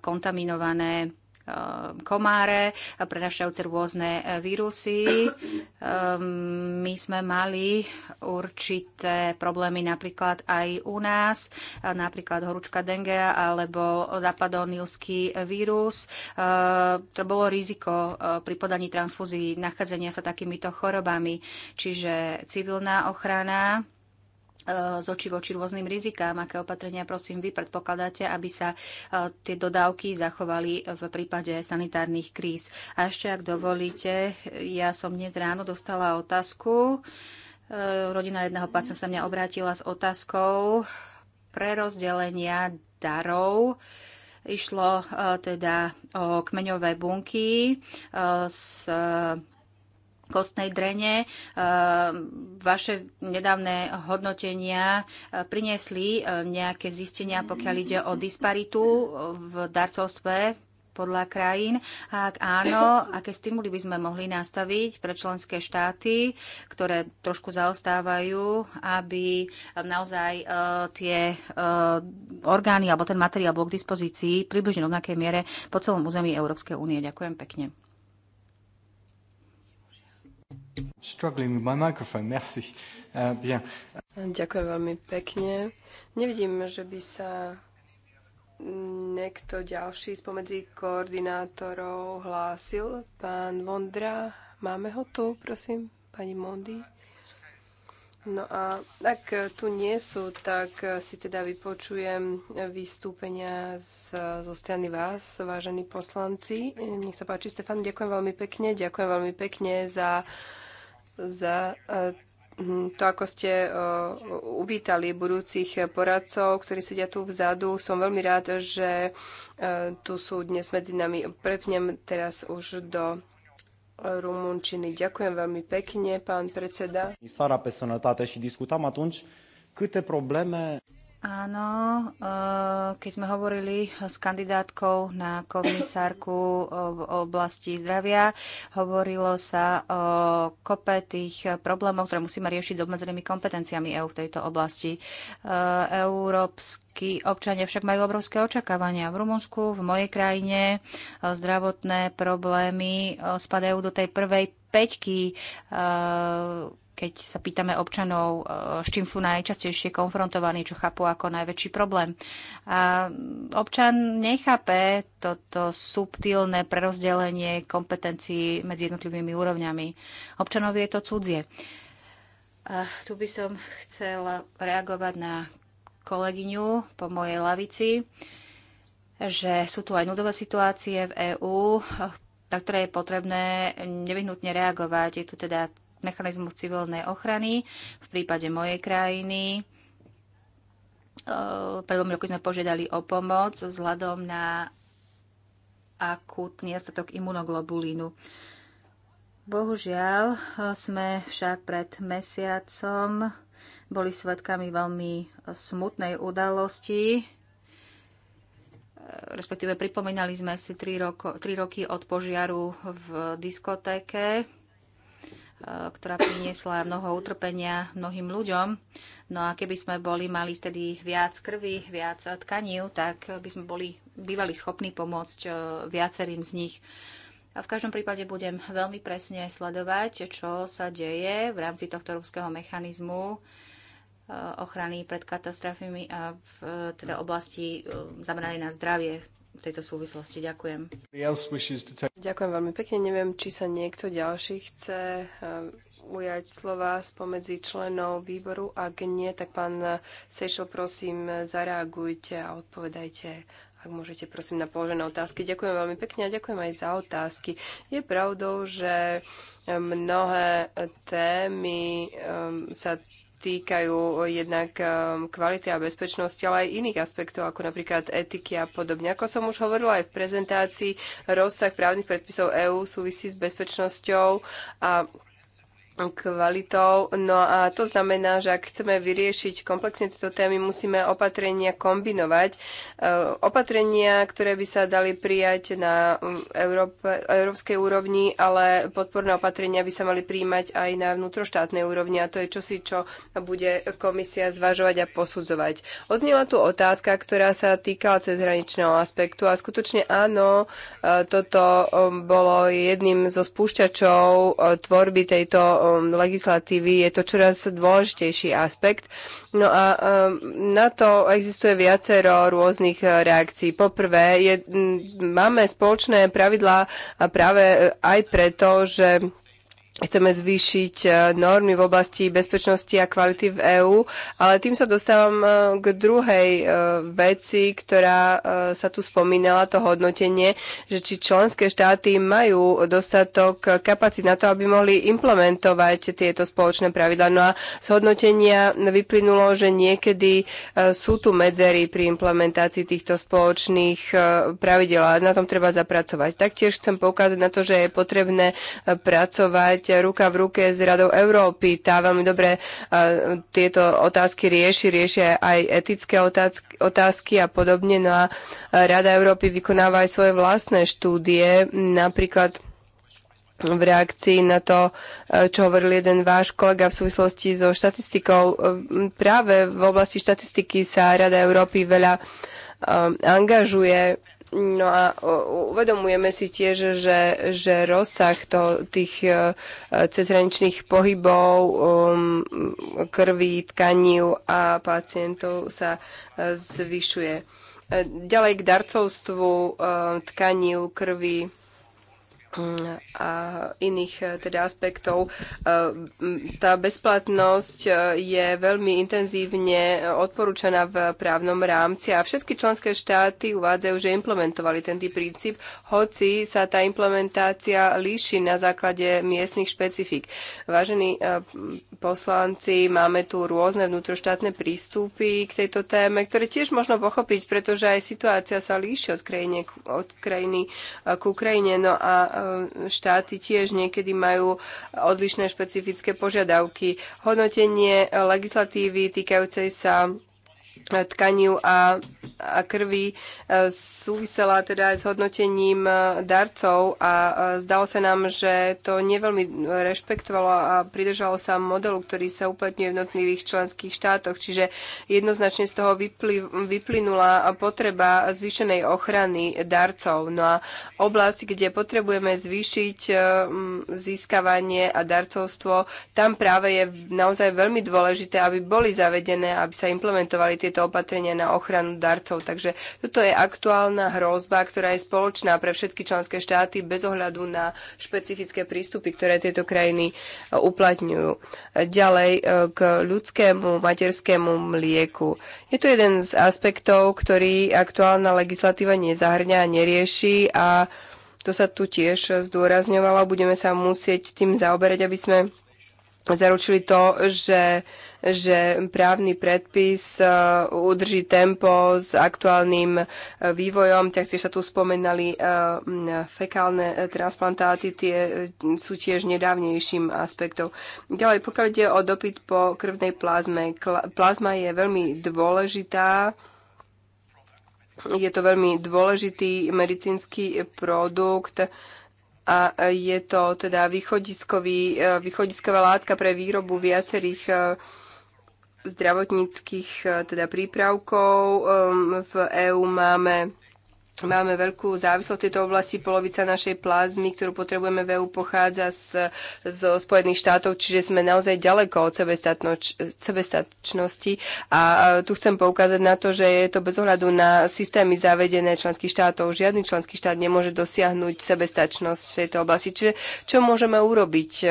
kontaminované Um, komáre, prenašajúce rôzne eh, vírusy. Um, my sme mali určité problémy napríklad aj u nás, eh, napríklad horúčka dengue alebo západonilský vírus. Eh, to bolo riziko pri podaní transfúzií nachádzania sa takýmito chorobami. Čiže civilná ochrana E, z očí voči rôznym rizikám. Aké opatrenia, prosím, vy predpokladáte, aby sa e, tie dodávky zachovali v prípade sanitárnych kríz? A ešte, ak dovolíte, ja som dnes ráno dostala otázku. E, rodina jedného pacienta sa mňa obrátila s otázkou pre rozdelenia darov. Išlo teda o kmeňové bunky z kostnej drene. E, vaše nedávne hodnotenia e, priniesli e, nejaké zistenia, pokiaľ ide o disparitu v darcovstve podľa krajín. ak áno, aké stimuly by sme mohli nastaviť pre členské štáty, ktoré trošku zaostávajú, aby naozaj tie orgány alebo ten materiál bol k dispozícii približne rovnakej miere po celom území Európskej únie. Ďakujem pekne. struggling with my microphone, merci. Uh, bien. Ďakujem veľmi pekne. Nevidím, že by sa niekto ďalší spomedzi koordinátorov hlásil. Pán Vondra, máme ho tu, prosím, pani Mondy. No a ak tu nie sú, tak si teda vypočujem vystúpenia z, zo strany vás, vážení poslanci. Nech sa páči, Stefan, ďakujem veľmi pekne. Ďakujem veľmi pekne za uh, za eh, hm, to, ako ste eh, uvítali budúcich poradcov, ktorí sedia tu vzadu. Som veľmi rád, že eh, tu sú dnes medzi nami. Prepnem teraz už do Rumunčiny. Ďakujem veľmi pekne, pán predseda. Sara pe sănătate și discutam atunci câte probleme Áno, eh, keď sme hovorili s kandidátkou na komisárku v oblasti zdravia, hovorilo sa o kope tých problémov, ktoré musíme riešiť s obmedzenými kompetenciami EÚ v tejto oblasti. Eh, európsky občania však majú obrovské očakávania. V Rumunsku, v mojej krajine, eh, zdravotné problémy spadajú do tej prvej peťky keď sa pýtame občanov, e, s čím sú najčastejšie konfrontovaní, čo chápu ako najväčší problém. A občan nechápe toto subtilné prerozdelenie kompetencií medzi jednotlivými úrovňami. Občanovi je to cudzie. A tu by som chcela reagovať na kolegyňu po mojej lavici, že sú tu aj núdzové situácie v EÚ, na ktoré je potrebné nevyhnutne reagovať. Je tu teda mechanizmus civilnej ochrany. V prípade mojej krajiny pred dvomi roky sme požiadali o pomoc vzhľadom na akutný nedostatok imunoglobulínu. Bohužiaľ sme však pred mesiacom boli svetkami veľmi smutnej udalosti, respektíve pripomínali sme si 3, roko, 3 roky od požiaru v diskotéke Eh, ktorá priniesla mnoho utrpenia mnohým ľuďom. No a keby sme boli mali vtedy viac krvi, viac tkaní, tak by sme boli bývali schopní pomôcť eh, viacerým z nich. A v každom prípade budem veľmi presne sledovať, čo sa deje v rámci tohto ruského mechanizmu Eh, ochrany pred katastrofami a v eh, teda oblasti eh, zameranej na zdravie v tejto súvislosti. Ďakujem. Ďakujem veľmi pekne. Neviem, či sa niekto ďalší chce ujať slova spomedzi členov výboru. Ak nie, tak pán Sešel, prosím, zareagujte a odpovedajte ak môžete, prosím, na položené otázky. Ďakujem veľmi pekne a ďakujem aj za otázky. Je pravdou, že mnohé témy sa týkajú jednak um, kvality a bezpečnosti, ale aj iných aspektov, ako napríklad etiky a podobne. Ako som už hovorila aj v prezentácii, rozsah právnych predpisov EÚ súvisí s bezpečnosťou a kvalitou. No a to znamená, že ak chceme vyriešiť komplexne tieto témy, musíme opatrenia kombinovať. E, opatrenia, ktoré by sa dali prijať na mm, Európe, európskej úrovni, ale podporné opatrenia by sa mali príjmať aj na vnútroštátnej úrovni a to je čosi, čo bude komisia zvažovať a posudzovať. Oznila tu otázka, ktorá sa týkala cezhraničného aspektu a skutočne áno, e, toto e, bolo jedným zo spúšťačov tvorby tejto Um, legislatívy je to čoraz dôležitejší aspekt. No a um, na to existuje viacero rôznych uh, reakcií. Poprvé, je, máme spoločné pravidlá práve uh, aj preto, že chceme zvýšiť e, normy v oblasti bezpečnosti a kvality v EÚ, ale tým sa dostávam e, k druhej e, veci, ktorá sa tu spomínala, to hodnotenie, že či členské štáty majú dostatok kapacít na to, aby mohli implementovať tieto spoločné pravidla. No a z hodnotenia vyplynulo, že niekedy sú tu medzery pri implementácii týchto spoločných pravidel a na tom treba zapracovať. Taktiež chcem poukázať na to, že je potrebné pracovať idete ruka v ruke s Radou Európy. Tá veľmi dobre e, tieto otázky rieši, riešia aj etické otázky, otázky a podobne. No a e, Rada Európy vykonáva aj svoje vlastné štúdie, napríklad v reakcii na to, e, čo hovoril jeden váš kolega v súvislosti so štatistikou. Práve v oblasti štatistiky sa Rada Európy veľa angažuje No a uvedomujeme si tiež, že, že rozsah to, tých e, cezhraničných pohybov um, krvi, krví, tkanív a pacientov sa e, zvyšuje. E, ďalej k darcovstvu tkanív, krvi a iných e, teda aspektov. E, tá bezplatnosť e, je veľmi intenzívne odporúčaná v právnom rámci a všetky členské štáty uvádzajú, že implementovali tento princíp, hoci sa tá implementácia líši na základe miestnych špecifik. Vážení poslanci, máme tu rôzne vnútroštátne prístupy k tejto téme, ktoré tiež možno pochopiť, pretože aj situácia sa líši od krajine od krajiny k Ukrajine. No a štáty tiež niekedy majú odlišné špecifické požiadavky. Hodnotenie legislatívy týkajúcej sa E, tkaniu a, a krvi e, súvisela teda aj s hodnotením e, darcov a zdalo sa nám, že to neveľmi rešpektovalo a pridržalo sa modelu, ktorý sa uplatňuje v jednotlivých členských štátoch. Čiže jednoznačne z toho vypli, vyplynula potreba zvýšenej ochrany darcov. No a oblasť, kde potrebujeme zvýšiť získavanie a darcovstvo, tam práve je naozaj veľmi dôležité, aby boli zavedené, aby sa implementovali tie tieto opatrenia na ochranu darcov. Takže toto je aktuálna hrozba, ktorá je spoločná pre všetky členské štáty bez ohľadu na špecifické prístupy, ktoré tieto krajiny e, uplatňujú. Ďalej e, k ľudskému materskému mlieku. Je to jeden z aspektov, ktorý aktuálna legislatíva nezahrňa a nerieši a to sa tu tiež zdôrazňovalo. Budeme sa musieť s tým zaoberať, aby sme zaručili to, že že právny predpis e, udrží tempo s aktuálnym e, vývojom. Tak ste sa tu spomenali e, fekálne transplantáty, tie sú tiež nedávnejším aspektom. Ďalej, pokiaľ ide o dopyt po krvnej plazme, plazma je veľmi dôležitá. Je to veľmi dôležitý medicínsky produkt a je to teda východiskový, východisková látka pre výrobu viacerých zdravotníckých eh, teda prípravkov. V EÚ máme Máme veľkú závislosť v tejto oblasti. Polovica našej plazmy, ktorú potrebujeme v EU, pochádza z, zo Spojených štátov, čiže sme naozaj ďaleko od sebestačnosti. A tu chcem poukázať na to, že je to bez ohľadu na systémy zavedené členských štátov. Žiadny členský štát nemôže dosiahnuť sebestačnosť v tejto oblasti. Čiže čo môžeme urobiť e,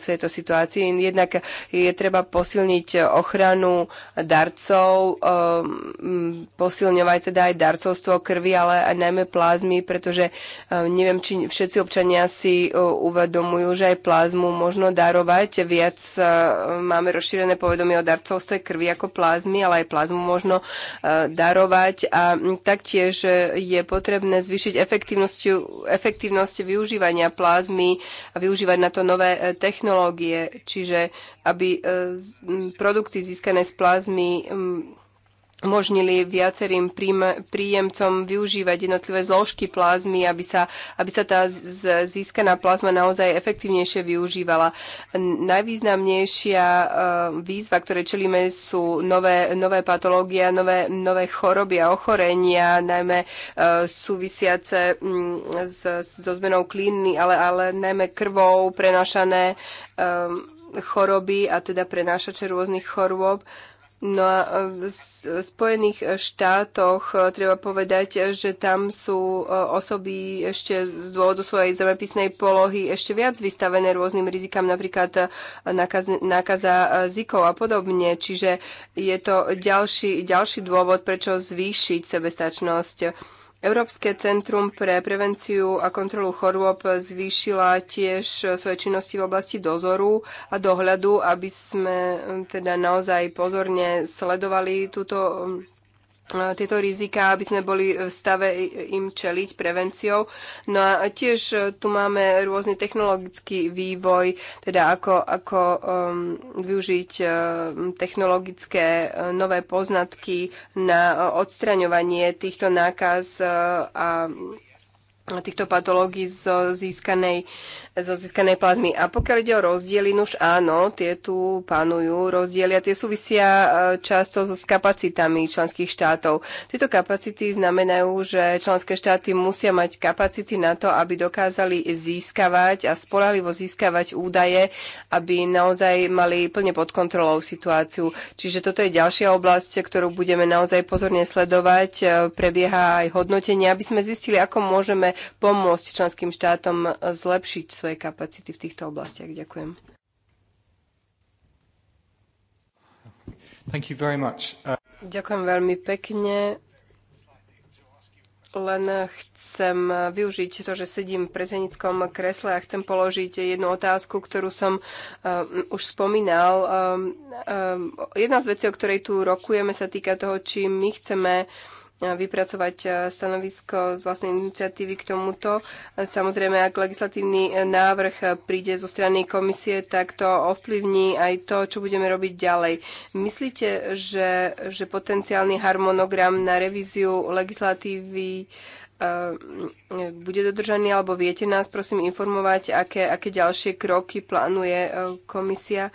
v tejto situácii? Jednak je treba posilniť ochranu darcov, e, posilňovať teda aj darcovstvo krvi, ale a najmä plázmy, pretože e, neviem, či všetci občania si e, uvedomujú, že aj plázmu možno darovať. Viac e, máme rozšírené povedomie o darcovstve krvi ako plázmy, ale aj plázmu možno darovať a taktiež je potrebné zvýšiť efektívnosť využívania plázmy a využívať na to nové technológie, čiže aby produkty získané z plazmy umožnili viacerým príjemcom využívať jednotlivé zložky plazmy, aby sa, aby sa tá získaná plazma naozaj efektívnejšie využívala. Najvýznamnejšia e, výzva, ktoré čelíme, sú nové, nové patológie, nové, nové choroby a ochorenia, najmä e, súvisiace so zmenou klíny, ale, ale najmä krvou prenašané e, choroby a teda prenášače rôznych chorôb. No a e, v Spojených štátoch e, treba povedať, že tam sú e, osoby ešte z dôvodu svojej zemepisnej polohy ešte viac vystavené rôznym rizikám, napríklad nákaza zikov a podobne. Čiže je to ďalší, ďalší dôvod, prečo zvýšiť sebestačnosť Európske centrum pre prevenciu a kontrolu chorôb zvýšila tiež svoje činnosti v oblasti dozoru a dohľadu, aby sme teda naozaj pozorne sledovali túto tieto rizika, aby sme boli v stave im čeliť prevenciou. No a tiež e, tu máme rôzny technologický vývoj, teda ako, ako um, využiť um, technologické um, nové poznatky na uh, odstraňovanie týchto nákaz uh, a týchto patológií zo získanej zo získanej plazmy. A pokiaľ ide o rozdiely, už áno, tie tu panujú rozdiely a tie súvisia e, často so, s kapacitami členských štátov. Tieto kapacity znamenajú, že členské štáty musia mať kapacity na to, aby dokázali získavať a spolahlivo získavať údaje, aby naozaj mali plne pod kontrolou situáciu. Čiže toto je ďalšia oblasť, ktorú budeme naozaj pozorne sledovať. E, prebieha aj hodnotenie, aby sme zistili, ako môžeme pomôcť členským štátom zlepšiť svoje kapacity v týchto oblastiach. Ďakujem. Thank you very much. Uh... Ďakujem veľmi pekne. Len chcem využiť to, že sedím v prezenickom kresle a chcem položiť jednu otázku, ktorú som uh, už spomínal. Um, um, jedna z vecí, o ktorej tu rokujeme, sa týka toho, či my chceme uh, vypracovať e, stanovisko z vlastnej iniciatívy k tomuto. Samozrejme, ak legislatívny e, návrh e, príde zo strany komisie, tak to ovplyvní aj to, čo budeme robiť ďalej. Myslíte, že, že potenciálny harmonogram na revíziu legislatívy bude dodržaný, alebo viete nás prosím informovať, aké, aké ďalšie kroky plánuje komisia?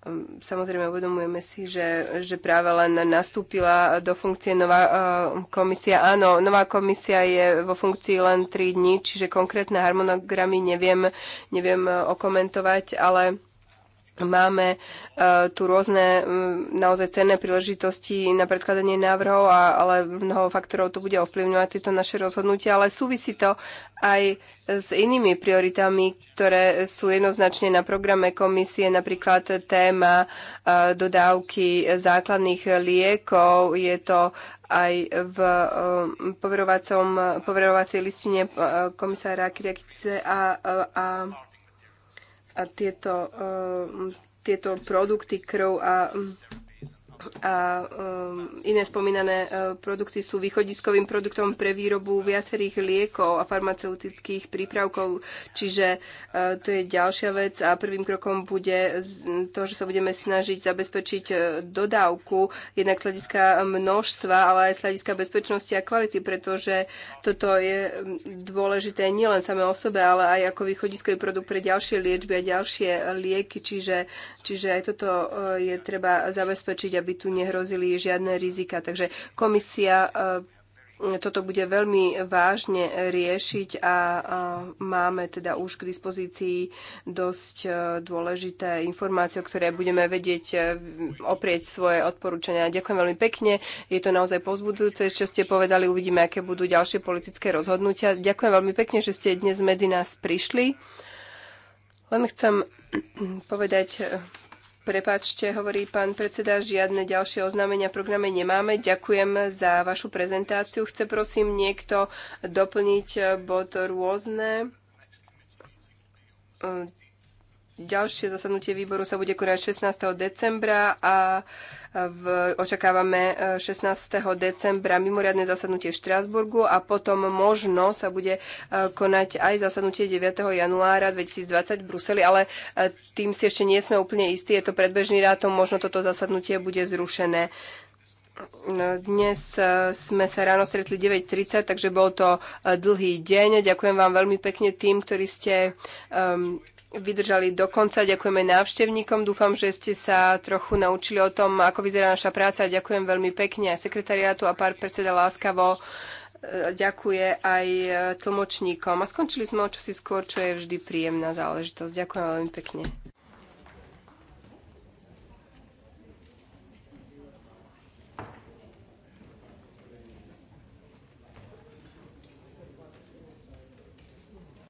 Ehm, samozrejme uvedomujeme si, že, že práve len nastúpila do funkcie nová ehm, komisia. Áno, nová komisia je vo funkcii len 3 dní, čiže konkrétne harmonogramy neviem, neviem e, okomentovať, ale Máme e, tu rôzne naozaj cenné príležitosti na predkladanie návrhov, a, ale mnoho faktorov to bude ovplyvňovať tieto naše rozhodnutia, ale súvisí to aj s inými prioritami, ktoré sú jednoznačne na programe komisie, napríklad téma e, dodávky základných liekov. Je to aj v e, poverovacej listine komisára Kriakice a, a tieto, eh, tieto produkty krv a a um, iné spomínané uh, produkty sú východiskovým produktom pre výrobu viacerých liekov a farmaceutických prípravkov, čiže uh, to je ďalšia vec a prvým krokom bude to, že sa budeme snažiť zabezpečiť uh, dodávku jednak z hľadiska množstva, ale aj z hľadiska bezpečnosti a kvality, pretože toto je um, dôležité nielen samé o sebe, ale aj ako východiskový produkt pre ďalšie liečby a ďalšie lieky, čiže, čiže aj toto je treba zabezpečiť, aby aby tu nehrozili žiadne rizika. Takže komisia e, toto bude veľmi vážne riešiť a máme teda už k dispozícii dosť e, dôležité informácie, o ktoré budeme vedieť e, oprieť svoje odporúčania. Ďakujem veľmi pekne, je to naozaj pozbudujúce, čo ste povedali, uvidíme, aké budú ďalšie politické rozhodnutia. Ďakujem veľmi pekne, že ste dnes medzi nás prišli. Len chcem povedať Prepačte, hovorí pán predseda, žiadne ďalšie oznámenia v programe nemáme. Ďakujem za vašu prezentáciu. Chce prosím niekto doplniť eh, bod rôzne? Eh, Ďalšie zasadnutie výboru sa bude konať 16. decembra a v, očakávame 16. Eh, decembra mimoriadne zasadnutie v Štrásburgu a potom možno sa bude eh, konať aj zasadnutie 9. januára 2020 v Bruseli, ale eh, tým si ešte nie sme úplne istí, je to predbežný dátum, možno toto zasadnutie bude zrušené. Dnes sme sa ráno stretli 9.30, takže bol to dlhý deň. Ďakujem vám veľmi pekne tým, ktorí ste um, vydržali do konca. Ďakujeme návštevníkom. Dúfam, že ste sa trochu naučili o tom, ako vyzerá naša práca. Ďakujem veľmi pekne aj sekretariátu a pár predseda láskavo e, ďakuje aj e, tlmočníkom. A skončili sme o čosi skôr, čo je vždy príjemná záležitosť. Ďakujem veľmi pekne.